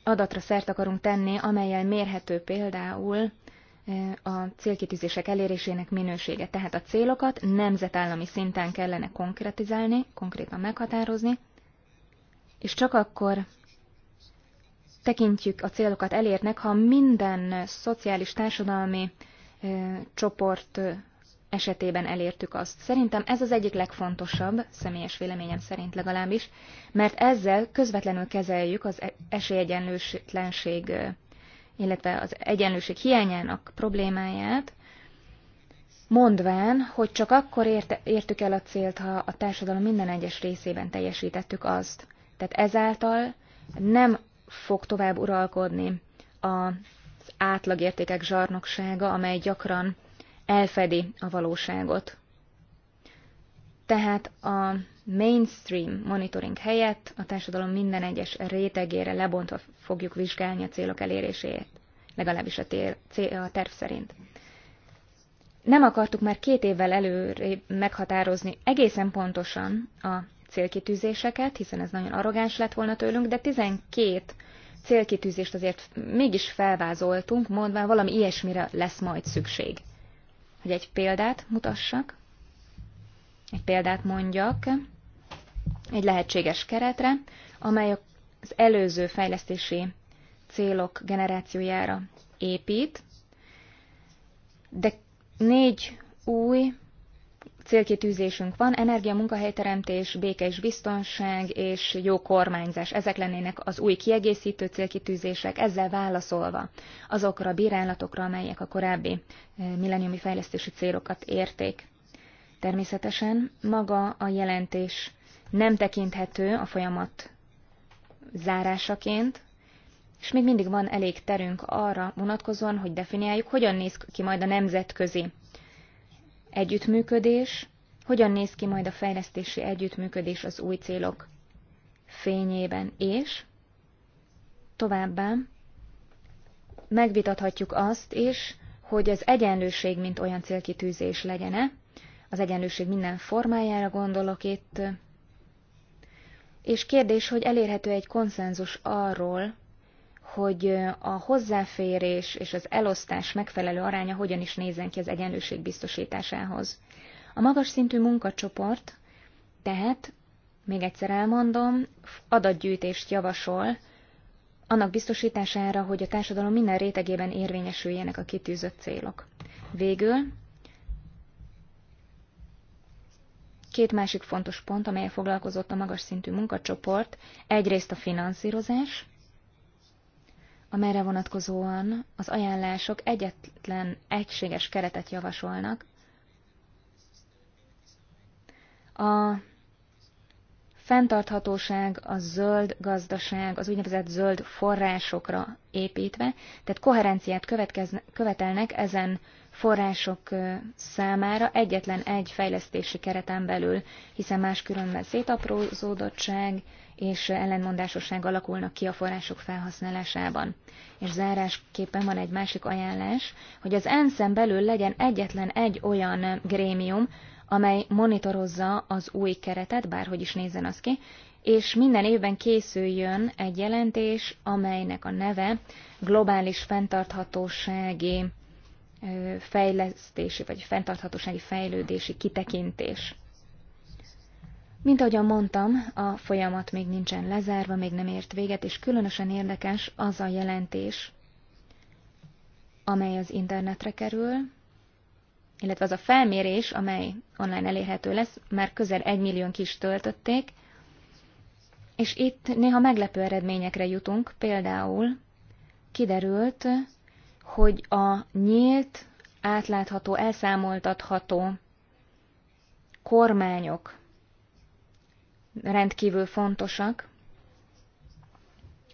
[SPEAKER 4] adatra szert akarunk tenni, amelyel mérhető például e, a célkitűzések elérésének minősége. Tehát a célokat nemzetállami szinten kellene konkretizálni, konkrétan meghatározni, és csak akkor tekintjük a célokat elérnek, ha minden szociális, társadalmi e, csoport esetében elértük azt. Szerintem ez az egyik legfontosabb, személyes véleményem szerint legalábbis, mert ezzel közvetlenül kezeljük az e- esélyegyenlőtlenség, illetve az egyenlőség hiányának problémáját, mondván, hogy csak akkor érte, értük el a célt, ha a társadalom minden egyes részében teljesítettük azt. Tehát ezáltal nem fog tovább uralkodni az átlagértékek zsarnoksága, amely gyakran elfedi a valóságot. Tehát a mainstream monitoring helyett a társadalom minden egyes rétegére lebontva fogjuk vizsgálni a célok elérését, legalábbis a, tér, a terv szerint. Nem akartuk már két évvel előre meghatározni egészen pontosan a célkitűzéseket, hiszen ez nagyon arrogáns lett volna tőlünk, de 12 célkitűzést azért mégis felvázoltunk, mondván valami ilyesmire lesz majd szükség hogy egy példát mutassak, egy példát mondjak, egy lehetséges keretre, amely az előző fejlesztési célok generációjára épít, de négy új célkitűzésünk van, energia, munkahelyteremtés, béke és biztonság és jó kormányzás. Ezek lennének az új kiegészítő célkitűzések, ezzel válaszolva azokra a bírálatokra, amelyek a korábbi eh, milleniumi fejlesztési célokat érték. Természetesen maga a jelentés nem tekinthető a folyamat zárásaként, és még mindig van elég terünk arra vonatkozóan, hogy definiáljuk, hogyan néz ki majd a nemzetközi együttműködés, hogyan néz ki majd a fejlesztési együttműködés az új célok fényében, és továbbá megvitathatjuk azt is, hogy az egyenlőség mint olyan célkitűzés legyen-e, az egyenlőség minden formájára gondolok itt, és kérdés, hogy elérhető egy konszenzus arról, hogy a hozzáférés és az elosztás megfelelő aránya hogyan is nézzen ki az egyenlőség biztosításához. A magas szintű munkacsoport tehát, még egyszer elmondom, adatgyűjtést javasol, annak biztosítására, hogy a társadalom minden rétegében érvényesüljenek a kitűzött célok. Végül két másik fontos pont, amelyel foglalkozott a magas szintű munkacsoport, egyrészt a finanszírozás, amelyre vonatkozóan az ajánlások egyetlen egységes keretet javasolnak. A fenntarthatóság, a zöld gazdaság, az úgynevezett zöld forrásokra építve, tehát koherenciát követelnek ezen források számára egyetlen egy fejlesztési kereten belül, hiszen máskülönben szétaprózódottság és ellenmondásosság alakulnak ki a források felhasználásában. És zárásképpen van egy másik ajánlás, hogy az ENSZ-en belül legyen egyetlen egy olyan grémium, amely monitorozza az új keretet, bárhogy is nézzen az ki, és minden évben készüljön egy jelentés, amelynek a neve globális fenntarthatósági fejlesztési vagy fenntarthatósági fejlődési kitekintés. Mint ahogyan mondtam, a folyamat még nincsen lezárva, még nem ért véget, és különösen érdekes az a jelentés, amely az internetre kerül, illetve az a felmérés, amely online elérhető lesz, már közel egy millió kis töltötték, és itt néha meglepő eredményekre jutunk, például kiderült, hogy a nyílt, átlátható, elszámoltatható kormányok rendkívül fontosak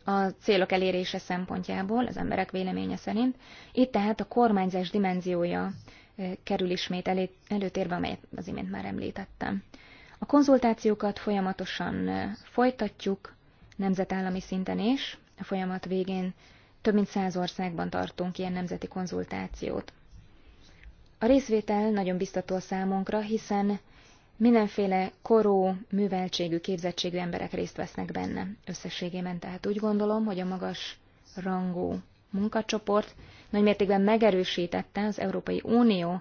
[SPEAKER 4] a célok elérése szempontjából, az emberek véleménye szerint. Itt tehát a kormányzás dimenziója kerül ismét elé, előtérbe, amelyet az imént már említettem. A konzultációkat folyamatosan folytatjuk, nemzetállami szinten is. A folyamat végén több mint száz országban tartunk ilyen nemzeti konzultációt. A részvétel nagyon biztató a számunkra, hiszen mindenféle korú, műveltségű, képzettségű emberek részt vesznek benne. Összességében tehát úgy gondolom, hogy a magas rangú munkacsoport nagymértékben megerősítette az Európai Unió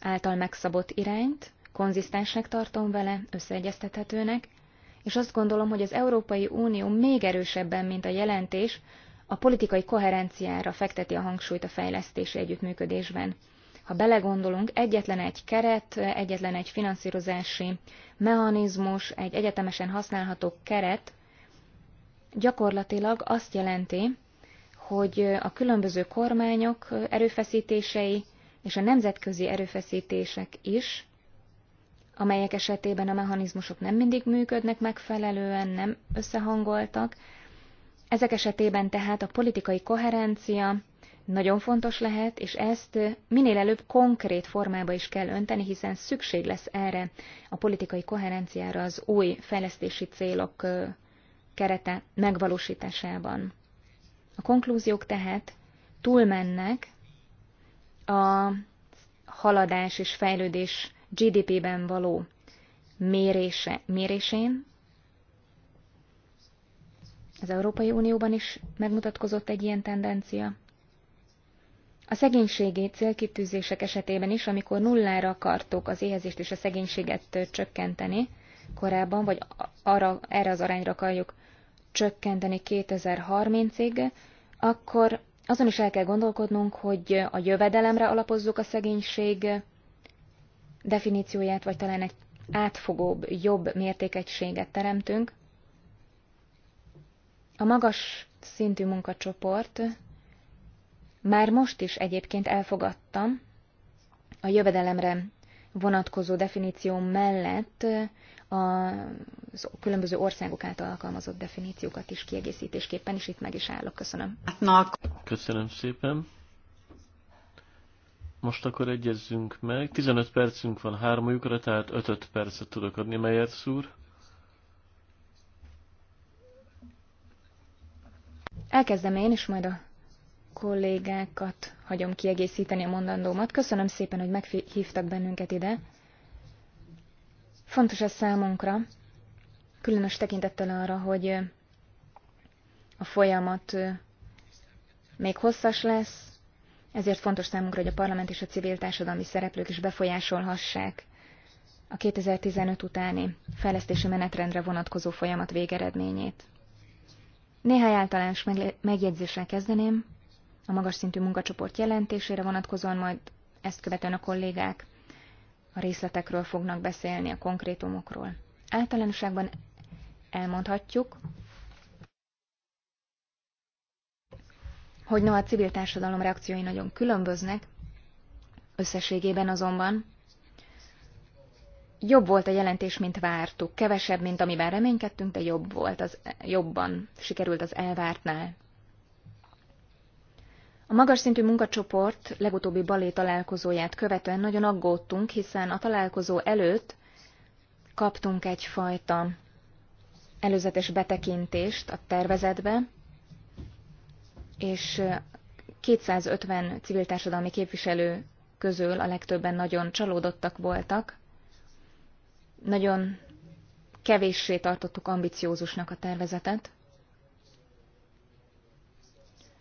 [SPEAKER 4] által megszabott irányt, konzisztensnek tartom vele, összeegyeztethetőnek, és azt gondolom, hogy az Európai Unió még erősebben, mint a jelentés, a politikai koherenciára fekteti a hangsúlyt a fejlesztési együttműködésben. Ha belegondolunk, egyetlen egy keret, egyetlen egy finanszírozási mechanizmus, egy egyetemesen használható keret gyakorlatilag azt jelenti, hogy a különböző kormányok erőfeszítései és a nemzetközi erőfeszítések is, amelyek esetében a mechanizmusok nem mindig működnek megfelelően, nem összehangoltak, ezek esetében tehát a politikai koherencia nagyon fontos lehet, és ezt minél előbb konkrét formába is kell önteni, hiszen szükség lesz erre a politikai koherenciára az új fejlesztési célok kerete megvalósításában. A konklúziók tehát túlmennek a haladás és fejlődés GDP-ben való mérése, mérésén, az Európai Unióban is megmutatkozott egy ilyen tendencia. A szegénységi célkitűzések esetében is, amikor nullára akartuk az éhezést és a szegénységet csökkenteni korábban, vagy arra, erre az arányra akarjuk csökkenteni 2030-ig, akkor azon is el kell gondolkodnunk, hogy a jövedelemre alapozzuk a szegénység definícióját, vagy talán egy átfogóbb, jobb mértékegységet teremtünk, a magas szintű munkacsoport már most is egyébként elfogadta a jövedelemre vonatkozó definíció mellett a különböző országok által alkalmazott definíciókat is kiegészítésképpen, és itt meg is állok. Köszönöm.
[SPEAKER 2] Köszönöm szépen. Most akkor egyezzünk meg. 15 percünk van hármajukra, tehát 5, -5 percet tudok adni, melyet szúr.
[SPEAKER 4] Elkezdem én, és majd a kollégákat hagyom kiegészíteni a mondandómat. Köszönöm szépen, hogy meghívtak bennünket ide. Fontos ez számunkra, különös tekintettel arra, hogy a folyamat még hosszas lesz, ezért fontos számunkra, hogy a parlament és a civil társadalmi szereplők is befolyásolhassák a 2015 utáni fejlesztési menetrendre vonatkozó folyamat végeredményét. Néhány általános megjegyzéssel kezdeném, a magas szintű munkacsoport jelentésére vonatkozóan majd ezt követően a kollégák a részletekről fognak beszélni, a konkrétumokról. Általánosságban elmondhatjuk, hogy noha a civil társadalom reakciói nagyon különböznek, összességében azonban jobb volt a jelentés, mint vártuk. Kevesebb, mint amiben reménykedtünk, de jobb volt, az, jobban sikerült az elvártnál. A magas szintű munkacsoport legutóbbi balé találkozóját követően nagyon aggódtunk, hiszen a találkozó előtt kaptunk egyfajta előzetes betekintést a tervezetbe, és 250 civil társadalmi képviselő közül a legtöbben nagyon csalódottak voltak, nagyon kevéssé tartottuk ambiciózusnak a tervezetet,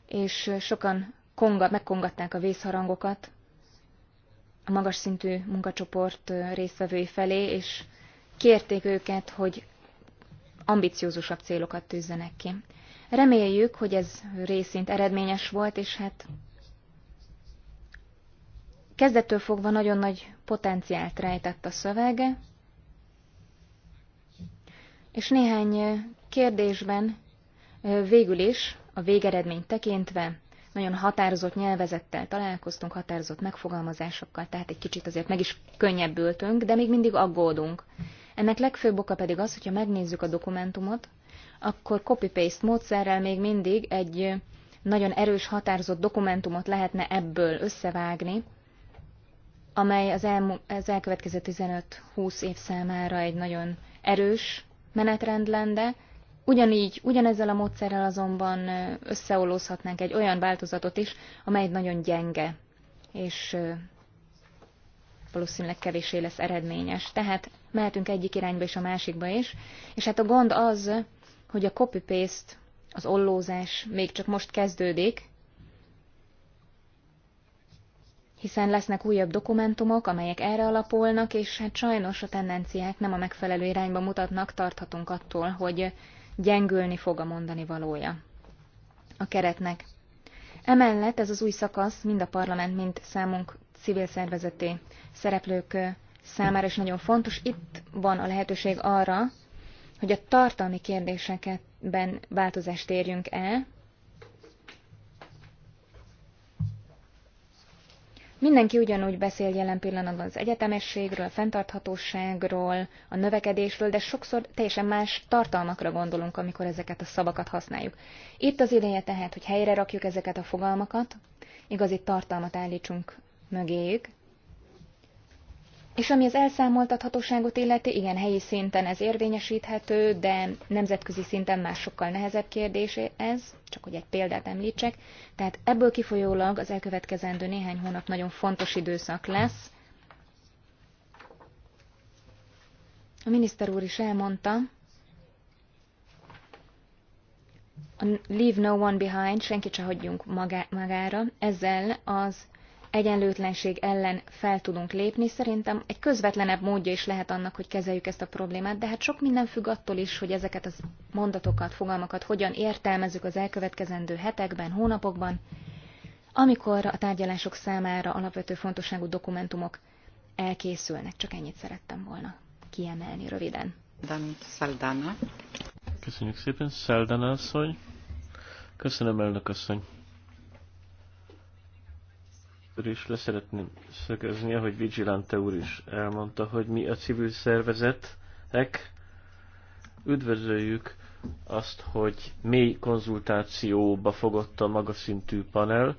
[SPEAKER 4] és sokan konga, megkongatták a vészharangokat a magas szintű munkacsoport résztvevői felé, és kérték őket, hogy ambiciózusabb célokat tűzzenek ki. Reméljük, hogy ez részint eredményes volt, és hát kezdettől fogva nagyon nagy potenciált rejtett a szövege, és néhány kérdésben végül is a végeredmény tekintve nagyon határozott nyelvezettel találkoztunk, határozott megfogalmazásokkal, tehát egy kicsit azért meg is könnyebbültünk, de még mindig aggódunk. Ennek legfőbb oka pedig az, hogyha megnézzük a dokumentumot, akkor copy-paste módszerrel még mindig egy nagyon erős, határozott dokumentumot lehetne ebből összevágni, amely az, elmu- az elkövetkező 15-20 év számára egy nagyon erős menetrend lenne, Ugyanígy, ugyanezzel a módszerrel azonban összeolózhatnánk egy olyan változatot is, amely nagyon gyenge, és valószínűleg kevésé lesz eredményes. Tehát mehetünk egyik irányba és a másikba is, és hát a gond az, hogy a copy-paste, az ollózás még csak most kezdődik, hiszen lesznek újabb dokumentumok, amelyek erre alapolnak, és hát sajnos a tendenciák nem a megfelelő irányba mutatnak, tarthatunk attól, hogy gyengülni fog a mondani valója a keretnek. Emellett ez az új szakasz mind a parlament, mind számunk civil szervezeti szereplők számára is nagyon fontos. Itt van a lehetőség arra, hogy a tartalmi ben változást érjünk el, Mindenki ugyanúgy beszél jelen pillanatban az egyetemességről, a fenntarthatóságról, a növekedésről, de sokszor teljesen más tartalmakra gondolunk, amikor ezeket a szavakat használjuk. Itt az ideje tehát, hogy helyre rakjuk ezeket a fogalmakat, igazi tartalmat állítsunk mögéjük, és ami az elszámoltathatóságot illeti, igen, helyi szinten ez érvényesíthető, de nemzetközi szinten már sokkal nehezebb kérdés ez, csak hogy egy példát említsek. Tehát ebből kifolyólag az elkövetkezendő néhány hónap nagyon fontos időszak lesz. A miniszter úr is elmondta, a Leave No One Behind, senkit se hagyjunk magá magára, ezzel az egyenlőtlenség ellen fel tudunk lépni. Szerintem egy közvetlenebb módja is lehet annak, hogy kezeljük ezt a problémát, de hát sok minden függ attól is, hogy ezeket a mondatokat, fogalmakat hogyan értelmezzük az elkövetkezendő hetekben, hónapokban, amikor a tárgyalások számára alapvető fontosságú dokumentumok elkészülnek. Csak ennyit szerettem volna kiemelni röviden.
[SPEAKER 2] Köszönjük szépen, Szeldana asszony. Köszönöm, elnök asszony is leszeretném szögezni, ahogy Vigilante úr is elmondta, hogy mi a civil szervezetek üdvözöljük azt, hogy mély konzultációba fogott a magaszintű panel.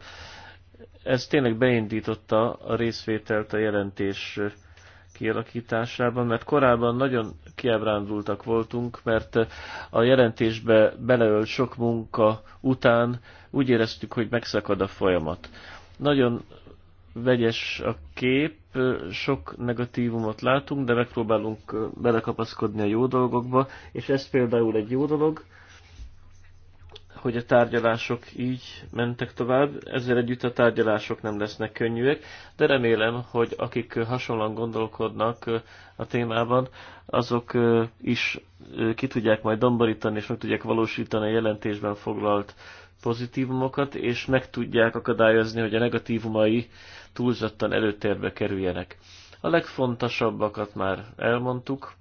[SPEAKER 2] Ez tényleg beindította a részvételt a jelentés kialakításában, mert korábban nagyon kiábrándultak voltunk, mert a jelentésbe beleölt sok munka után úgy éreztük, hogy megszakad a folyamat. Nagyon vegyes a kép, sok negatívumot látunk, de megpróbálunk belekapaszkodni a jó dolgokba, és ez például egy jó dolog, hogy a tárgyalások így mentek tovább, ezzel együtt a tárgyalások nem lesznek könnyűek, de remélem, hogy akik hasonlóan gondolkodnak a témában, azok is ki tudják majd domborítani, és meg tudják valósítani a jelentésben foglalt pozitívumokat, és meg tudják akadályozni, hogy a negatívumai túlzottan előtérbe kerüljenek. A legfontosabbakat már elmondtuk.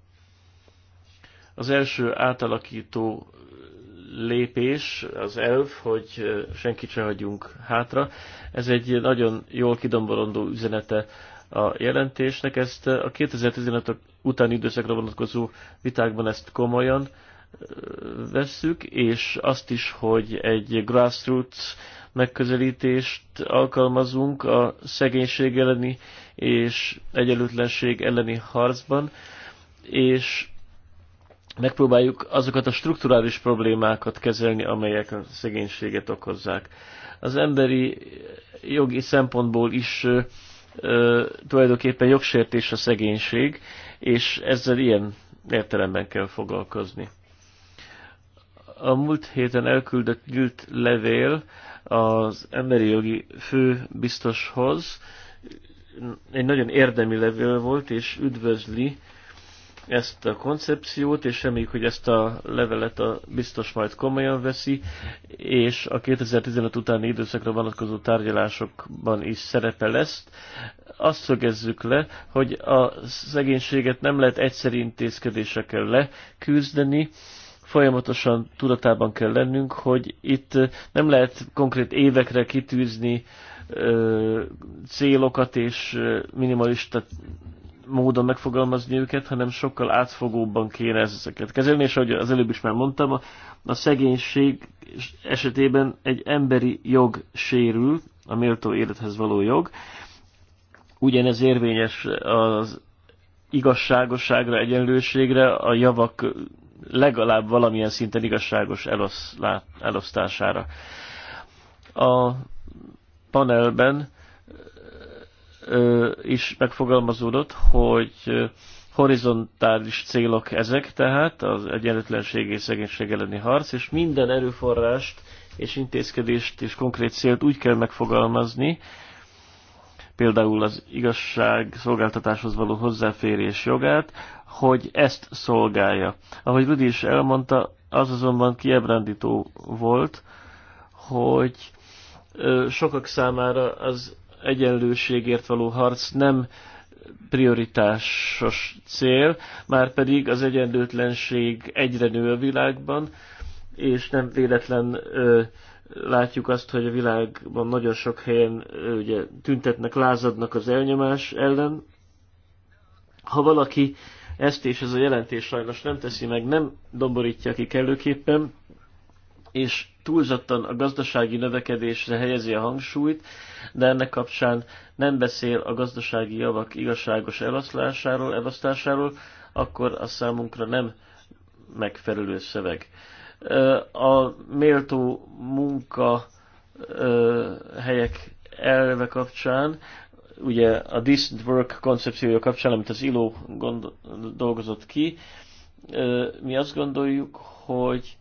[SPEAKER 2] Az első átalakító lépés, az elv, hogy senkit se hagyjunk hátra. Ez egy nagyon jól kidomborondó üzenete a jelentésnek. Ezt a 2015 utáni időszakra vonatkozó vitákban ezt komolyan vesszük, és azt is, hogy egy grassroots megközelítést alkalmazunk a szegénység elleni és egyenlőtlenség elleni harcban, és megpróbáljuk azokat a strukturális problémákat kezelni, amelyek a szegénységet okozzák. Az emberi jogi szempontból is ö, tulajdonképpen jogsértés a szegénység, és ezzel ilyen értelemben kell foglalkozni. A múlt héten elküldött nyílt levél az emberi jogi főbiztoshoz egy nagyon érdemi levél volt, és üdvözli ezt a koncepciót, és reméljük, hogy ezt a levelet a biztos majd komolyan veszi, és a 2015 utáni időszakra vonatkozó tárgyalásokban is szerepe lesz. Azt szögezzük le, hogy a szegénységet nem lehet egyszerű intézkedésekkel leküzdeni, folyamatosan tudatában kell lennünk, hogy itt nem lehet konkrét évekre kitűzni ö, célokat és minimalista módon megfogalmazni őket, hanem sokkal átfogóbban kéne ezeket kezelni, és ahogy az előbb is már mondtam, a, a szegénység esetében egy emberi jog sérül, a méltó élethez való jog, ugyanez érvényes az igazságosságra, egyenlőségre, a javak legalább valamilyen szinten igazságos elosztására. A panelben is megfogalmazódott, hogy horizontális célok ezek, tehát az egyenlőtlenség és szegénység elleni harc, és minden erőforrást és intézkedést és konkrét célt úgy kell megfogalmazni, például az igazság szolgáltatáshoz való hozzáférés jogát, hogy ezt szolgálja. Ahogy Rudi is elmondta, az azonban kiebrándító volt, hogy sokak számára az egyenlőségért való harc nem prioritásos cél, már pedig az egyenlőtlenség egyre nő a világban, és nem véletlen ö, látjuk azt, hogy a világban nagyon sok helyen ugye, tüntetnek, lázadnak az elnyomás ellen. Ha valaki ezt és ez a jelentés sajnos nem teszi meg, nem domborítja ki kellőképpen, és túlzottan a gazdasági növekedésre helyezi a hangsúlyt, de ennek kapcsán nem beszél a gazdasági javak igazságos eloszlásáról, elosztásáról, akkor az számunkra nem megfelelő szöveg a méltó munka helyek elve kapcsán, ugye a decent work koncepciója kapcsán, amit az ILO gond, dolgozott ki, mi azt gondoljuk, hogy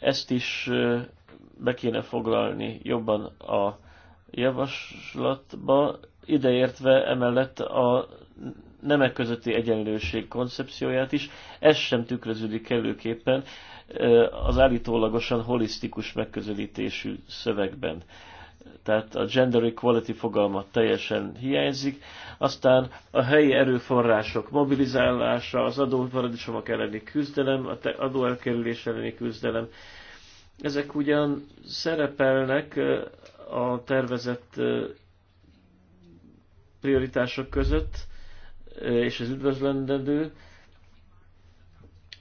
[SPEAKER 2] ezt is be kéne foglalni jobban a javaslatba, ideértve emellett a nemek közötti egyenlőség koncepcióját is, ez sem tükröződik kellőképpen az állítólagosan holisztikus megközelítésű szövegben. Tehát a gender equality fogalma teljesen hiányzik, aztán a helyi erőforrások mobilizálása, az adóparadicsomok elleni küzdelem, a adóelkerülés elleni küzdelem, ezek ugyan szerepelnek a tervezett prioritások között, és az üdvözlendő,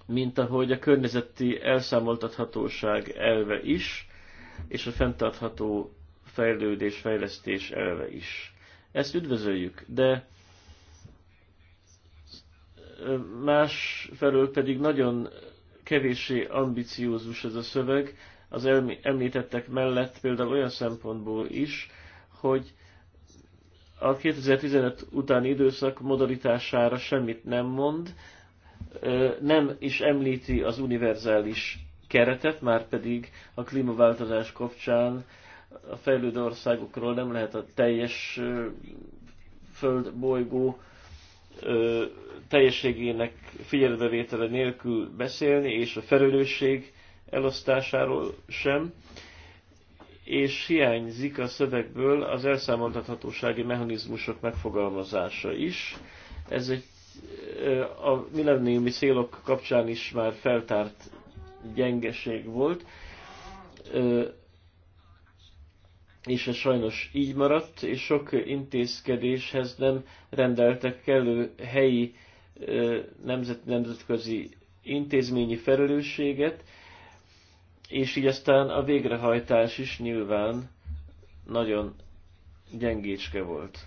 [SPEAKER 2] mint ahogy a környezeti elszámoltathatóság elve is, és a fenntartható fejlődés, fejlesztés elve is. Ezt üdvözöljük, de más felől pedig nagyon kevéssé ambiciózus ez a szöveg, az említettek mellett például olyan szempontból is, hogy a 2015 utáni időszak modalitására semmit nem mond, nem is említi az univerzális keretet, már pedig a klímaváltozás kapcsán a fejlődő országokról nem lehet a teljes földbolygó teljességének figyelembevétele nélkül beszélni, és a felelősség elosztásáról sem és hiányzik a szövegből az elszámoltathatósági mechanizmusok megfogalmazása is. Ez egy a millenniumi célok kapcsán is már feltárt gyengeség volt, és ez sajnos így maradt, és sok intézkedéshez nem rendeltek kellő helyi nemzet, nemzetközi intézményi felelősséget, és így aztán a végrehajtás is nyilván nagyon gyengécske volt.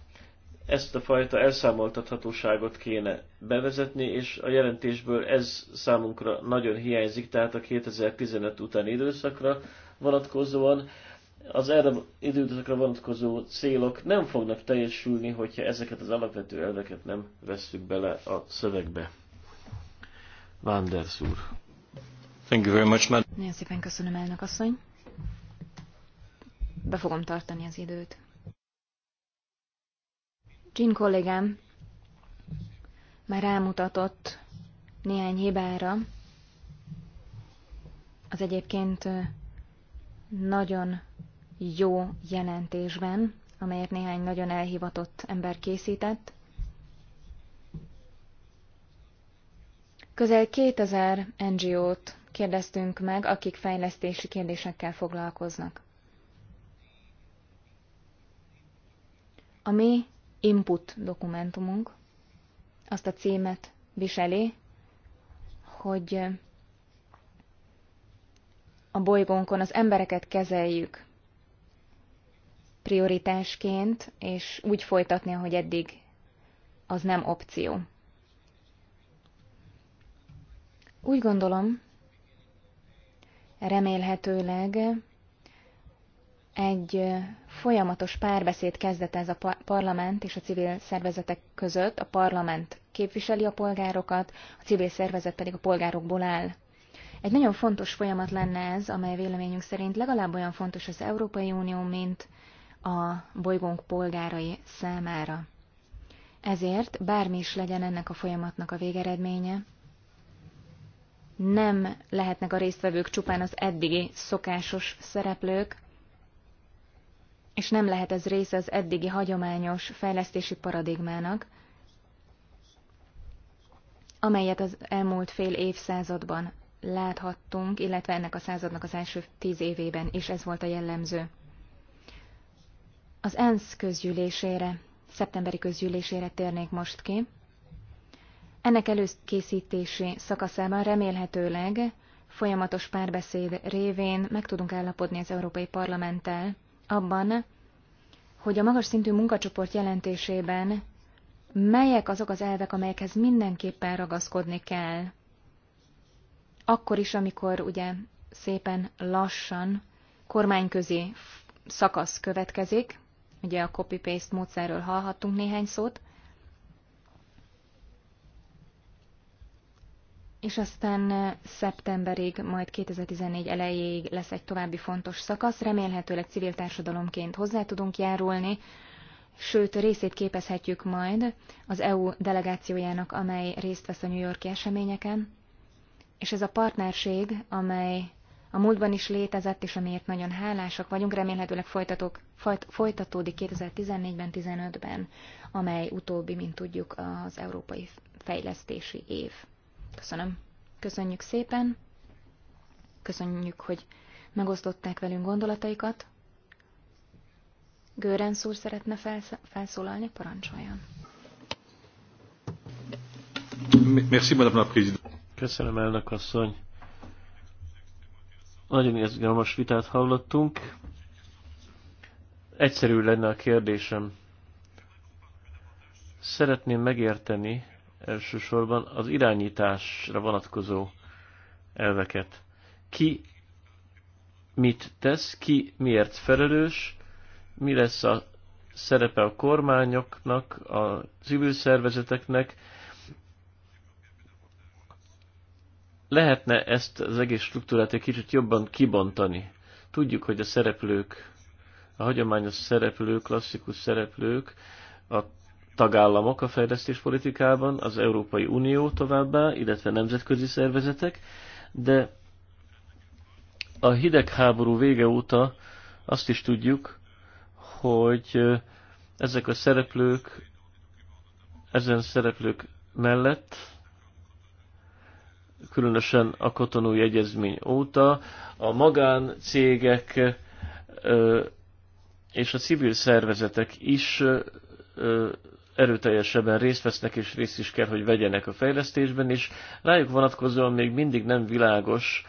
[SPEAKER 2] Ezt a fajta elszámoltathatóságot kéne bevezetni, és a jelentésből ez számunkra nagyon hiányzik, tehát a 2015 utáni időszakra vonatkozóan. Az erre időszakra vonatkozó célok nem fognak teljesülni, hogyha ezeket az alapvető elveket nem vesszük bele a szövegbe. Vándersz úr. Nagyon
[SPEAKER 4] szépen köszönöm, elnök asszony. Be fogom tartani az időt. Jean kollégám már rámutatott néhány hibára, az egyébként nagyon jó jelentésben, amelyet néhány nagyon elhivatott ember készített. Közel 2000 NGO-t kérdeztünk meg, akik fejlesztési kérdésekkel foglalkoznak. A mi input dokumentumunk azt a címet viseli, hogy a bolygónkon az embereket kezeljük prioritásként, és úgy folytatni, ahogy eddig az nem opció. Úgy gondolom, remélhetőleg egy folyamatos párbeszéd kezdete ez a parlament és a civil szervezetek között. A parlament képviseli a polgárokat, a civil szervezet pedig a polgárokból áll. Egy nagyon fontos folyamat lenne ez, amely véleményünk szerint legalább olyan fontos az Európai Unió, mint a bolygónk polgárai számára. Ezért, bármi is legyen ennek a folyamatnak a végeredménye, nem lehetnek a résztvevők csupán az eddigi szokásos szereplők, és nem lehet ez része az eddigi hagyományos fejlesztési paradigmának, amelyet az elmúlt fél évszázadban láthattunk, illetve ennek a századnak az első tíz évében is ez volt a jellemző. Az ENSZ közgyűlésére, szeptemberi közgyűlésére térnék most ki. Ennek előkészítési szakaszában remélhetőleg folyamatos párbeszéd révén meg tudunk állapodni az Európai Parlamenttel abban, hogy a magas szintű munkacsoport jelentésében melyek azok az elvek, amelyekhez mindenképpen ragaszkodni kell. Akkor is, amikor ugye szépen lassan kormányközi szakasz következik, ugye a copy-paste módszerről hallhattunk néhány szót, és aztán szeptemberig, majd 2014 elejéig lesz egy további fontos szakasz. Remélhetőleg civil társadalomként hozzá tudunk járulni, sőt részét képezhetjük majd az EU delegációjának, amely részt vesz a New Yorki eseményeken. És ez a partnerség, amely a múltban is létezett, és amiért nagyon hálásak vagyunk, remélhetőleg folytatók, folyt, folytatódik 2014-ben, 15 ben amely utóbbi, mint tudjuk, az európai fejlesztési év. Köszönöm. Köszönjük szépen. Köszönjük, hogy megosztották velünk gondolataikat. Görenc úr szeretne felsz felszólalni, parancsoljon.
[SPEAKER 2] Merci, Madame la Köszönöm, elnök asszony. Nagyon izgalmas vitát hallottunk. Egyszerű lenne a kérdésem. Szeretném megérteni, elsősorban az irányításra vonatkozó elveket. Ki mit tesz, ki miért felelős, mi lesz a szerepe a kormányoknak, a civil szervezeteknek. Lehetne ezt az egész struktúrát egy kicsit jobban kibontani. Tudjuk, hogy a szereplők, a hagyományos szereplők, klasszikus szereplők, a tagállamok a fejlesztéspolitikában, az Európai Unió továbbá, illetve nemzetközi szervezetek, de a hidegháború vége óta azt is tudjuk, hogy ezek a szereplők, ezen szereplők mellett, különösen a kotonói egyezmény óta, a magáncégek és a civil szervezetek is erőteljesebben részt vesznek és részt is kell, hogy vegyenek a fejlesztésben, és rájuk vonatkozóan még mindig nem világos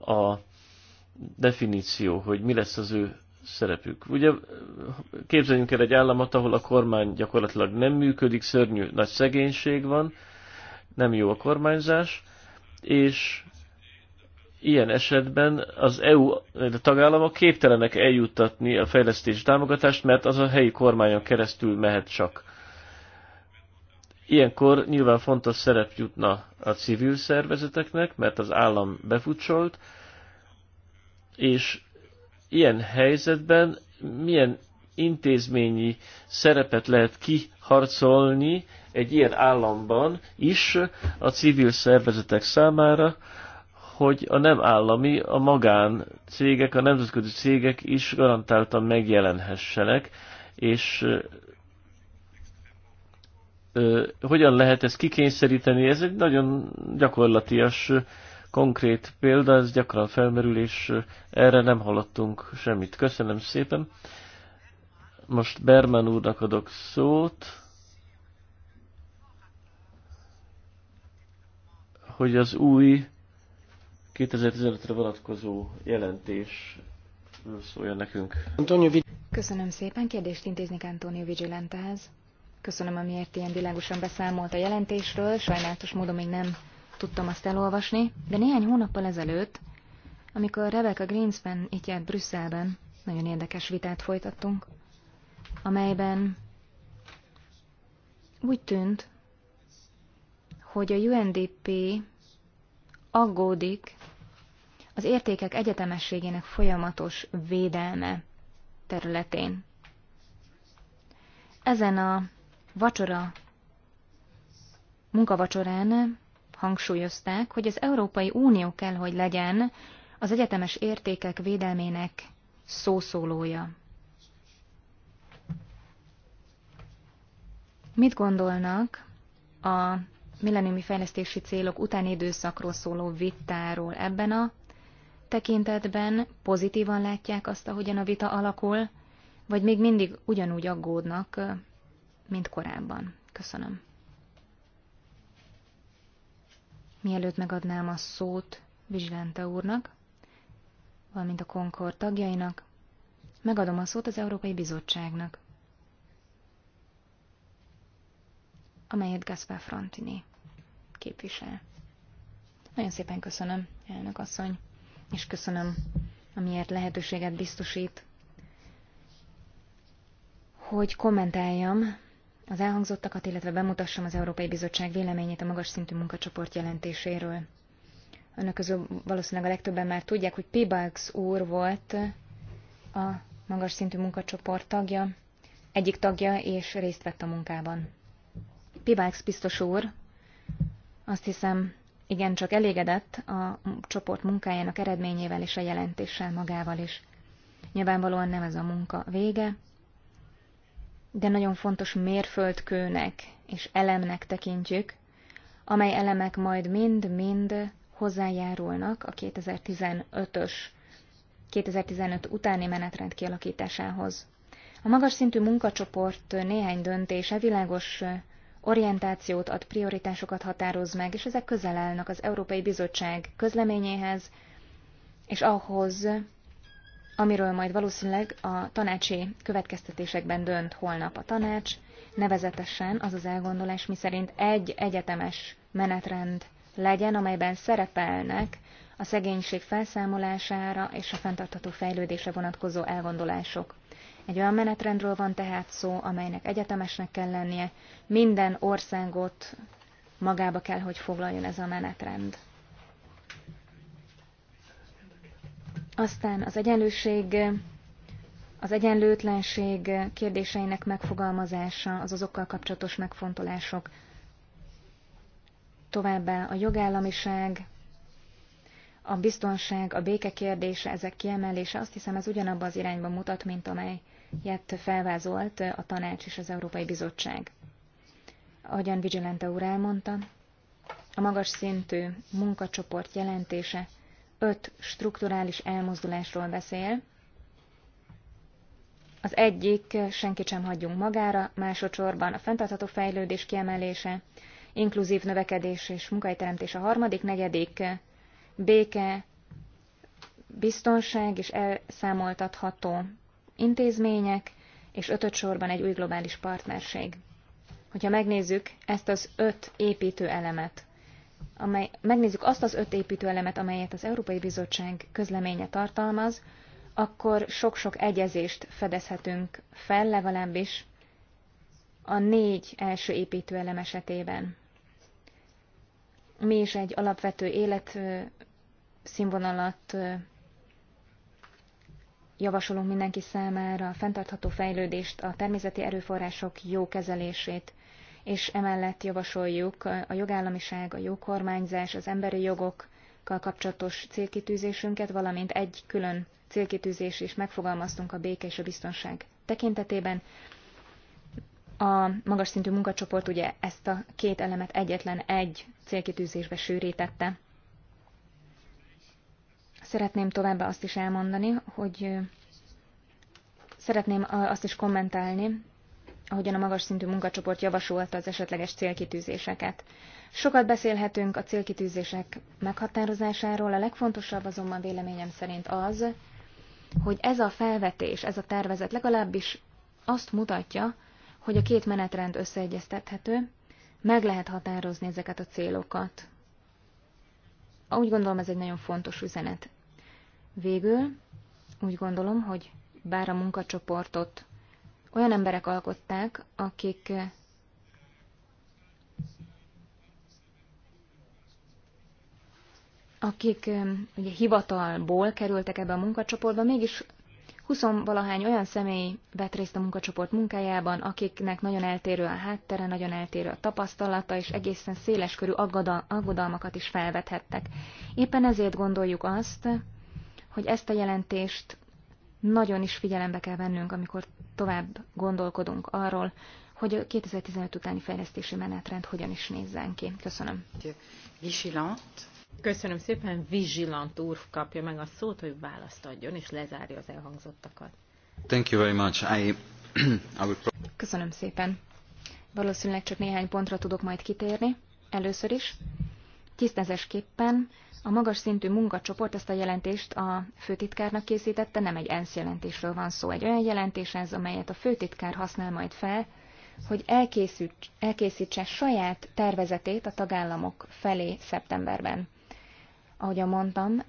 [SPEAKER 2] a definíció, hogy mi lesz az ő szerepük. Ugye képzeljünk el egy államot, ahol a kormány gyakorlatilag nem működik, szörnyű nagy szegénység van, nem jó a kormányzás, és ilyen esetben az EU a tagállamok képtelenek eljuttatni a fejlesztés támogatást, mert az a helyi kormányon keresztül mehet csak. Ilyenkor nyilván fontos szerep jutna a civil szervezeteknek, mert az állam befutsolt, és ilyen helyzetben milyen intézményi szerepet lehet kiharcolni egy ilyen államban is a civil szervezetek számára, hogy a nem állami, a magán cégek, a nemzetközi cégek is garantáltan megjelenhessenek, és hogyan lehet ezt kikényszeríteni, ez egy nagyon gyakorlatias, konkrét példa, ez gyakran felmerül, és erre nem hallottunk semmit. Köszönöm szépen. Most Berman úrnak adok szót, hogy az új 2015-re vonatkozó jelentés szóljon nekünk.
[SPEAKER 4] Köszönöm szépen, kérdést intéznék Antonio Vigilantehez. Köszönöm, amiért ilyen világosan beszámolt a jelentésről. Sajnálatos módon még nem tudtam azt elolvasni, de néhány hónappal ezelőtt, amikor Rebecca Greenspan itt járt Brüsszelben, nagyon érdekes vitát folytattunk, amelyben úgy tűnt, hogy a UNDP aggódik az értékek egyetemességének folyamatos védelme területén. Ezen a vacsora, munkavacsorán hangsúlyozták, hogy az Európai Unió kell, hogy legyen az egyetemes értékek védelmének szószólója. Mit gondolnak a milleniumi fejlesztési célok utáni időszakról szóló vitáról ebben a tekintetben? Pozitívan látják azt, ahogyan a vita alakul, vagy még mindig ugyanúgy aggódnak mint korábban. Köszönöm. Mielőtt megadnám a szót Vizsilánta úrnak, valamint a Konkor tagjainak, megadom a szót az Európai Bizottságnak, amelyet Gaspar Frontini képvisel. Nagyon szépen köszönöm, elnök asszony, és köszönöm, amiért lehetőséget biztosít, hogy kommentáljam az elhangzottakat, illetve bemutassam az Európai Bizottság véleményét a magas szintű munkacsoport jelentéséről. Önök közül valószínűleg a legtöbben már tudják, hogy Pibax úr volt a magas szintű munkacsoport tagja, egyik tagja, és részt vett a munkában. Pibax biztos úr, azt hiszem, igen, csak elégedett a csoport munkájának eredményével és a jelentéssel magával is. Nyilvánvalóan nem ez a munka vége, de nagyon fontos mérföldkőnek és elemnek tekintjük, amely elemek majd mind-mind hozzájárulnak a 2015-ös, 2015 utáni menetrend kialakításához. A magas szintű munkacsoport néhány döntése világos orientációt ad, prioritásokat határoz meg, és ezek közel állnak az Európai Bizottság közleményéhez, és ahhoz, amiről majd valószínűleg a tanácsi következtetésekben dönt holnap a tanács, nevezetesen az az elgondolás, szerint egy egyetemes menetrend legyen, amelyben szerepelnek a szegénység felszámolására és a fenntartható fejlődésre vonatkozó elgondolások. Egy olyan menetrendről van tehát szó, amelynek egyetemesnek kell lennie, minden országot magába kell, hogy foglaljon ez a menetrend. Aztán az egyenlőség, az egyenlőtlenség kérdéseinek megfogalmazása, az azokkal kapcsolatos megfontolások, továbbá a jogállamiság, a biztonság, a béke kérdése, ezek kiemelése, azt hiszem ez ugyanabba az irányba mutat, mint amelyet felvázolt a tanács és az Európai Bizottság. Ahogyan Vigilante úr elmondta, a magas szintű munkacsoport jelentése öt strukturális elmozdulásról beszél. Az egyik, senkit sem hagyjunk magára, másodszorban a fenntartható fejlődés kiemelése, inkluzív növekedés és munkahelyteremtés a harmadik, negyedik, béke, biztonság és elszámoltatható intézmények, és ötöt sorban egy új globális partnerség. Hogyha megnézzük ezt az öt építő elemet, amely, megnézzük azt az öt építőelemet, amelyet az Európai Bizottság közleménye tartalmaz, akkor sok-sok egyezést fedezhetünk fel, legalábbis a négy első építőelem esetében. Mi is egy alapvető életszínvonalat javasolunk mindenki számára, a fenntartható fejlődést, a természeti erőforrások jó kezelését, és emellett javasoljuk a jogállamiság, a jó kormányzás, az emberi jogokkal kapcsolatos célkitűzésünket, valamint egy külön célkitűzés is megfogalmaztunk a béke és a biztonság tekintetében. A magas szintű munkacsoport ugye ezt a két elemet egyetlen egy célkitűzésbe sűrítette. Szeretném továbbá azt is elmondani, hogy szeretném azt is kommentálni, ahogyan a magas szintű munkacsoport javasolta az esetleges célkitűzéseket. Sokat beszélhetünk a célkitűzések meghatározásáról, a legfontosabb azonban véleményem szerint az, hogy ez a felvetés, ez a tervezet legalábbis azt mutatja, hogy a két menetrend összeegyeztethető, meg lehet határozni ezeket a célokat. Úgy gondolom, ez egy nagyon fontos üzenet. Végül úgy gondolom, hogy bár a munkacsoportot olyan emberek alkották, akik eh, akik eh, ugye hivatalból kerültek ebbe a munkacsoportba, mégis 20 valahány olyan személy vett részt a munkacsoport munkájában, akiknek nagyon eltérő a háttere, nagyon eltérő a tapasztalata, és egészen széleskörű aggodalmakat is felvethettek. Éppen ezért gondoljuk azt, hogy ezt a jelentést nagyon is figyelembe kell vennünk, amikor tovább gondolkodunk arról, hogy a 2015 utáni fejlesztési menetrend hogyan is nézzen ki. Köszönöm.
[SPEAKER 3] Vigilant. Köszönöm szépen. Vigilant úr kapja meg a szót, hogy választ adjon, és lezárja az elhangzottakat.
[SPEAKER 1] Thank you very much. I... will...
[SPEAKER 4] Köszönöm szépen. Valószínűleg csak néhány pontra tudok majd kitérni. Először is. Tisztezésképpen a magas szintű munkacsoport ezt a jelentést a főtitkárnak készítette, nem egy ENSZ jelentésről van szó, egy olyan jelentés ez, amelyet a főtitkár használ majd fel, hogy elkészítse saját tervezetét a tagállamok felé szeptemberben. Ahogy mondtam,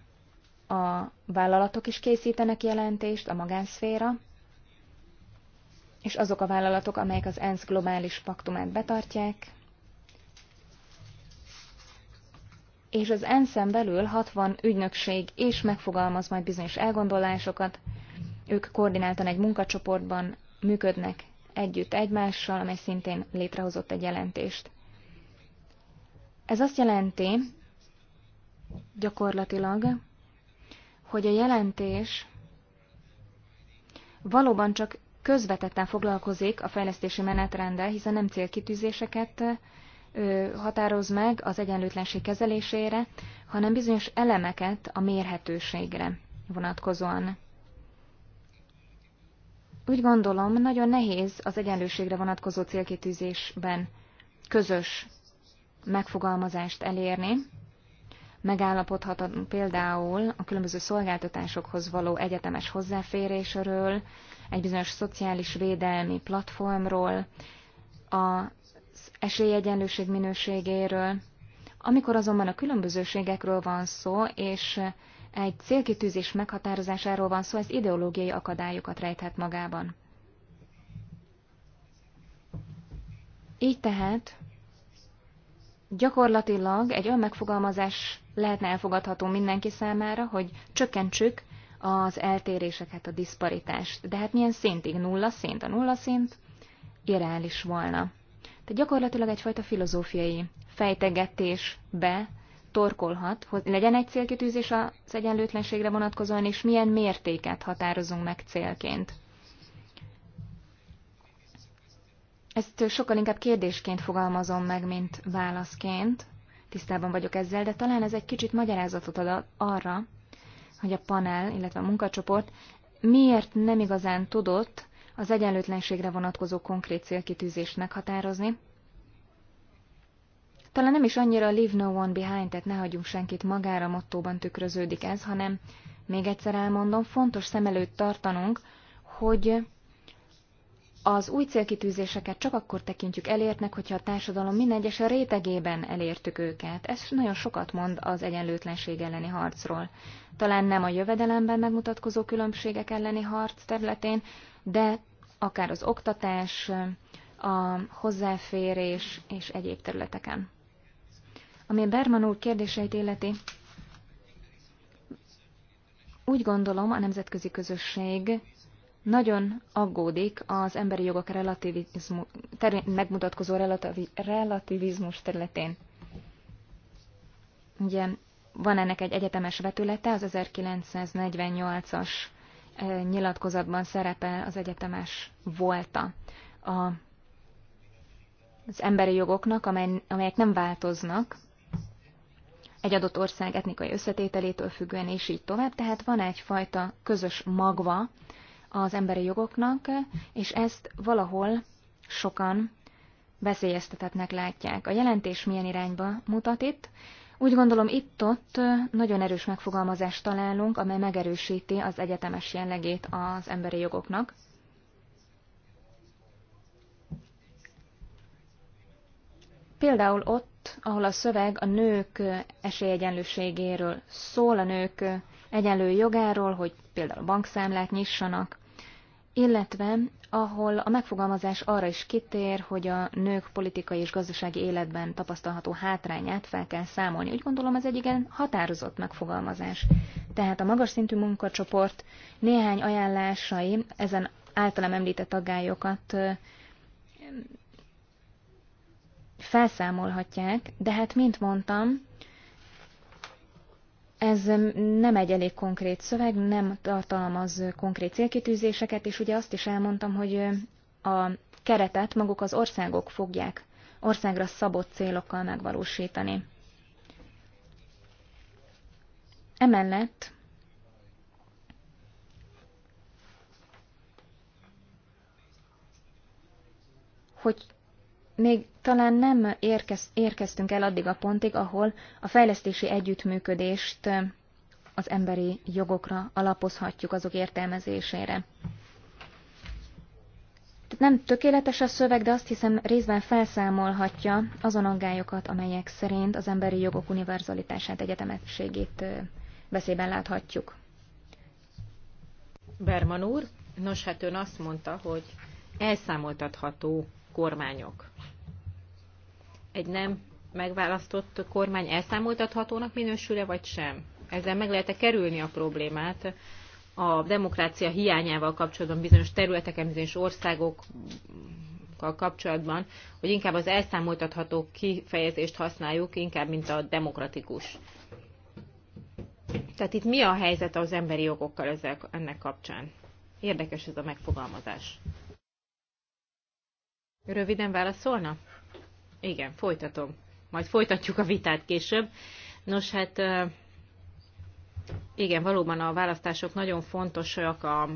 [SPEAKER 4] a vállalatok is készítenek jelentést, a magánszféra, és azok a vállalatok, amelyek az ENSZ globális paktumát betartják, és az ENSZ-en belül 60 ügynökség és megfogalmaz majd bizonyos elgondolásokat. Ők koordináltan egy munkacsoportban működnek együtt egymással, amely szintén létrehozott egy jelentést. Ez azt jelenti gyakorlatilag, hogy a jelentés valóban csak közvetetten foglalkozik a fejlesztési menetrendel, hiszen nem célkitűzéseket határoz meg az egyenlőtlenség kezelésére, hanem bizonyos elemeket a mérhetőségre vonatkozóan. Úgy gondolom, nagyon nehéz az egyenlőségre vonatkozó célkitűzésben közös megfogalmazást elérni. Megállapodhatunk például a különböző szolgáltatásokhoz való egyetemes hozzáférésről, egy bizonyos szociális védelmi platformról, a esélyegyenlőség minőségéről. Amikor azonban a különbözőségekről van szó, és egy célkitűzés meghatározásáról van szó, ez ideológiai akadályokat rejthet magában. Így tehát gyakorlatilag egy olyan megfogalmazás lehetne elfogadható mindenki számára, hogy csökkentsük az eltéréseket, a diszparitást. De hát milyen szintig? Nulla szint? A nulla szint irreális volna. Tehát gyakorlatilag egyfajta filozófiai fejtegetésbe torkolhat, hogy legyen egy célkitűzés az egyenlőtlenségre vonatkozóan, és milyen mértéket határozunk meg célként. Ezt sokkal inkább kérdésként fogalmazom meg, mint válaszként. Tisztában vagyok ezzel, de talán ez egy kicsit magyarázatot ad arra, hogy a panel, illetve a munkacsoport miért nem igazán tudott az egyenlőtlenségre vonatkozó konkrét célkitűzést meghatározni. Talán nem is annyira leave no one behind, tehát ne hagyjunk senkit magára mottóban tükröződik ez, hanem még egyszer elmondom, fontos szem előtt tartanunk, hogy az új célkitűzéseket csak akkor tekintjük elértnek, hogyha a társadalom mindegyes a rétegében elértük őket. Ez nagyon sokat mond az egyenlőtlenség elleni harcról. Talán nem a jövedelemben megmutatkozó különbségek elleni harc területén, de akár az oktatás, a hozzáférés és egyéb területeken. Ami a Berman úr kérdéseit illeti, úgy gondolom a nemzetközi közösség nagyon aggódik az emberi jogok relativizmu, ter- megmutatkozó relativizmus területén. Ugye van ennek egy egyetemes vetülete, az 1948-as nyilatkozatban szerepel az egyetemes volta. A, az emberi jogoknak, amely, amelyek nem változnak egy adott ország etnikai összetételétől függően, és így tovább. Tehát van egyfajta közös magva az emberi jogoknak, és ezt valahol sokan veszélyeztetetnek látják. A jelentés milyen irányba mutat itt? Úgy gondolom itt-ott nagyon erős megfogalmazást találunk, amely megerősíti az egyetemes jellegét az emberi jogoknak. Például ott, ahol a szöveg a nők esélyegyenlőségéről szól, a nők egyenlő jogáról, hogy például bankszámlát nyissanak, illetve ahol a megfogalmazás arra is kitér, hogy a nők politikai és gazdasági életben tapasztalható hátrányát fel kell számolni. Úgy gondolom ez egy igen határozott megfogalmazás. Tehát a magas szintű munkacsoport néhány ajánlásai ezen általam említett aggályokat felszámolhatják, de hát mint mondtam, ez nem egy elég konkrét szöveg, nem tartalmaz konkrét célkitűzéseket, és ugye azt is elmondtam, hogy a keretet maguk az országok fogják országra szabott célokkal megvalósítani. Emellett hogy még talán nem érkez, érkeztünk el addig a pontig, ahol a fejlesztési együttműködést az emberi jogokra alapozhatjuk azok értelmezésére. Nem tökéletes a szöveg, de azt hiszem részben felszámolhatja azon aggályokat, amelyek szerint az emberi jogok univerzalitását, egyetemességét veszélyben láthatjuk.
[SPEAKER 3] Berman úr, nos hát ön azt mondta, hogy elszámoltatható kormányok egy nem megválasztott kormány elszámoltathatónak minősül-e, vagy sem? Ezzel meg lehet-e kerülni a problémát a demokrácia hiányával kapcsolatban bizonyos területeken, bizonyos országokkal kapcsolatban, hogy inkább az elszámoltatható kifejezést használjuk, inkább, mint a demokratikus. Tehát itt mi a helyzet az emberi jogokkal ezzel, ennek kapcsán? Érdekes ez a megfogalmazás. Röviden válaszolna? Igen, folytatom. Majd folytatjuk a vitát később. Nos, hát igen, valóban a választások nagyon fontosak a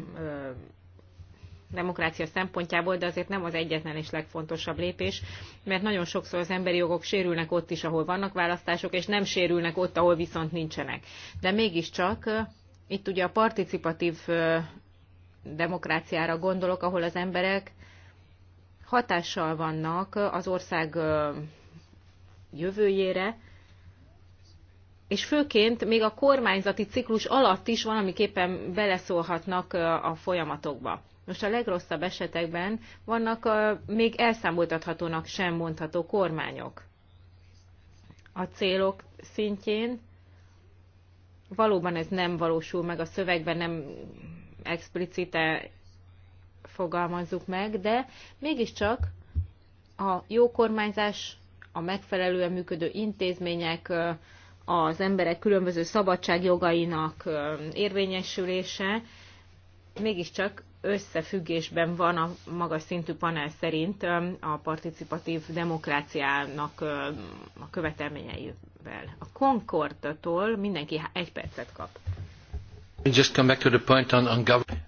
[SPEAKER 3] demokrácia szempontjából, de azért nem az egyetlen és legfontosabb lépés, mert nagyon sokszor az emberi jogok sérülnek ott is, ahol vannak választások, és nem sérülnek ott, ahol viszont nincsenek. De mégiscsak itt ugye a participatív demokráciára gondolok, ahol az emberek hatással vannak az ország jövőjére, és főként még a kormányzati ciklus alatt is valamiképpen beleszólhatnak a folyamatokba. Most a legrosszabb esetekben vannak a még elszámoltathatónak sem mondható kormányok. A célok szintjén valóban ez nem valósul meg, a szövegben nem explicite fogalmazzuk meg, de mégiscsak a jó kormányzás, a megfelelően működő intézmények, az emberek különböző szabadságjogainak érvényesülése mégiscsak összefüggésben van a magas szintű panel szerint a participatív demokráciának a követelményeivel. A Concordtól mindenki egy percet kap.
[SPEAKER 2] Just come back to the point on, on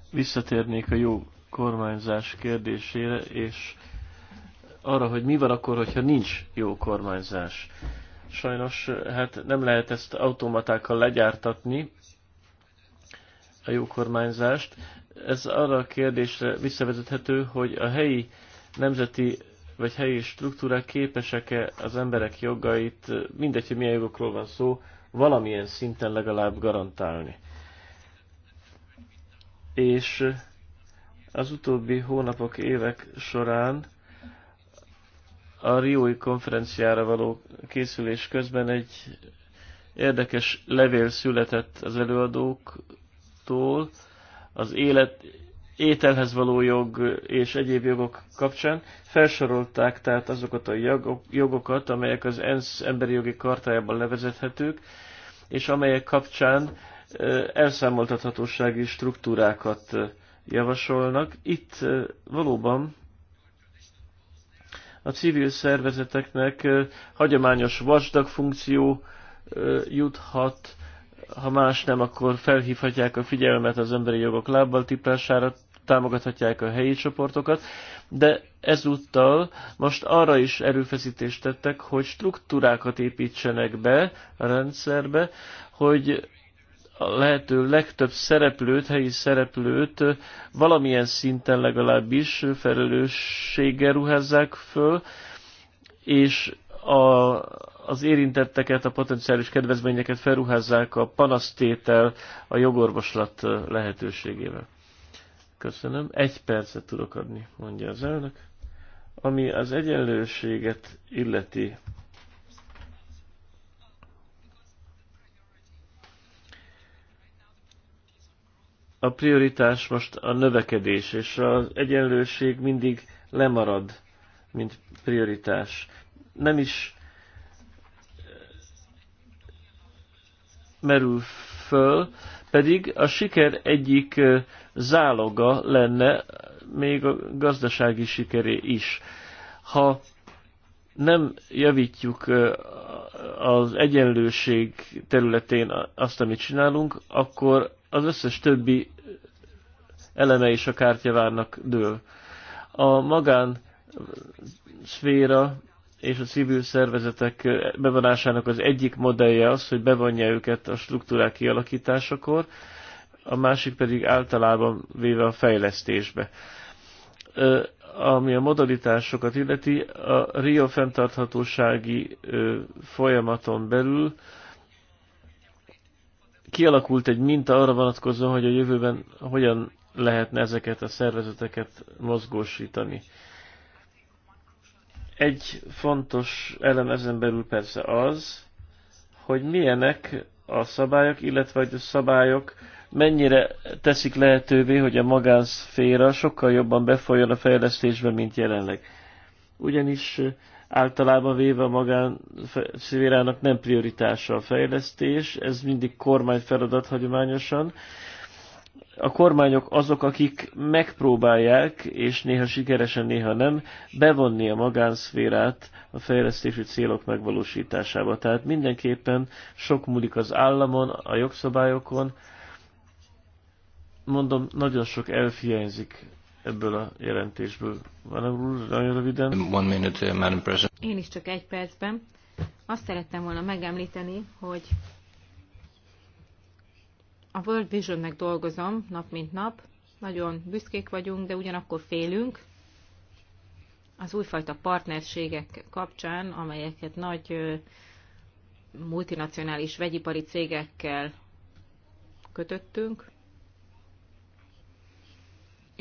[SPEAKER 2] Visszatérnék a jó kormányzás kérdésére, és arra, hogy mi van akkor, hogyha nincs jó kormányzás. Sajnos hát nem lehet ezt automatákkal legyártatni, a jó kormányzást. Ez arra a kérdésre visszavezethető, hogy a helyi nemzeti vagy helyi struktúrák képesek-e az emberek jogait, mindegy, hogy milyen jogokról van szó, valamilyen szinten legalább garantálni. És az utóbbi hónapok, évek során a Riói konferenciára való készülés közben egy érdekes levél született az előadóktól az élet, ételhez való jog és egyéb jogok kapcsán. Felsorolták tehát azokat a jogokat, amelyek az ENSZ emberi jogi kartájában levezethetők, és amelyek kapcsán elszámoltathatósági struktúrákat javasolnak. Itt valóban a civil szervezeteknek hagyományos vasdag funkció juthat, ha más nem, akkor felhívhatják a figyelmet az emberi jogok lábbal tiprására, támogathatják a helyi csoportokat, de ezúttal most arra is erőfeszítést tettek, hogy struktúrákat építsenek be a rendszerbe, hogy a lehető legtöbb szereplőt, helyi szereplőt valamilyen szinten legalábbis felelősséggel ruházzák föl, és a, az érintetteket, a potenciális kedvezményeket felruházzák a panasztétel a jogorvoslat lehetőségével. Köszönöm. Egy percet tudok adni, mondja az elnök. Ami az egyenlőséget illeti, a prioritás most a növekedés, és az egyenlőség mindig lemarad, mint prioritás. Nem is eh, merül föl, pedig a siker egyik eh, záloga lenne még a gazdasági sikeré is. Ha nem javítjuk eh, az egyenlőség területén azt, amit csinálunk, akkor az összes többi eleme is a kártyavárnak dől. A magán szféra és a civil szervezetek bevonásának az egyik modellje az, hogy bevonja őket a struktúrák kialakításakor, a másik pedig általában véve a fejlesztésbe. Ami a modalitásokat illeti, a Rio fenntarthatósági folyamaton belül kialakult egy minta arra vonatkozóan, hogy a jövőben hogyan lehetne ezeket a szervezeteket mozgósítani. Egy fontos elem ezen belül persze az, hogy milyenek a szabályok, illetve hogy a szabályok mennyire teszik lehetővé, hogy a magánszféra sokkal jobban befolyjon a fejlesztésbe, mint jelenleg. Ugyanis általában véve magán szivérának nem prioritása a fejlesztés, ez mindig kormány feladat hagyományosan. A kormányok azok, akik megpróbálják, és néha sikeresen, néha nem, bevonni a magánszférát a fejlesztési célok megvalósításába. Tehát mindenképpen sok múlik az államon, a jogszabályokon. Mondom, nagyon sok elfiányzik ebből a jelentésből. Van úr, nagyon röviden. One minute, uh, Madam President.
[SPEAKER 3] Én is csak egy percben. Azt szerettem volna megemlíteni, hogy a World Visionnek dolgozom nap mint nap. Nagyon büszkék vagyunk, de ugyanakkor félünk az újfajta partnerségek kapcsán, amelyeket nagy multinacionális vegyipari cégekkel kötöttünk,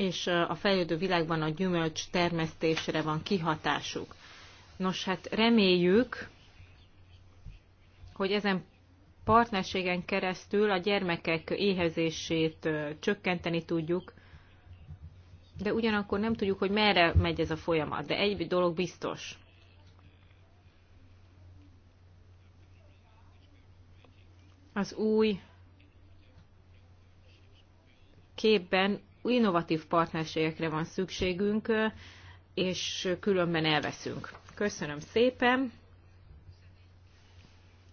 [SPEAKER 3] és a fejlődő világban a gyümölcs termesztésre van kihatásuk. Nos, hát reméljük, hogy ezen partnerségen keresztül a gyermekek éhezését csökkenteni tudjuk, de ugyanakkor nem tudjuk, hogy merre megy ez a folyamat. De egy dolog biztos. Az új képben innovatív partnerségekre van szükségünk, és különben elveszünk. Köszönöm szépen!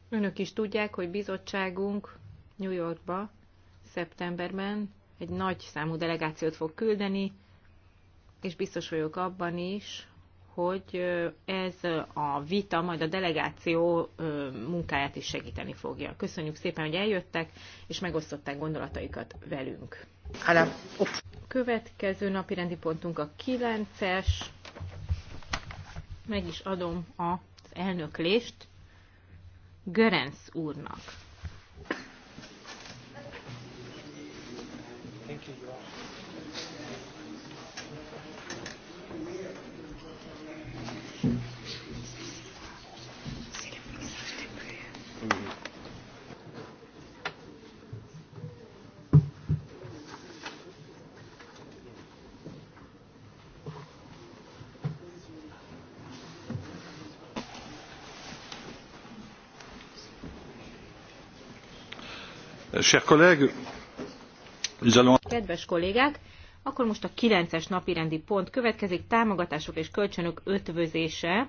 [SPEAKER 3] Önök is tudják, hogy bizottságunk New Yorkba szeptemberben egy nagy számú delegációt fog küldeni, és biztos vagyok abban is, hogy ez a vita majd a delegáció munkáját is segíteni fogja. Köszönjük szépen, hogy eljöttek, és megosztották gondolataikat velünk. Következő napi rendi pontunk a 9-es. Meg is adom az elnöklést Görenc úrnak.
[SPEAKER 1] Thank you.
[SPEAKER 3] Kedves kollégák, akkor most a 9-es napirendi pont következik, támogatások és kölcsönök ötvözése.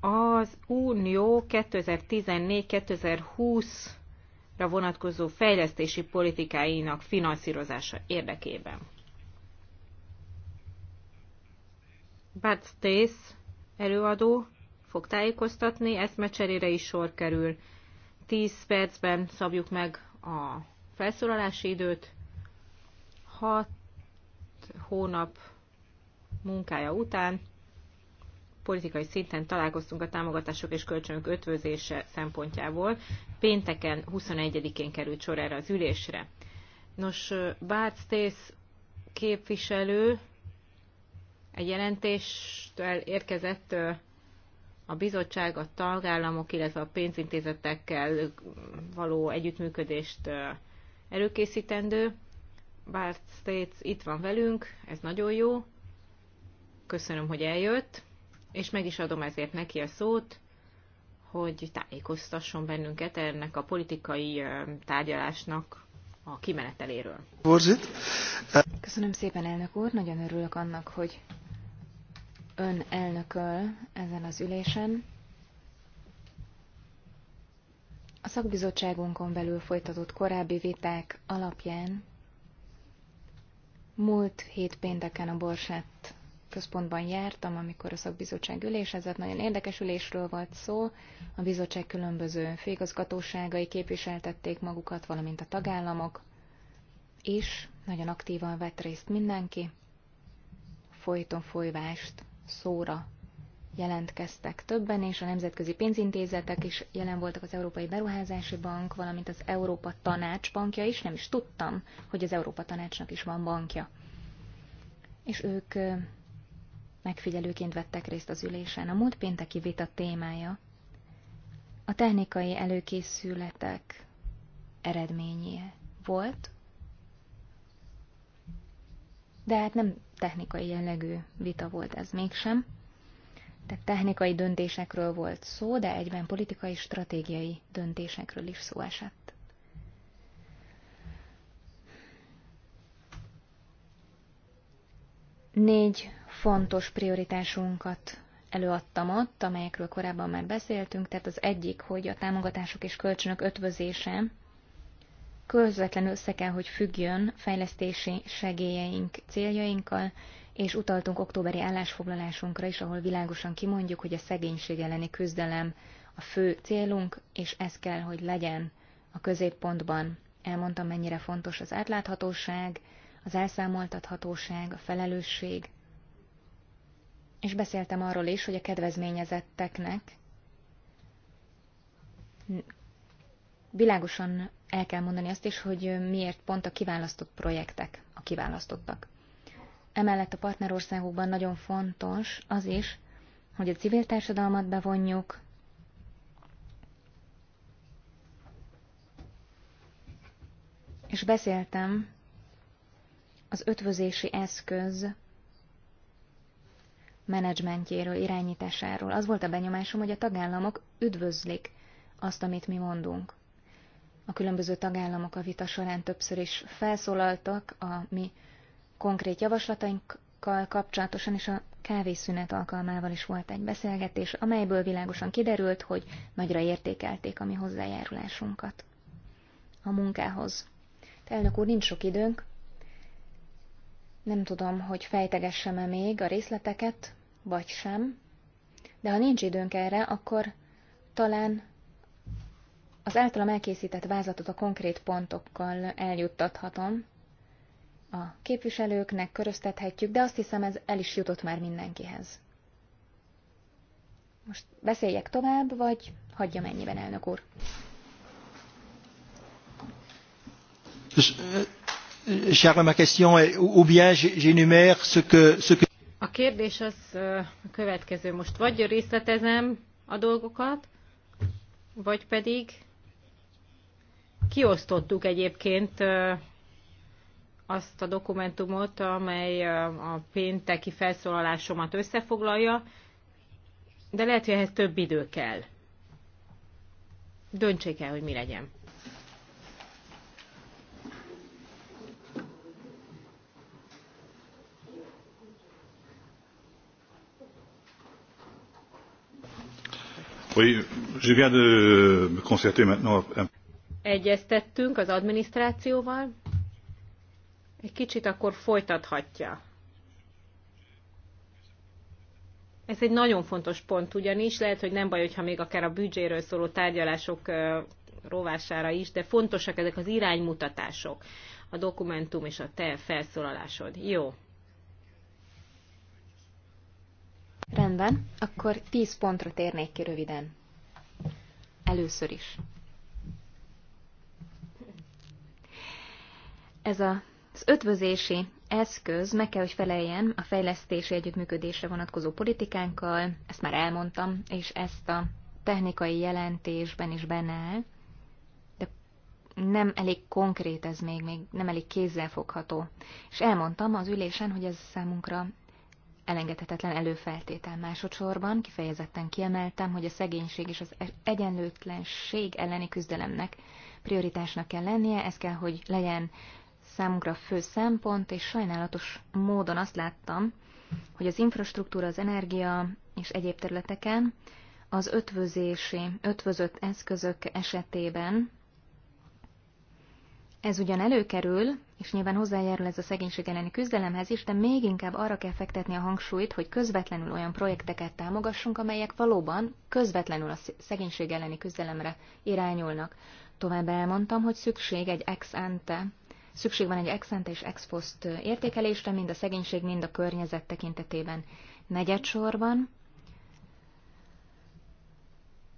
[SPEAKER 3] Az Unió 2014-2020-ra vonatkozó fejlesztési politikáinak finanszírozása érdekében. Bart Stace előadó fog tájékoztatni, eszmecserére is sor kerül. 10 percben szabjuk meg a felszólalási időt. Hat hónap munkája után politikai szinten találkoztunk a támogatások és kölcsönök ötvözése szempontjából. Pénteken 21-én került sor erre az ülésre. Nos, Bárc Tész képviselő egy jelentéstől érkezett a bizottság, a tagállamok, illetve a pénzintézetekkel való együttműködést előkészítendő. Bart States itt van velünk, ez nagyon jó. Köszönöm, hogy eljött, és meg is adom ezért neki a szót, hogy tájékoztasson bennünket ennek a politikai tárgyalásnak a kimeneteléről.
[SPEAKER 4] Köszönöm szépen, elnök úr, nagyon örülök annak, hogy ön elnököl ezen az ülésen. A szakbizottságunkon belül folytatott korábbi viták alapján múlt hét pénteken a Borsát központban jártam, amikor a szakbizottság ülésezett. Nagyon érdekes ülésről volt szó. A bizottság különböző főigazgatóságai képviseltették magukat, valamint a tagállamok, és nagyon aktívan vett részt mindenki. Folyton folyvást szóra jelentkeztek többen, és a nemzetközi pénzintézetek is jelen voltak az Európai Beruházási Bank, valamint az Európa Tanács bankja is. Nem is tudtam, hogy az Európa Tanácsnak is van bankja. És ők megfigyelőként vettek részt az ülésen. A múlt pénteki vita témája a technikai előkészületek eredménye volt, de hát nem technikai jellegű vita volt ez mégsem. Tehát technikai döntésekről volt szó, de egyben politikai, stratégiai döntésekről is szó esett. Négy fontos prioritásunkat előadtam ott, amelyekről korábban már beszéltünk, tehát az egyik, hogy a támogatások és kölcsönök ötvözése közvetlenül össze kell, hogy függjön fejlesztési segélyeink céljainkkal, és utaltunk októberi állásfoglalásunkra is, ahol világosan kimondjuk, hogy a szegénység elleni küzdelem a fő célunk, és ez kell, hogy legyen a középpontban. Elmondtam, mennyire fontos az átláthatóság, az elszámoltathatóság, a felelősség, és beszéltem arról is, hogy a kedvezményezetteknek világosan el kell mondani azt is, hogy miért pont a kiválasztott projektek a kiválasztottak. Emellett a partnerországokban nagyon fontos az is, hogy a civil társadalmat bevonjuk, és beszéltem az ötvözési eszköz menedzsmentjéről, irányításáról. Az volt a benyomásom, hogy a tagállamok üdvözlik azt, amit mi mondunk a különböző tagállamok a vita során többször is felszólaltak a mi konkrét javaslatainkkal kapcsolatosan, és a kávészünet alkalmával is volt egy beszélgetés, amelyből világosan kiderült, hogy nagyra értékelték a mi hozzájárulásunkat a munkához. Te elnök úr, nincs sok időnk. Nem tudom, hogy fejtegessem-e még a részleteket, vagy sem, de ha nincs időnk erre, akkor talán az általam elkészített vázlatot a konkrét pontokkal eljuttathatom a képviselőknek, köröztethetjük, de azt hiszem ez el is jutott már mindenkihez. Most beszéljek tovább, vagy hagyja mennyiben, elnök úr?
[SPEAKER 3] A kérdés az a következő. Most vagy részletezem a dolgokat, vagy pedig Kiosztottuk egyébként azt a dokumentumot, amely a pénteki felszólalásomat összefoglalja, de lehet, hogy ehhez több idő kell. Döntsék el, hogy mi legyen.
[SPEAKER 1] Oui, je viens de me concerter
[SPEAKER 3] maintenant egyeztettünk az adminisztrációval, egy kicsit akkor folytathatja. Ez egy nagyon fontos pont ugyanis, lehet, hogy nem baj, hogyha még akár a büdzséről szóló tárgyalások rovására is, de fontosak ezek az iránymutatások, a dokumentum és a te felszólalásod. Jó.
[SPEAKER 4] Rendben, akkor tíz pontra térnék ki röviden. Először is. ez a, az ötvözési eszköz meg kell, hogy feleljen a fejlesztési együttműködésre vonatkozó politikánkkal, ezt már elmondtam, és ezt a technikai jelentésben is benne áll, de nem elég konkrét ez még, még nem elég kézzelfogható. És elmondtam az ülésen, hogy ez számunkra elengedhetetlen előfeltétel. Másodszorban kifejezetten kiemeltem, hogy a szegénység és az egyenlőtlenség elleni küzdelemnek prioritásnak kell lennie, ez kell, hogy legyen számunkra fő szempont, és sajnálatos módon azt láttam, hogy az infrastruktúra, az energia és egyéb területeken az ötvözési, ötvözött eszközök esetében ez ugyan előkerül, és nyilván hozzájárul ez a szegénység elleni küzdelemhez is, de még inkább arra kell fektetni a hangsúlyt, hogy közvetlenül olyan projekteket támogassunk, amelyek valóban közvetlenül a szegénység elleni küzdelemre irányulnak. Tovább elmondtam, hogy szükség egy ex ante Szükség van egy ex és ex post értékelésre, mind a szegénység, mind a környezet tekintetében. Negyedsorban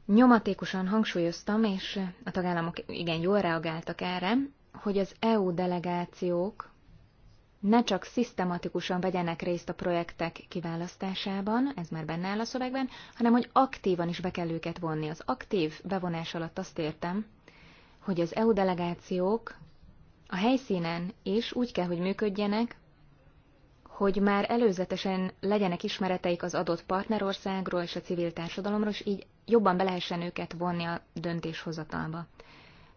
[SPEAKER 4] nyomatékosan hangsúlyoztam, és a tagállamok igen jól reagáltak erre, hogy az EU delegációk ne csak szisztematikusan vegyenek részt a projektek kiválasztásában, ez már benne áll a szövegben, hanem hogy aktívan is be kell őket vonni. Az aktív bevonás alatt azt értem, hogy az EU delegációk a helyszínen is úgy kell, hogy működjenek, hogy már előzetesen legyenek ismereteik az adott partnerországról és a civil társadalomról, és így jobban be lehessen őket vonni a döntéshozatalba.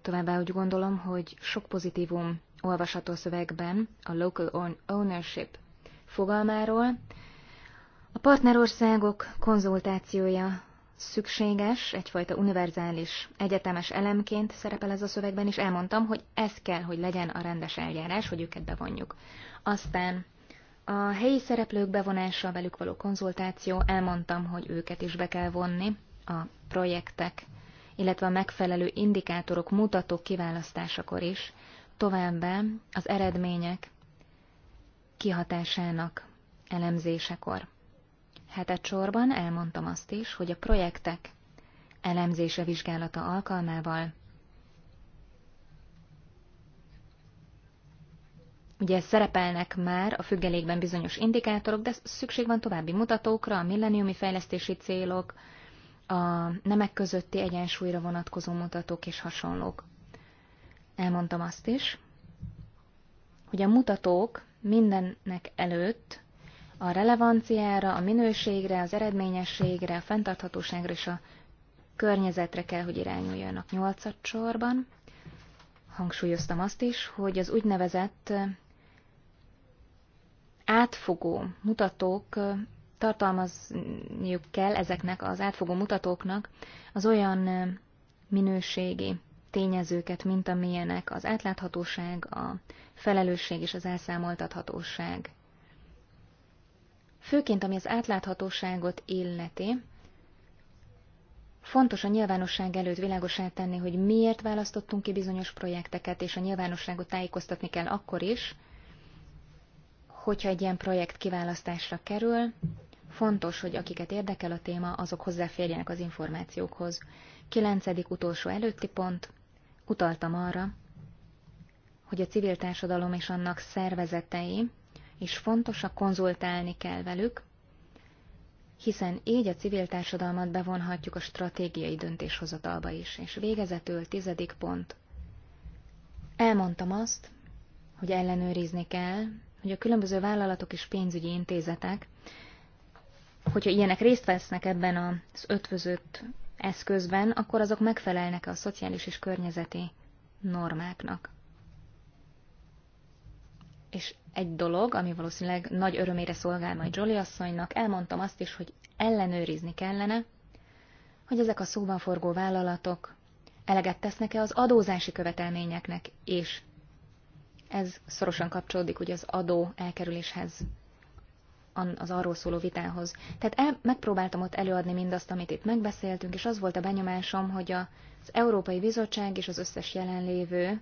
[SPEAKER 4] Továbbá úgy gondolom, hogy sok pozitívum olvasható szövegben a local ownership fogalmáról, a partnerországok konzultációja szükséges, egyfajta univerzális, egyetemes elemként szerepel ez a szövegben, és elmondtam, hogy ez kell, hogy legyen a rendes eljárás, hogy őket bevonjuk. Aztán a helyi szereplők bevonása, velük való konzultáció, elmondtam, hogy őket is be kell vonni a projektek, illetve a megfelelő indikátorok, mutatók kiválasztásakor is, továbbá az eredmények kihatásának elemzésekor hetet sorban elmondtam azt is, hogy a projektek elemzése vizsgálata alkalmával Ugye szerepelnek már a függelékben bizonyos indikátorok, de szükség van további mutatókra, a milleniumi fejlesztési célok, a nemek közötti egyensúlyra vonatkozó mutatók és hasonlók. Elmondtam azt is, hogy a mutatók mindennek előtt a relevanciára, a minőségre, az eredményességre, a fenntarthatóságra és a környezetre kell, hogy irányuljanak nyolcat sorban. Hangsúlyoztam azt is, hogy az úgynevezett átfogó mutatók tartalmazniuk kell ezeknek az átfogó mutatóknak az olyan minőségi tényezőket, mint amilyenek az átláthatóság, a felelősség és az elszámoltathatóság főként ami az átláthatóságot illeti, Fontos a nyilvánosság előtt világosá tenni, hogy miért választottunk ki bizonyos projekteket, és a nyilvánosságot tájékoztatni kell akkor is, hogyha egy ilyen projekt kiválasztásra kerül. Fontos, hogy akiket érdekel a téma, azok hozzáférjenek az információkhoz. Kilencedik utolsó előtti pont. Utaltam arra, hogy a civil társadalom és annak szervezetei és fontos, a konzultálni kell velük, hiszen így a civil társadalmat bevonhatjuk a stratégiai döntéshozatalba is. És végezetül tizedik pont. Elmondtam azt, hogy ellenőrizni kell, hogy a különböző vállalatok és pénzügyi intézetek, hogyha ilyenek részt vesznek ebben az ötvözött eszközben, akkor azok megfelelnek a szociális és környezeti normáknak. És egy dolog, ami valószínűleg nagy örömére szolgál majd Jolly asszonynak, elmondtam azt is, hogy ellenőrizni kellene, hogy ezek a szóban forgó vállalatok eleget tesznek-e az adózási követelményeknek, és ez szorosan kapcsolódik ugye az adó elkerüléshez, az arról szóló vitához. Tehát el, megpróbáltam ott előadni mindazt, amit itt megbeszéltünk, és az volt a benyomásom, hogy az Európai Bizottság és az összes jelenlévő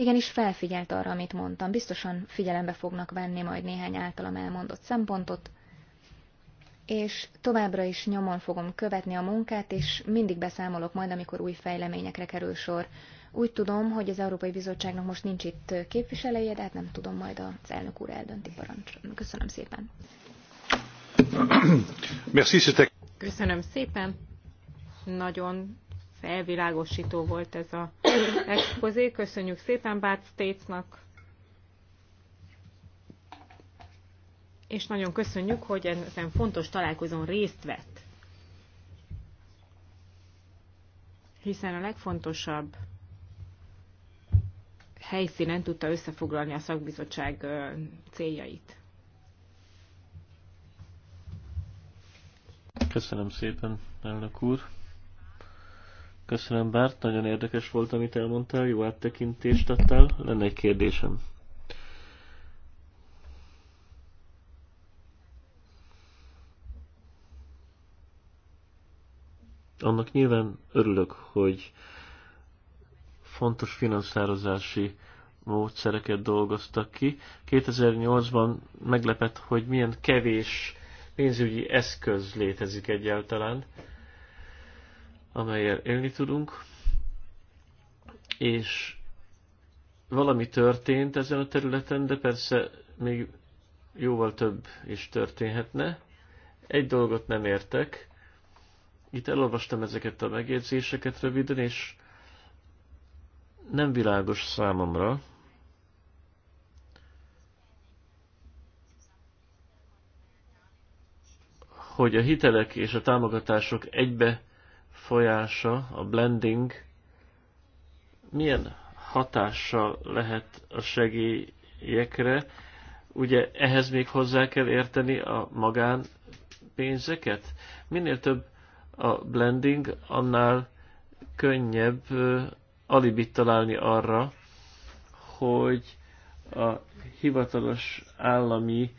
[SPEAKER 4] igenis felfigyelt arra, amit mondtam. Biztosan figyelembe fognak venni majd néhány általam elmondott szempontot, és továbbra is nyomon fogom követni a munkát, és mindig beszámolok majd, amikor új fejleményekre kerül sor. Úgy tudom, hogy az Európai Bizottságnak most nincs itt képviselője, de hát nem tudom, majd az elnök úr eldönti parancsra. Köszönöm szépen.
[SPEAKER 3] Köszönöm szépen. Nagyon felvilágosító volt ez a expozé. Köszönjük szépen Bát States-nak, és nagyon köszönjük, hogy ezen fontos találkozón részt vett. Hiszen a legfontosabb helyszínen tudta összefoglalni a szakbizottság céljait.
[SPEAKER 2] Köszönöm szépen, elnök úr! Köszönöm, Bárt, nagyon érdekes volt, amit elmondtál, jó áttekintést adtál. Lenne egy kérdésem. Annak nyilván örülök, hogy fontos finanszározási módszereket dolgoztak ki. 2008-ban meglepett, hogy milyen kevés pénzügyi eszköz létezik egyáltalán amelyel élni tudunk, és valami történt ezen a területen, de persze még jóval több is történhetne. Egy dolgot nem értek. Itt elolvastam ezeket a megjegyzéseket röviden, és nem világos számomra, hogy a hitelek és a támogatások egybe folyása, a blending milyen hatással lehet a segélyekre? Ugye ehhez még hozzá kell érteni a magánpénzeket? Minél több a blending, annál könnyebb alibit találni arra, hogy a hivatalos állami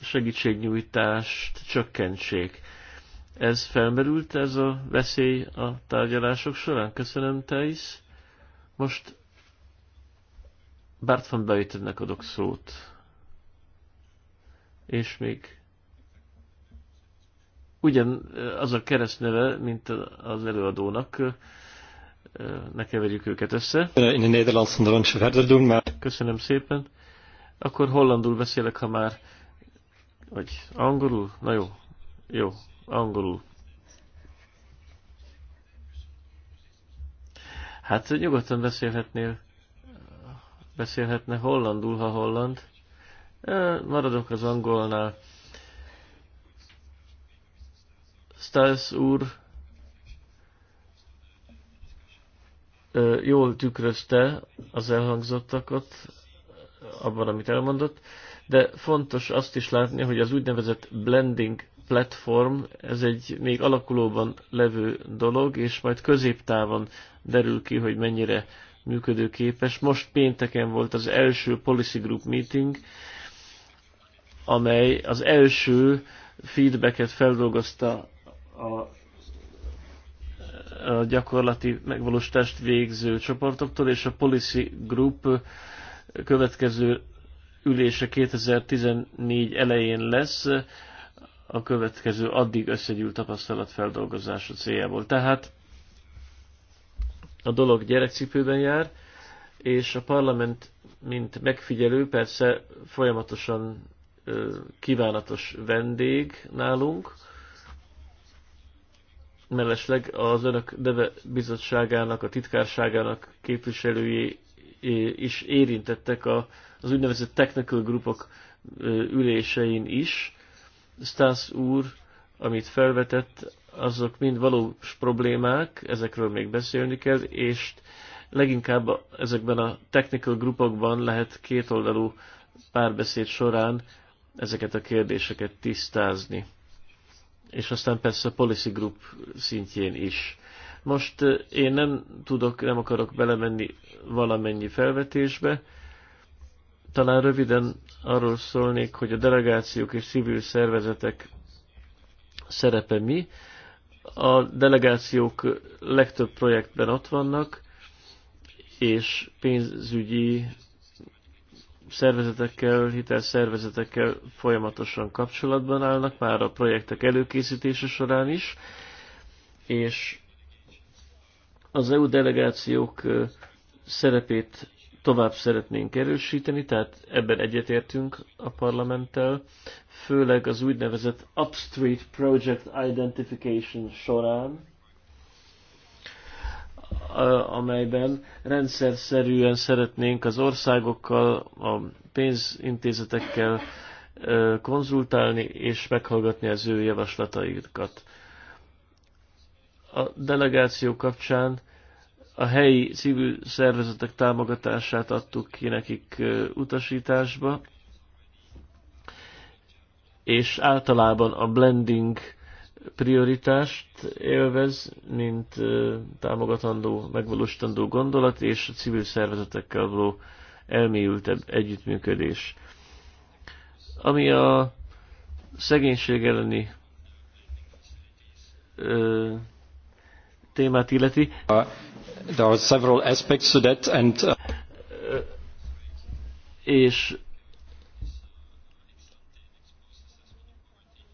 [SPEAKER 2] segítségnyújtást csökkentsék. Ez felmerült, ez a veszély a tárgyalások során? Köszönöm, Teis. Most Bart van Beitennek adok szót. És még ugyan eh, az a keresztneve, mint az előadónak, eh, ne keverjük őket össze. Eh, in Nederlands dan se verder doen, maar... Köszönöm szépen. Akkor hollandul beszélek, ha már... Vagy angolul? Na jó. Jó angolul. Hát nyugodtan beszélhetnél, beszélhetne hollandul, ha holland. Maradok az angolnál. Stiles úr jól tükrözte az elhangzottakat, abban, amit elmondott, de fontos azt is látni, hogy az úgynevezett blending platform, ez egy még alakulóban levő dolog, és majd középtávon derül ki, hogy mennyire működőképes. Most pénteken volt az első Policy Group meeting, amely az első feedbacket feldolgozta a a gyakorlati megvalósítást végző csoportoktól, és a Policy Group következő ülése 2014 elején lesz a következő addig összegyűlt tapasztalat feldolgozása céljából. Tehát a dolog gyerekcipőben jár, és a parlament, mint megfigyelő, persze folyamatosan kívánatos vendég nálunk, mellesleg az önök deve bizottságának, a titkárságának képviselői is érintettek az úgynevezett technical groupok ülésein is, Stász úr, amit felvetett, azok mind valós problémák, ezekről még beszélni kell, és leginkább ezekben a technical grupokban lehet kétoldalú párbeszéd során ezeket a kérdéseket tisztázni. És aztán persze a policy group szintjén is. Most eh, én nem tudok, nem akarok belemenni valamennyi felvetésbe, talán röviden arról szólnék, hogy a delegációk és civil szervezetek szerepe mi. A delegációk legtöbb projektben ott vannak, és pénzügyi szervezetekkel, hitelszervezetekkel folyamatosan kapcsolatban állnak, már a projektek előkészítése során is, és az EU delegációk szerepét tovább szeretnénk erősíteni, tehát ebben egyetértünk a parlamenttel, főleg az úgynevezett Upstreet Project Identification során, amelyben rendszer szerűen szeretnénk az országokkal, a pénzintézetekkel konzultálni és meghallgatni az ő javaslataikat. A delegáció kapcsán a helyi civil szervezetek támogatását adtuk ki nekik utasításba, és általában a blending prioritást élvez, mint támogatandó, megvalósítandó gondolat, és a civil szervezetekkel való elmélyültebb együttműködés. Ami a szegénység elleni témát illeti. Uh, there are several aspects to that and, uh... uh és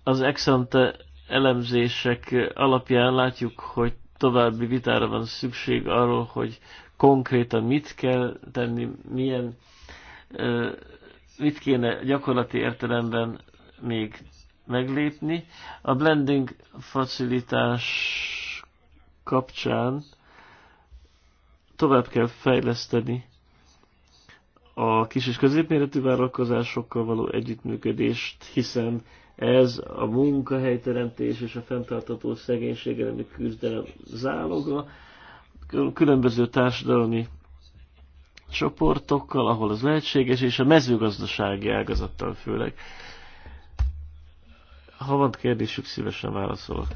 [SPEAKER 2] az exante elemzések alapján látjuk, hogy további vitára van szükség arról, hogy konkrétan mit kell tenni, milyen, uh, mit kéne gyakorlati értelemben még meglépni. A blending facilitás kapcsán tovább kell fejleszteni a kis és középméretű vállalkozásokkal való együttműködést, hiszen ez a munkahelyteremtés és a fenntartató szegénység elleni küzdelem záloga. Különböző társadalmi csoportokkal, ahol az lehetséges, és a mezőgazdasági ágazattal főleg. Ha van kérdésük, szívesen válaszolok.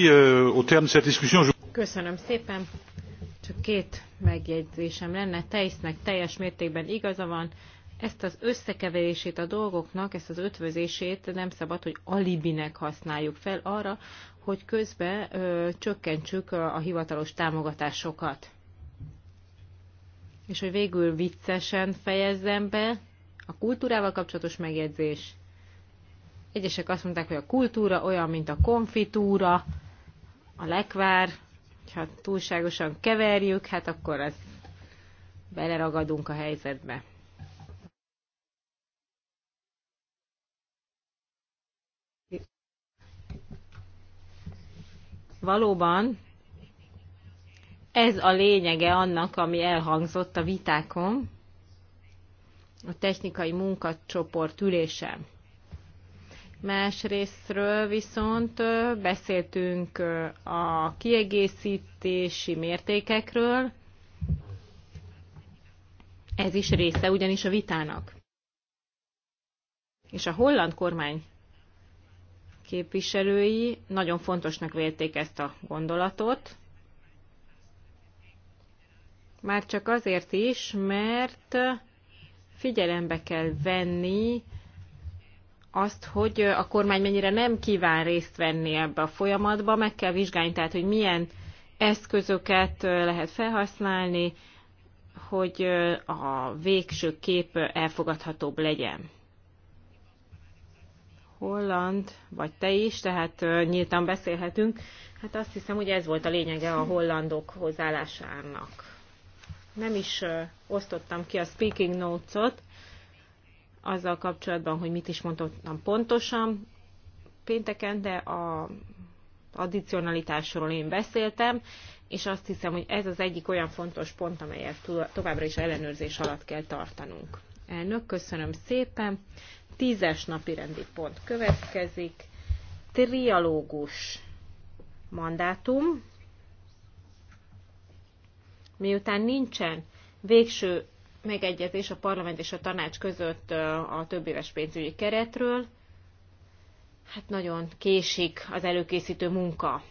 [SPEAKER 2] Euh,
[SPEAKER 3] Köszönöm szépen. Csak két megjegyzésem lenne. Teisznek teljes mértékben igaza van. Ezt az összekeverését a dolgoknak, ezt az ötvözését nem szabad, hogy alibinek használjuk fel arra, hogy közben ö, csökkentsük a, a hivatalos támogatásokat. És hogy végül viccesen fejezzem be, a kultúrával kapcsolatos megjegyzés Egyesek azt mondták, hogy a kultúra olyan, mint a konfitúra, a lekvár, ha túlságosan keverjük, hát akkor ez beleragadunk a helyzetbe. Valóban ez a lényege annak, ami elhangzott a vitákon, a technikai munkacsoport ülésem. Másrésztről viszont beszéltünk a kiegészítési mértékekről, ez is része ugyanis a vitának. És a holland kormány képviselői nagyon fontosnak vélték ezt a gondolatot, már csak azért is, mert figyelembe kell venni azt, hogy a kormány mennyire nem kíván részt venni ebbe a folyamatba, meg kell vizsgálni, tehát hogy milyen eszközöket lehet felhasználni, hogy a végső kép elfogadhatóbb legyen. Holland, vagy te is, tehát nyíltan beszélhetünk. Hát azt hiszem, hogy ez volt a lényege a hollandok hozzáállásának. Nem is osztottam ki a speaking notes-ot, azzal kapcsolatban, hogy mit is mondtam pontosan pénteken, de a addicionalitásról én beszéltem, és azt hiszem, hogy ez az egyik olyan fontos pont, amelyet továbbra is ellenőrzés alatt kell tartanunk. Elnök, köszönöm szépen. Tízes napi rendi pont következik. Trialógus mandátum. Miután nincsen végső megegyezés a parlament és a tanács között a éves pénzügyi keretről. Hát nagyon késik az előkészítő munka.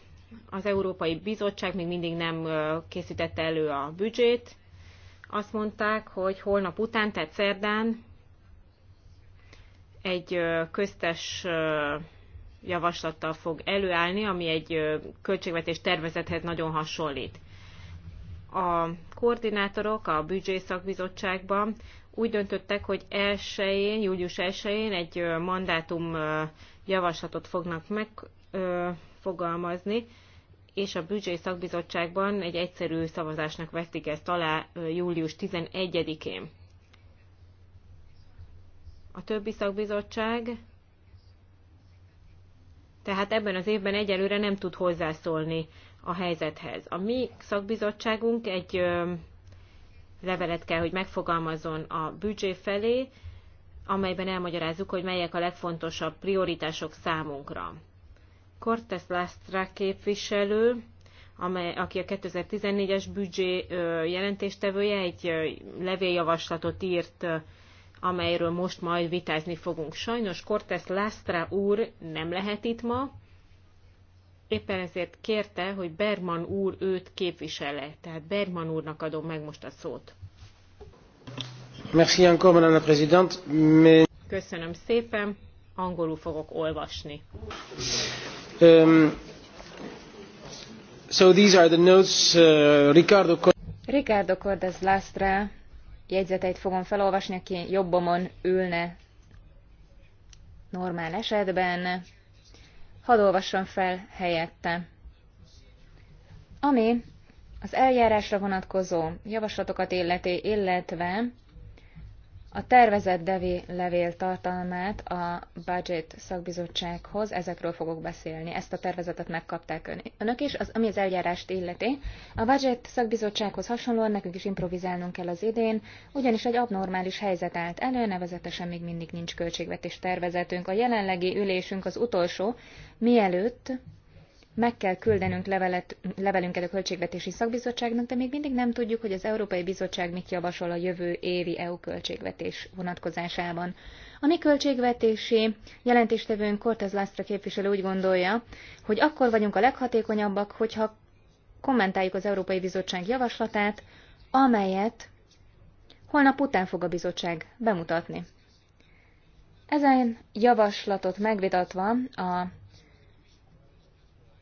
[SPEAKER 3] Az Európai Bizottság még mindig nem készítette elő a büdzsét. Azt mondták, hogy holnap után, tehát szerdán egy köztes javaslattal fog előállni, ami egy költségvetés tervezethez nagyon hasonlít a koordinátorok a szakbizottságban úgy döntöttek, hogy elsőjén, július 1-én egy mandátum javaslatot fognak megfogalmazni, és a büdzsé szakbizottságban egy egyszerű szavazásnak veszik ezt alá július 11-én. A többi szakbizottság tehát ebben az évben egyelőre nem tud hozzászólni a helyzethez. A mi szakbizottságunk egy levelet kell, hogy megfogalmazzon a büdzsé felé, amelyben elmagyarázzuk, hogy melyek a legfontosabb prioritások számunkra. Cortes Lastra képviselő, amely, aki a 2014-es büdzsé jelentéstevője, egy levéljavaslatot írt, amelyről most majd vitázni fogunk. Sajnos Cortes Lastra úr nem lehet itt ma, éppen ezért kérte, hogy Berman úr őt képvisele. Tehát Berman úrnak adom meg most a szót.
[SPEAKER 1] Merci encore, Madame la Présidente. Mais...
[SPEAKER 3] Köszönöm szépen, angolul fogok olvasni.
[SPEAKER 1] Um, so these are the notes,
[SPEAKER 2] uh, Ricardo...
[SPEAKER 4] Ricardo Cordes Lastra jegyzeteit fogom felolvasni, aki jobbomon ülne normál esetben hadd olvasson fel helyette. Ami az eljárásra vonatkozó javaslatokat illeti, illetve a tervezett devi levél tartalmát a budget szakbizottsághoz, ezekről fogok beszélni. Ezt a tervezetet megkapták önök is, az, ami az eljárást illeti. A budget szakbizottsághoz hasonlóan nekünk is improvizálnunk kell az idén, ugyanis egy abnormális helyzet állt elő, nevezetesen még mindig nincs költségvetés tervezetünk. A jelenlegi ülésünk az utolsó, mielőtt meg kell küldenünk levelet, levelünket a Költségvetési Szakbizottságnak, de még mindig nem tudjuk, hogy az Európai Bizottság mit javasol a jövő évi EU költségvetés vonatkozásában. A mi költségvetési jelentéstevőnk Cortez Lászra képviselő úgy gondolja, hogy akkor vagyunk a leghatékonyabbak, hogyha kommentáljuk az Európai Bizottság javaslatát, amelyet holnap után fog a bizottság bemutatni. Ezen javaslatot megvitatva a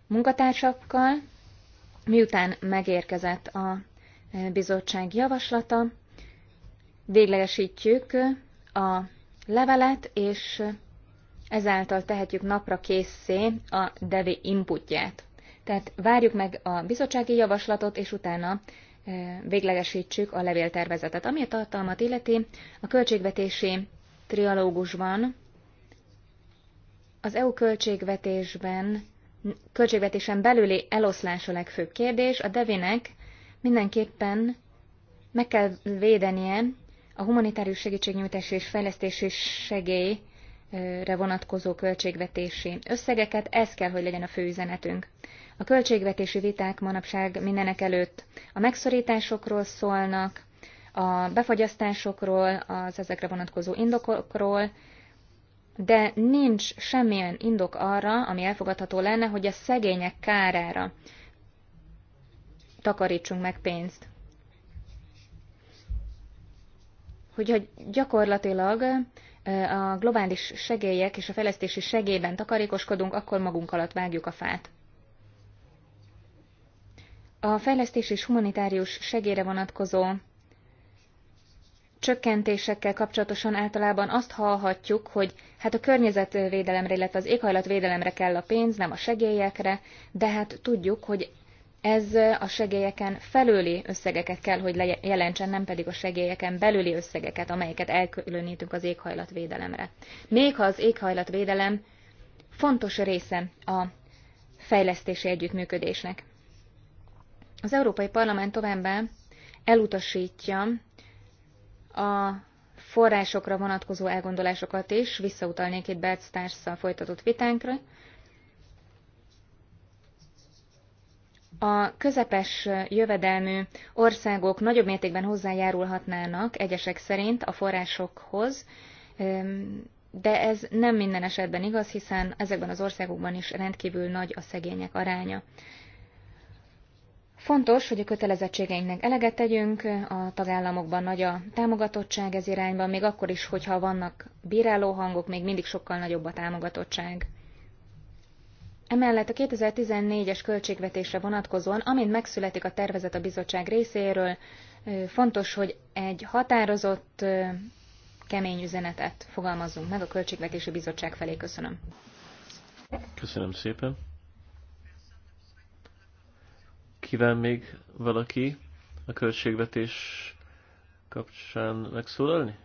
[SPEAKER 4] munkatársakkal, miután megérkezett a eh, bizottság javaslata, véglegesítjük eh, a levelet, és ezáltal tehetjük napra készé a devi inputját. Tehát várjuk meg a bizottsági javaslatot, és utána eh, véglegesítsük a levéltervezetet. Ami a tartalmat illeti, a költségvetési trialógusban az EU költségvetésben költségvetésen belüli eloszlás a legfőbb kérdés. A devének mindenképpen meg kell védenie a humanitárius segítségnyújtási és fejlesztési segélyre vonatkozó költségvetési összegeket, ez kell, hogy legyen a fő üzenetünk. A költségvetési viták manapság mindenek előtt a megszorításokról szólnak, a befagyasztásokról, az ezekre vonatkozó indokokról, de nincs semmilyen indok arra, ami elfogadható lenne, hogy a szegények kárára takarítsunk meg pénzt. Hogyha gyakorlatilag a globális segélyek és a fejlesztési segélyben takarékoskodunk, akkor magunk alatt vágjuk a fát. A fejlesztés és humanitárius segélyre vonatkozó csökkentésekkel kapcsolatosan általában azt hallhatjuk, hogy hát a környezetvédelemre, illetve az éghajlatvédelemre kell a pénz, nem a segélyekre, de hát tudjuk, hogy ez a segélyeken felőli összegeket kell, hogy jelentsen, nem pedig a segélyeken belüli összegeket, amelyeket elkülönítünk az éghajlatvédelemre. Még ha az éghajlatvédelem fontos része a fejlesztési együttműködésnek. Az Európai Parlament továbbá elutasítja a forrásokra vonatkozó elgondolásokat is, visszautalnék itt Bert Starsszal folytatott vitánkra. A közepes jövedelmű országok nagyobb mértékben hozzájárulhatnának egyesek szerint a forrásokhoz, de ez nem minden esetben igaz, hiszen ezekben az országokban is rendkívül nagy a szegények aránya. Fontos, hogy a kötelezettségeinknek eleget tegyünk, a tagállamokban nagy a támogatottság ez irányban, még akkor is, hogyha vannak bíráló hangok, még mindig sokkal nagyobb a támogatottság. Emellett a 2014-es költségvetésre vonatkozóan, amint megszületik a tervezet a bizottság részéről, fontos, hogy egy határozott, kemény üzenetet fogalmazzunk meg a Költségvetési Bizottság felé. Köszönöm.
[SPEAKER 2] Köszönöm szépen. Kíván még valaki a költségvetés kapcsán megszólalni?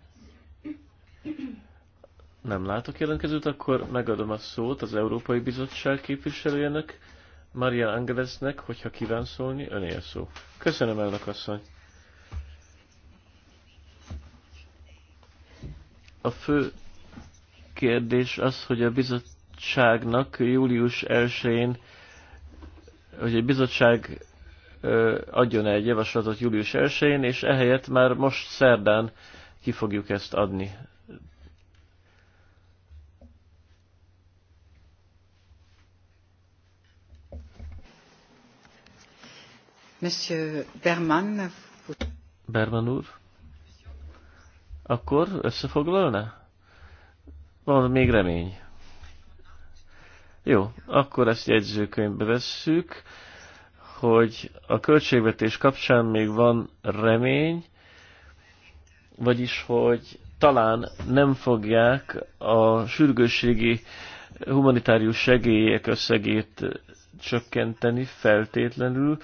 [SPEAKER 2] Nem látok jelentkezőt, akkor megadom a szót az Európai Bizottság képviselőjének, Maria Angelesnek, hogyha kíván szólni, öné a szó. Köszönöm, elnök asszony! A fő kérdés az, hogy a bizottságnak július 1-én, hogy egy bizottság adjon egy javaslatot július 1-én, és ehelyett már most szerdán ki fogjuk ezt adni.
[SPEAKER 1] Monsieur Berman.
[SPEAKER 2] Berman úr, akkor összefoglalna? Van még remény. Jó, akkor ezt jegyzőkönyvbe vesszük hogy a költségvetés kapcsán még van remény, vagyis hogy talán nem fogják a sürgősségi humanitárius segélyek összegét csökkenteni feltétlenül.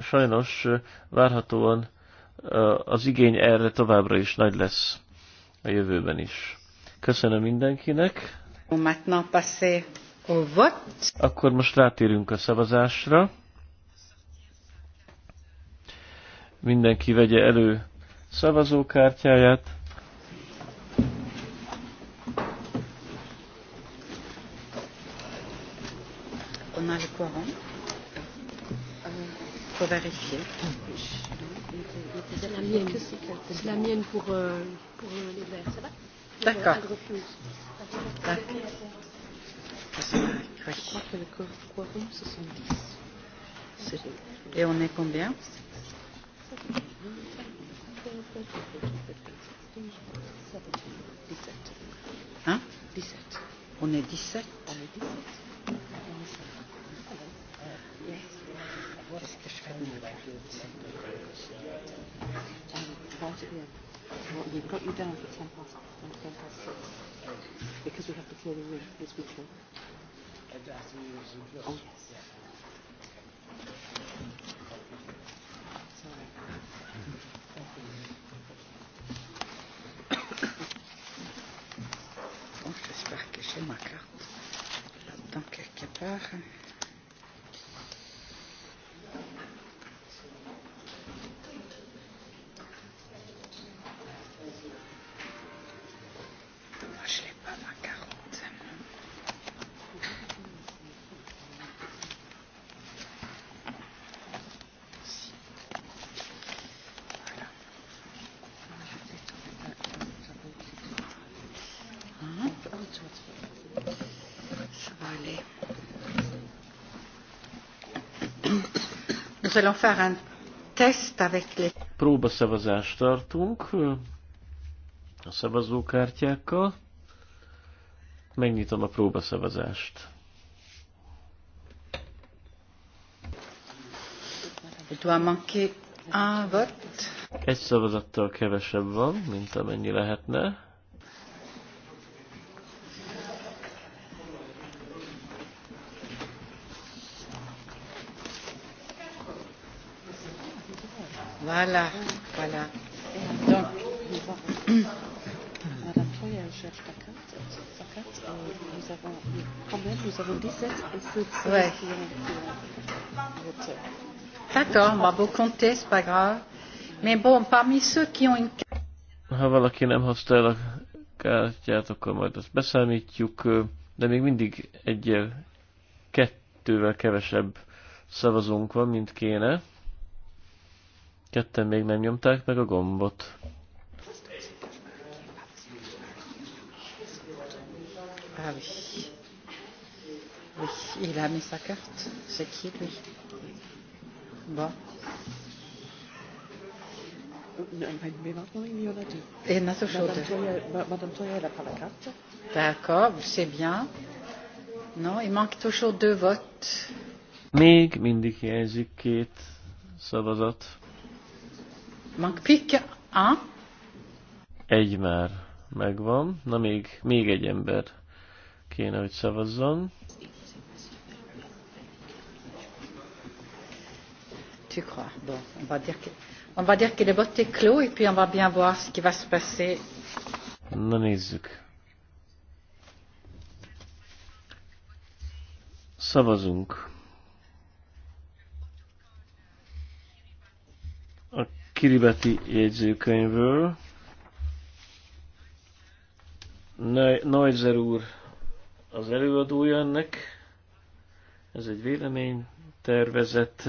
[SPEAKER 2] Sajnos várhatóan az igény erre továbbra is nagy lesz a jövőben is. Köszönöm mindenkinek. Akkor most rátérünk a szavazásra. Mindenki vegye elő szavazókártyáját.
[SPEAKER 1] Euh, euh, D'accord. D'accord. Et on est combien Hein 17. On est 17 On est 17. Qu'est-ce que je fais de Well, you've got you down for ten past, ten past six. Because we have to clear the room this weekend.
[SPEAKER 4] Oh, yes.
[SPEAKER 1] J'espère que j'ai ma carte là-dedans quelque part. Nous allons faire un test avec les...
[SPEAKER 2] Próbaszavazást tartunk a szavazókártyákkal. Megnyitom a próbaszavazást. Egy szavazattal kevesebb van, mint amennyi lehetne.
[SPEAKER 1] Voilà, voilà. Donc. nous avons, quand même, nous avons 17 et 16 ouais. D'accord, ma beau compter, c'est pas grave. Mais bon, parmi ceux qui ont une
[SPEAKER 2] Ha valaki nem hozta el a kártyát, akkor majd azt beszámítjuk, de még mindig egyel, kettővel kevesebb szavazónk van, mint kéne. Ketten még nem nyomták meg a gombot. Ah oui.
[SPEAKER 1] Oui, il a mis sa carte. C'est qui lui Bon.
[SPEAKER 4] Mais maintenant, il y en a deux. Et il y en a toujours deux. Madame Toya, elle n'a pas la carte.
[SPEAKER 1] D'accord, c'est bien. Non, il manque toujours deux votes.
[SPEAKER 2] Még mindig hiányzik két szavazat. Magpik A. Egy már megvan. Na még, még egy ember kéne, hogy szavazzon.
[SPEAKER 1] Tu crois? Bon, on va dire que, on va dire que le vote est clos et puis on va bien voir ce qui va se passer.
[SPEAKER 2] Na nézzük. Szavazunk. Kiribeti jegyzőkönyvről. Neuzer úr az előadója ennek. Ez egy vélemény tervezett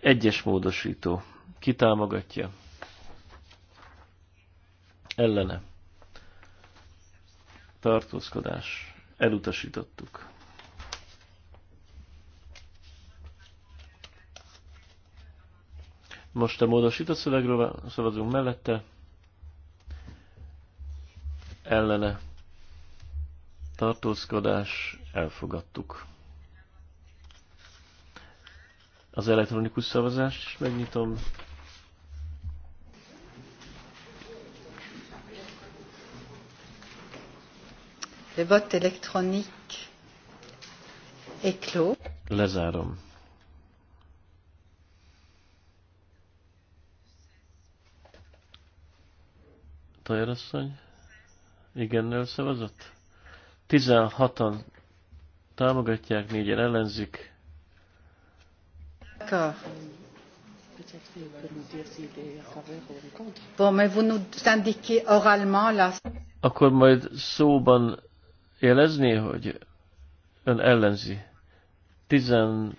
[SPEAKER 2] egyes módosító. Ki támogatja? Ellene. Tartózkodás. Elutasítottuk. Most a módosított szövegről szavazunk mellette. Ellene tartózkodás elfogadtuk. Az elektronikus szavazást is megnyitom.
[SPEAKER 1] Le vote électronique est clos.
[SPEAKER 2] Lezárom. Tajerasszony igennel szavazott? 16-an támogatják, négyen ellenzik. Akkor majd szóban jelezni, hogy ön ellenzi. 16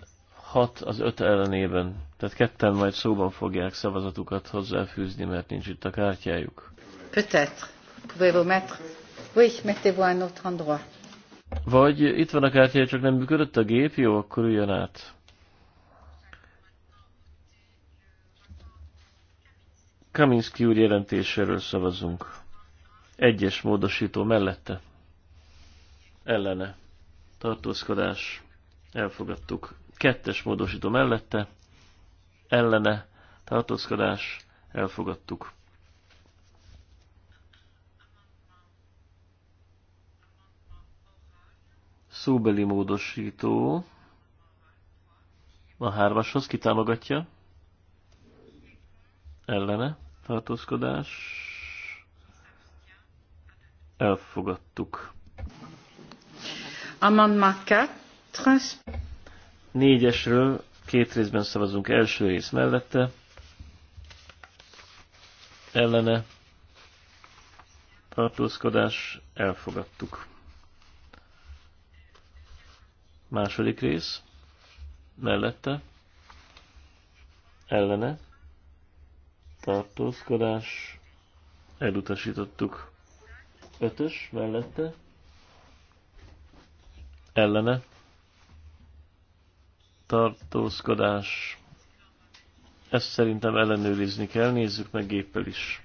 [SPEAKER 2] az 5 ellenében. Tehát ketten majd szóban fogják szavazatukat hozzáfűzni, mert nincs itt a kártyájuk.
[SPEAKER 1] Peut-être. Pouvez-vous mettre? Oui, mettez-vous à un autre endroit.
[SPEAKER 2] Vagy itt van a kártya, csak nem működött a gép, jó, akkor üljön át. Kaminski úr jelentéséről szavazunk. Egyes módosító mellette. Ellene. Tartózkodás. Elfogadtuk. Kettes módosító mellette. Ellene. Tartózkodás. Elfogadtuk. szóbeli módosító a hármashoz kitámogatja, ellene tartózkodás, elfogadtuk. Négyesről két részben szavazunk első rész mellette, ellene tartózkodás, elfogadtuk. Második rész. Mellette. Ellene. Tartózkodás. Elutasítottuk. Ötös. Mellette. Ellene. Tartózkodás. Ezt szerintem ellenőrizni kell, nézzük meg géppel is.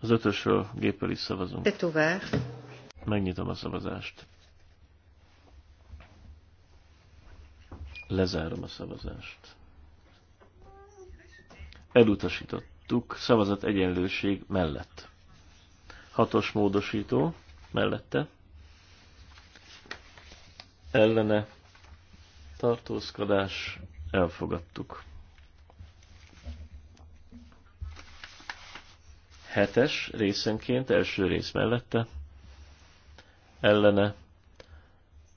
[SPEAKER 2] Az ötösről géppel is szavazunk. Megnyitom a szavazást. Lezárom a szavazást. Elutasítottuk szavazat egyenlőség mellett. Hatos módosító mellette. Ellene tartózkodás elfogadtuk. Hetes részenként első rész mellette. Ellene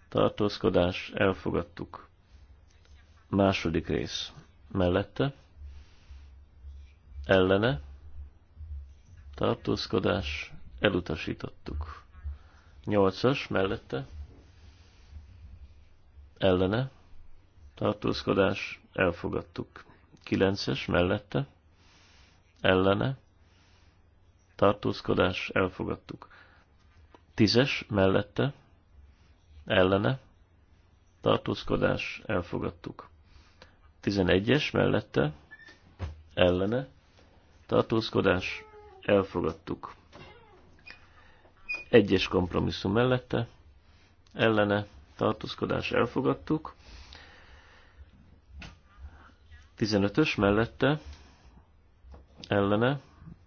[SPEAKER 2] tartózkodás elfogadtuk Második rész. Mellette. Ellene. Tartózkodás. Elutasítottuk. Nyolcas. Mellette. Ellene. Tartózkodás. Elfogadtuk. Kilences. Mellette. Ellene. Tartózkodás. Elfogadtuk. Tízes. Mellette. Ellene tartózkodás, elfogadtuk. 11-es mellette, ellene, tartózkodás, elfogadtuk. Egyes kompromisszum mellette, ellene, tartózkodás, elfogadtuk. 15-ös mellette, ellene,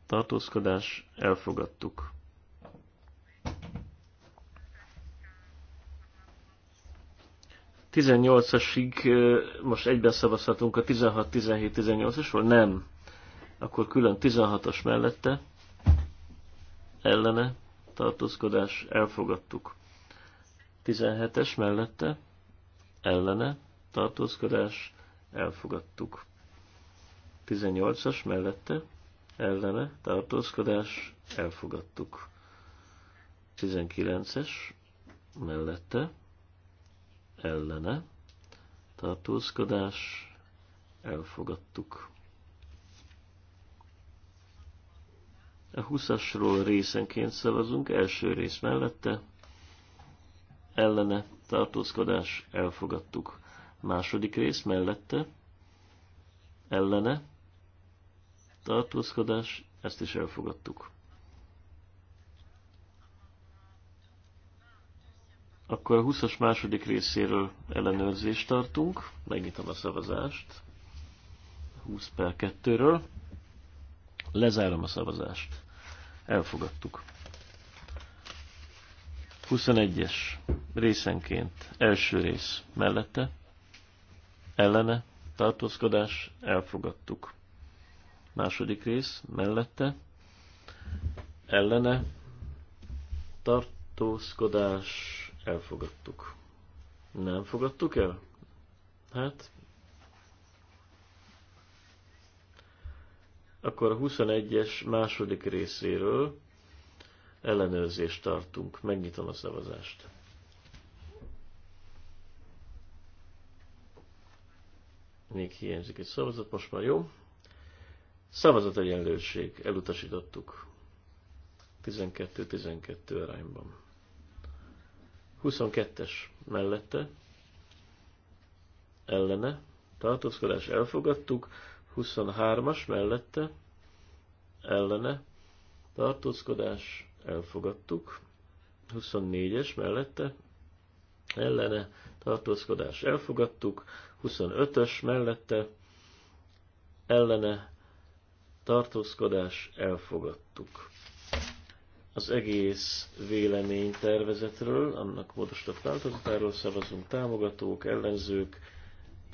[SPEAKER 2] tartózkodás, elfogadtuk. 18-asig most egyben szavazhatunk a 16, 17, 18-asról? Nem. Akkor külön 16-as mellette ellene tartózkodás elfogadtuk. 17-es mellette ellene tartózkodás elfogadtuk. 18-as mellette ellene tartózkodás elfogadtuk. 19-es mellette ellene tartózkodás elfogadtuk. A 20-asról részenként szavazunk, első rész mellette ellene tartózkodás elfogadtuk. Második rész mellette ellene tartózkodás, ezt is elfogadtuk. Akkor a 20-as második részéről ellenőrzést tartunk. Megnyitom a szavazást. 20 per 2-ről. Lezárom a szavazást. Elfogadtuk. 21-es részenként első rész mellette, ellene, tartózkodás, elfogadtuk. Második rész mellette, ellene, tartózkodás, Elfogadtuk. Nem fogadtuk el? Hát... Akkor a 21-es második részéről ellenőrzést tartunk. Megnyitom a szavazást. Még hiányzik egy szavazat, most már jó. Szavazat egyenlőség, elutasítottuk. 12-12 arányban. 22-es mellette, ellene, tartózkodás elfogadtuk, 23-as mellette, ellene, tartózkodás elfogadtuk, 24-es mellette, ellene, tartózkodás elfogadtuk, 25-ös mellette, ellene, tartózkodás elfogadtuk az egész véleménytervezetről, annak módosított változatáról szavazunk támogatók, ellenzők,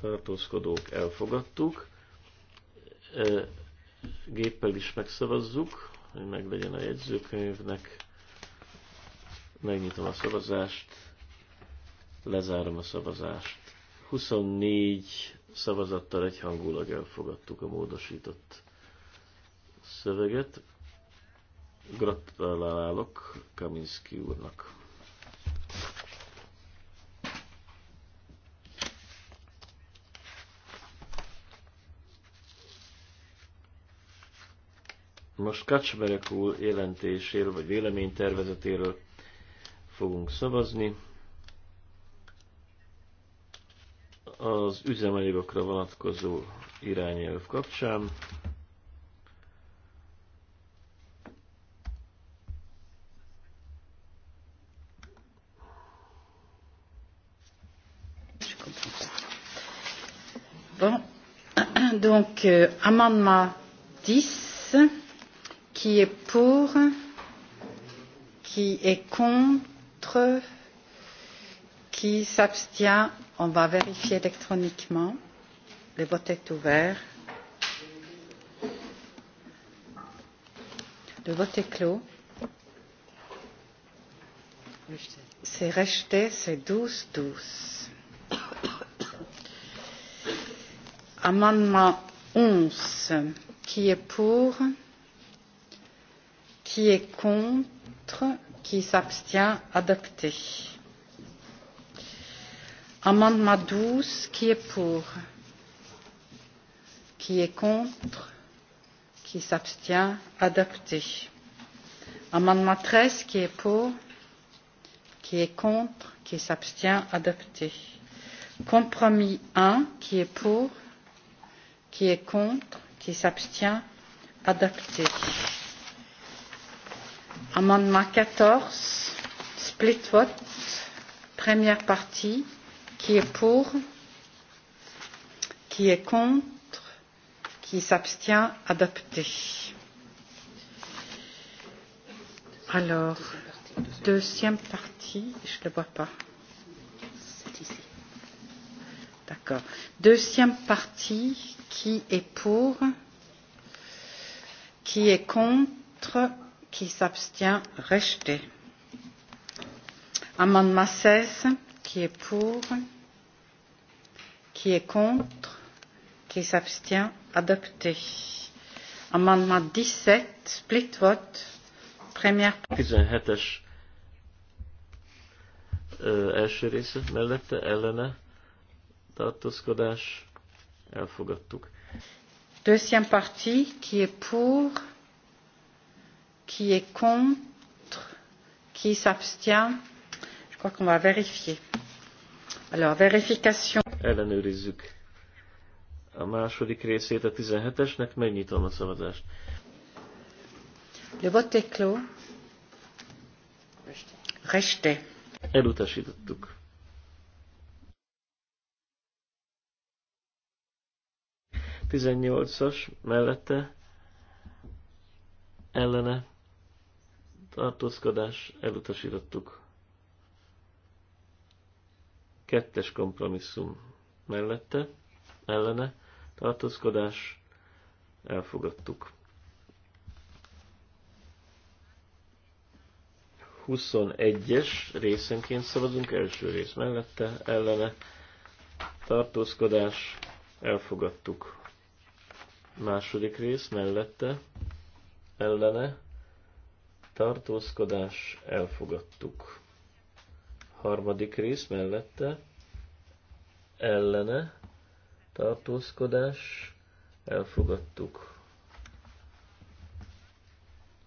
[SPEAKER 2] tartózkodók, elfogadtuk. Géppel is megszavazzuk, hogy meglegyen a jegyzőkönyvnek. Megnyitom a szavazást, lezárom a szavazást. 24 szavazattal egyhangulag elfogadtuk a módosított szöveget. Gratulálok Kaminski úrnak. Most Kacsmerek úr jelentéséről, vagy véleménytervezetéről fogunk szavazni. Az üzemanyagokra vonatkozó irányelv kapcsán.
[SPEAKER 1] donc euh, amendement 10 qui est pour qui est contre qui s'abstient on va vérifier électroniquement le vote est ouvert le vote est clos c'est rejeté c'est 12-12. Amendement 11. Qui est pour Qui est contre Qui s'abstient Adopté. Amendement 12. Qui est pour Qui est contre Qui s'abstient Adopté. Amendement 13. Qui est pour Qui est contre Qui s'abstient Adopté. Compromis 1. Qui est pour qui est contre qui s'abstient adopté amendement 14, split vote première partie qui est pour qui est contre qui s'abstient adopté alors deuxième partie je ne le vois pas D'accord. Deuxième partie, qui est pour Qui est contre Qui s'abstient Rejeté. Amendement 16, qui est pour Qui est contre Qui s'abstient Adopté. Amendement 17, split vote. Première.
[SPEAKER 2] 17-es euh, első része mellette ellene tartózkodás, elfogadtuk.
[SPEAKER 1] Deuxième partie, qui est pour, qui est contre, qui s'abstient. Je crois qu'on va vérifier. Alors, vérification.
[SPEAKER 2] Ellenőrizzük a második részét a 17-esnek, megnyitom a szavazást.
[SPEAKER 1] Le vote est clos.
[SPEAKER 2] Resté. Elutasítottuk. 18-as mellette ellene tartózkodás elutasítottuk. Kettes kompromisszum mellette ellene tartózkodás elfogadtuk. 21-es részenként szavazunk, első rész mellette, ellene, tartózkodás, elfogadtuk. Második rész mellette, ellene, tartózkodás, elfogadtuk. Harmadik rész mellette, ellene, tartózkodás, elfogadtuk.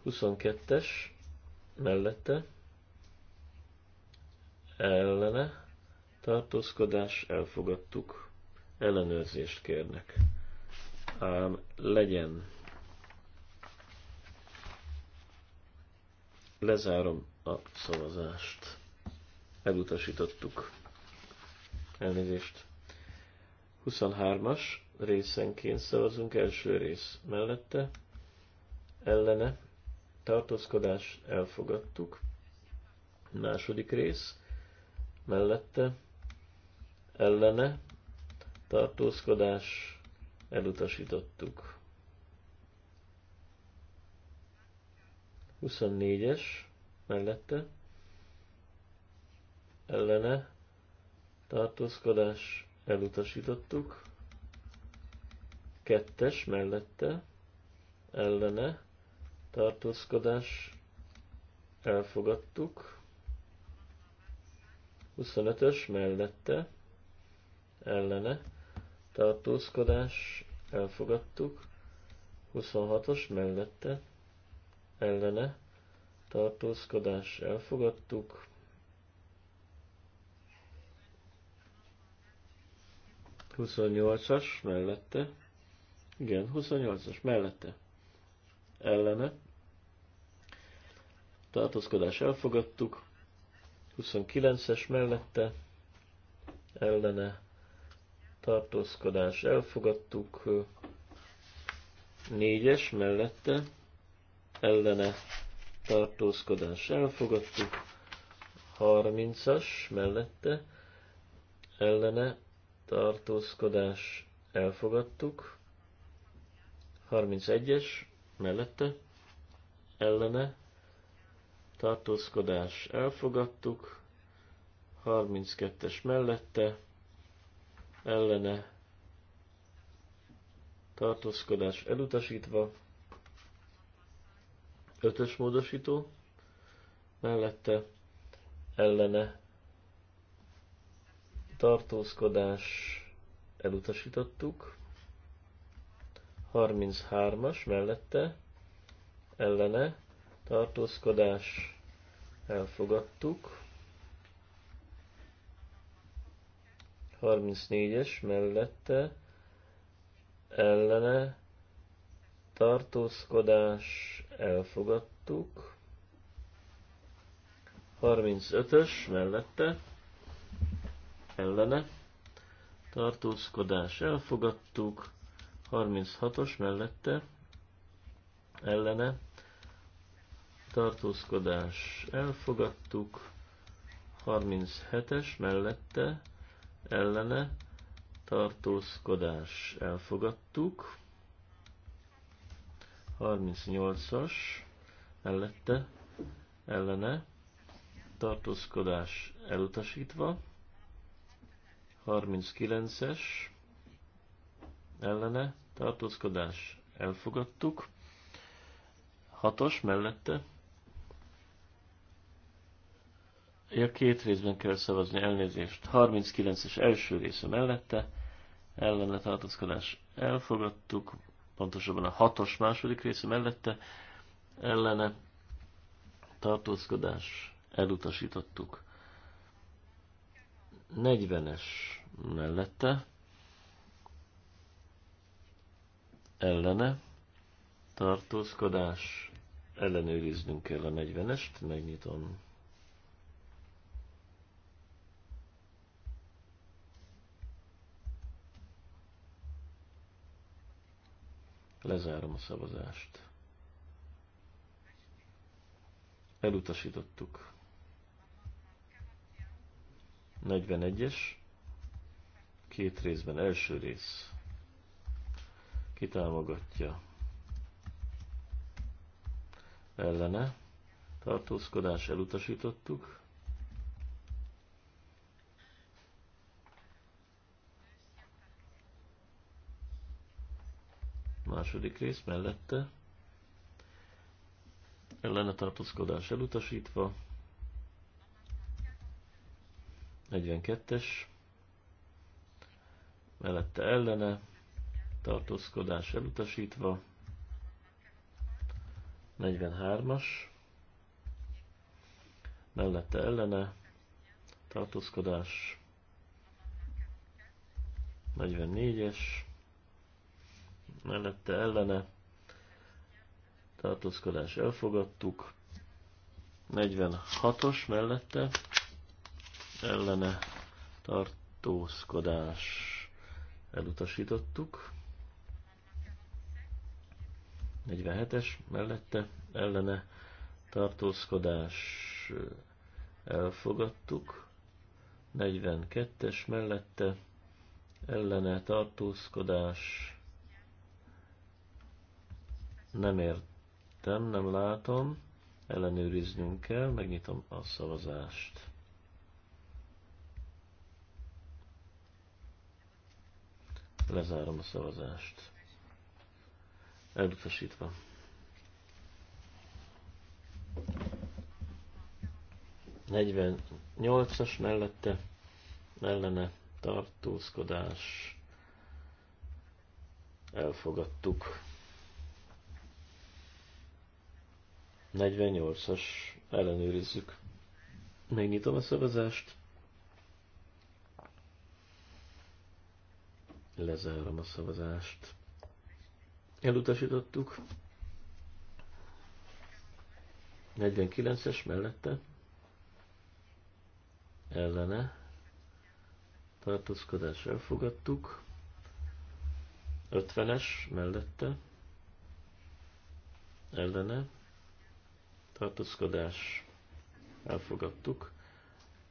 [SPEAKER 2] 22-es mellette, ellene, tartózkodás, elfogadtuk. Ellenőrzést kérnek ám legyen. Lezárom a szavazást. Elutasítottuk. Elnézést. 23-as részenként szavazunk, első rész mellette, ellene, tartózkodás elfogadtuk, második rész mellette, ellene, tartózkodás elutasítottuk. 24-es mellette ellene tartózkodás elutasítottuk. 2-es mellette ellene tartózkodás elfogadtuk. 25-ös mellette ellene tartózkodás, elfogadtuk. 26-os mellette, ellene, tartózkodás, elfogadtuk. Huszonnyolcas mellette. Igen, 28-as mellette. Ellene. Tartózkodás elfogadtuk. 29-es mellette. Ellene tartózkodás elfogadtuk, négyes mellette ellene tartózkodás elfogadtuk, harmincas mellette ellene tartózkodás elfogadtuk, harmincegyes mellette ellene tartózkodás elfogadtuk, 32-es mellette ellene tartózkodás elutasítva, ötös módosító, mellette ellene tartózkodás elutasítottuk, 33-as mellette ellene tartózkodás elfogadtuk, 34-es mellette ellene tartózkodás elfogadtuk. 35-ös mellette ellene tartózkodás elfogadtuk. 36-os mellette ellene tartózkodás elfogadtuk. 37-es mellette ellene tartózkodás elfogadtuk. 38-as mellette ellene tartózkodás elutasítva. 39-es ellene tartózkodás elfogadtuk. 6-os mellette Ja, két részben kell szavazni, elnézést. 39-es első része mellette, ellene tartózkodás elfogadtuk, pontosabban a hatos második része mellette, ellene tartózkodás elutasítottuk. 40-es mellette, ellene tartózkodás ellenőriznünk kell a 40-est, megnyitom Lezárom a szavazást. Elutasítottuk. 41-es. Két részben. Első rész. Kitámogatja. Ellene. Tartózkodás elutasítottuk. Második rész mellette ellene tartózkodás elutasítva. 42-es mellette ellene tartózkodás elutasítva. 43-as mellette ellene tartózkodás 44-es mellette ellene tartózkodás elfogadtuk, 46-os mellette ellene tartózkodás elutasítottuk, 47-es mellette ellene tartózkodás elfogadtuk, 42-es mellette ellene tartózkodás nem értem, nem látom. Ellenőriznünk kell, megnyitom a szavazást. Lezárom a szavazást. Elutasítva. Negyven nyolcas mellette ellene tartózkodás elfogadtuk. 48-as, ellenőrizzük. Megnyitom a szavazást. Lezárom a szavazást. Elutasítottuk. 49-es mellette. Ellene. Tartózkodás elfogadtuk. 50-es mellette. Ellene tartózkodás elfogadtuk.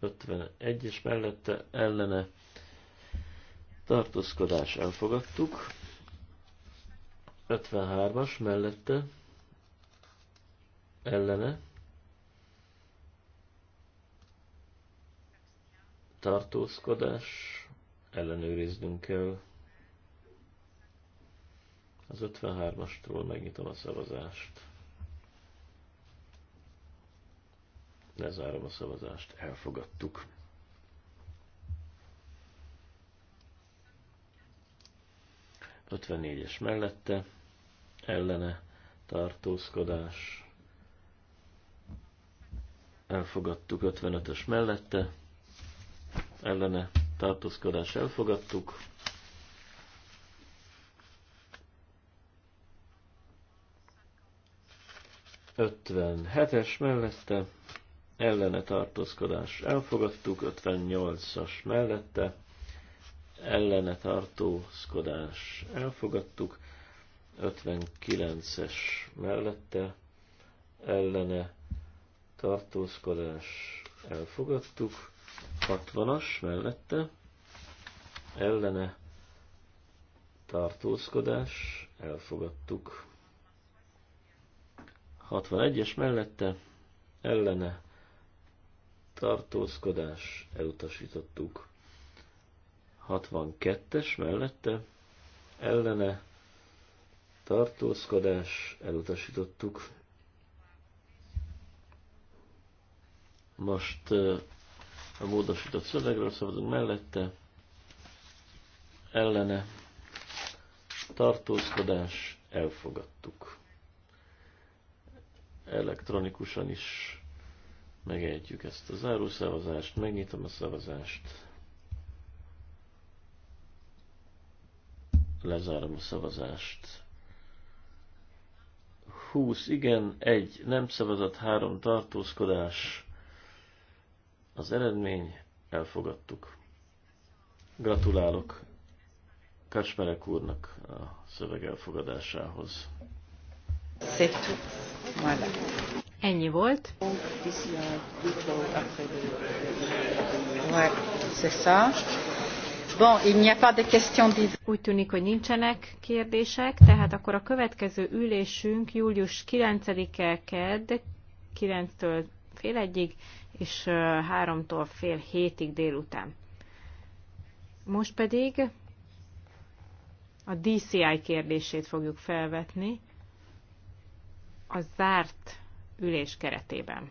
[SPEAKER 2] 51-es mellette ellene tartózkodás elfogadtuk. 53-as mellette ellene tartózkodás ellenőriznünk kell. Az 53-astól megnyitom a szavazást. Lezárom a szavazást, elfogadtuk. 54-es mellette, ellene tartózkodás, elfogadtuk 55-ös mellette, ellene tartózkodás elfogadtuk, ötven hetes mellette ellene tartózkodás elfogadtuk, 58-as mellette ellene tartózkodás elfogadtuk, 59-es mellette ellene tartózkodás elfogadtuk, 60-as mellette ellene tartózkodás elfogadtuk, 61-es mellette ellene tartózkodás, elutasítottuk. 62-es mellette, ellene, tartózkodás, elutasítottuk. Most a módosított szövegről szavazunk mellette, ellene, tartózkodás, elfogadtuk. Elektronikusan is Megejtjük ezt a zárószavazást, megnyitom a szavazást. Lezárom a szavazást. 20 igen, 1 nem szavazat, 3 tartózkodás. Az eredmény elfogadtuk. Gratulálok Kacsmerek úrnak a szöveg elfogadásához.
[SPEAKER 3] Szép Ennyi volt. Úgy tűnik, hogy nincsenek kérdések, tehát akkor a következő ülésünk július 9-e kedd, 9-től fél egyig, és 3-tól fél hétig délután. Most pedig a DCI kérdését fogjuk felvetni. A zárt ülés keretében.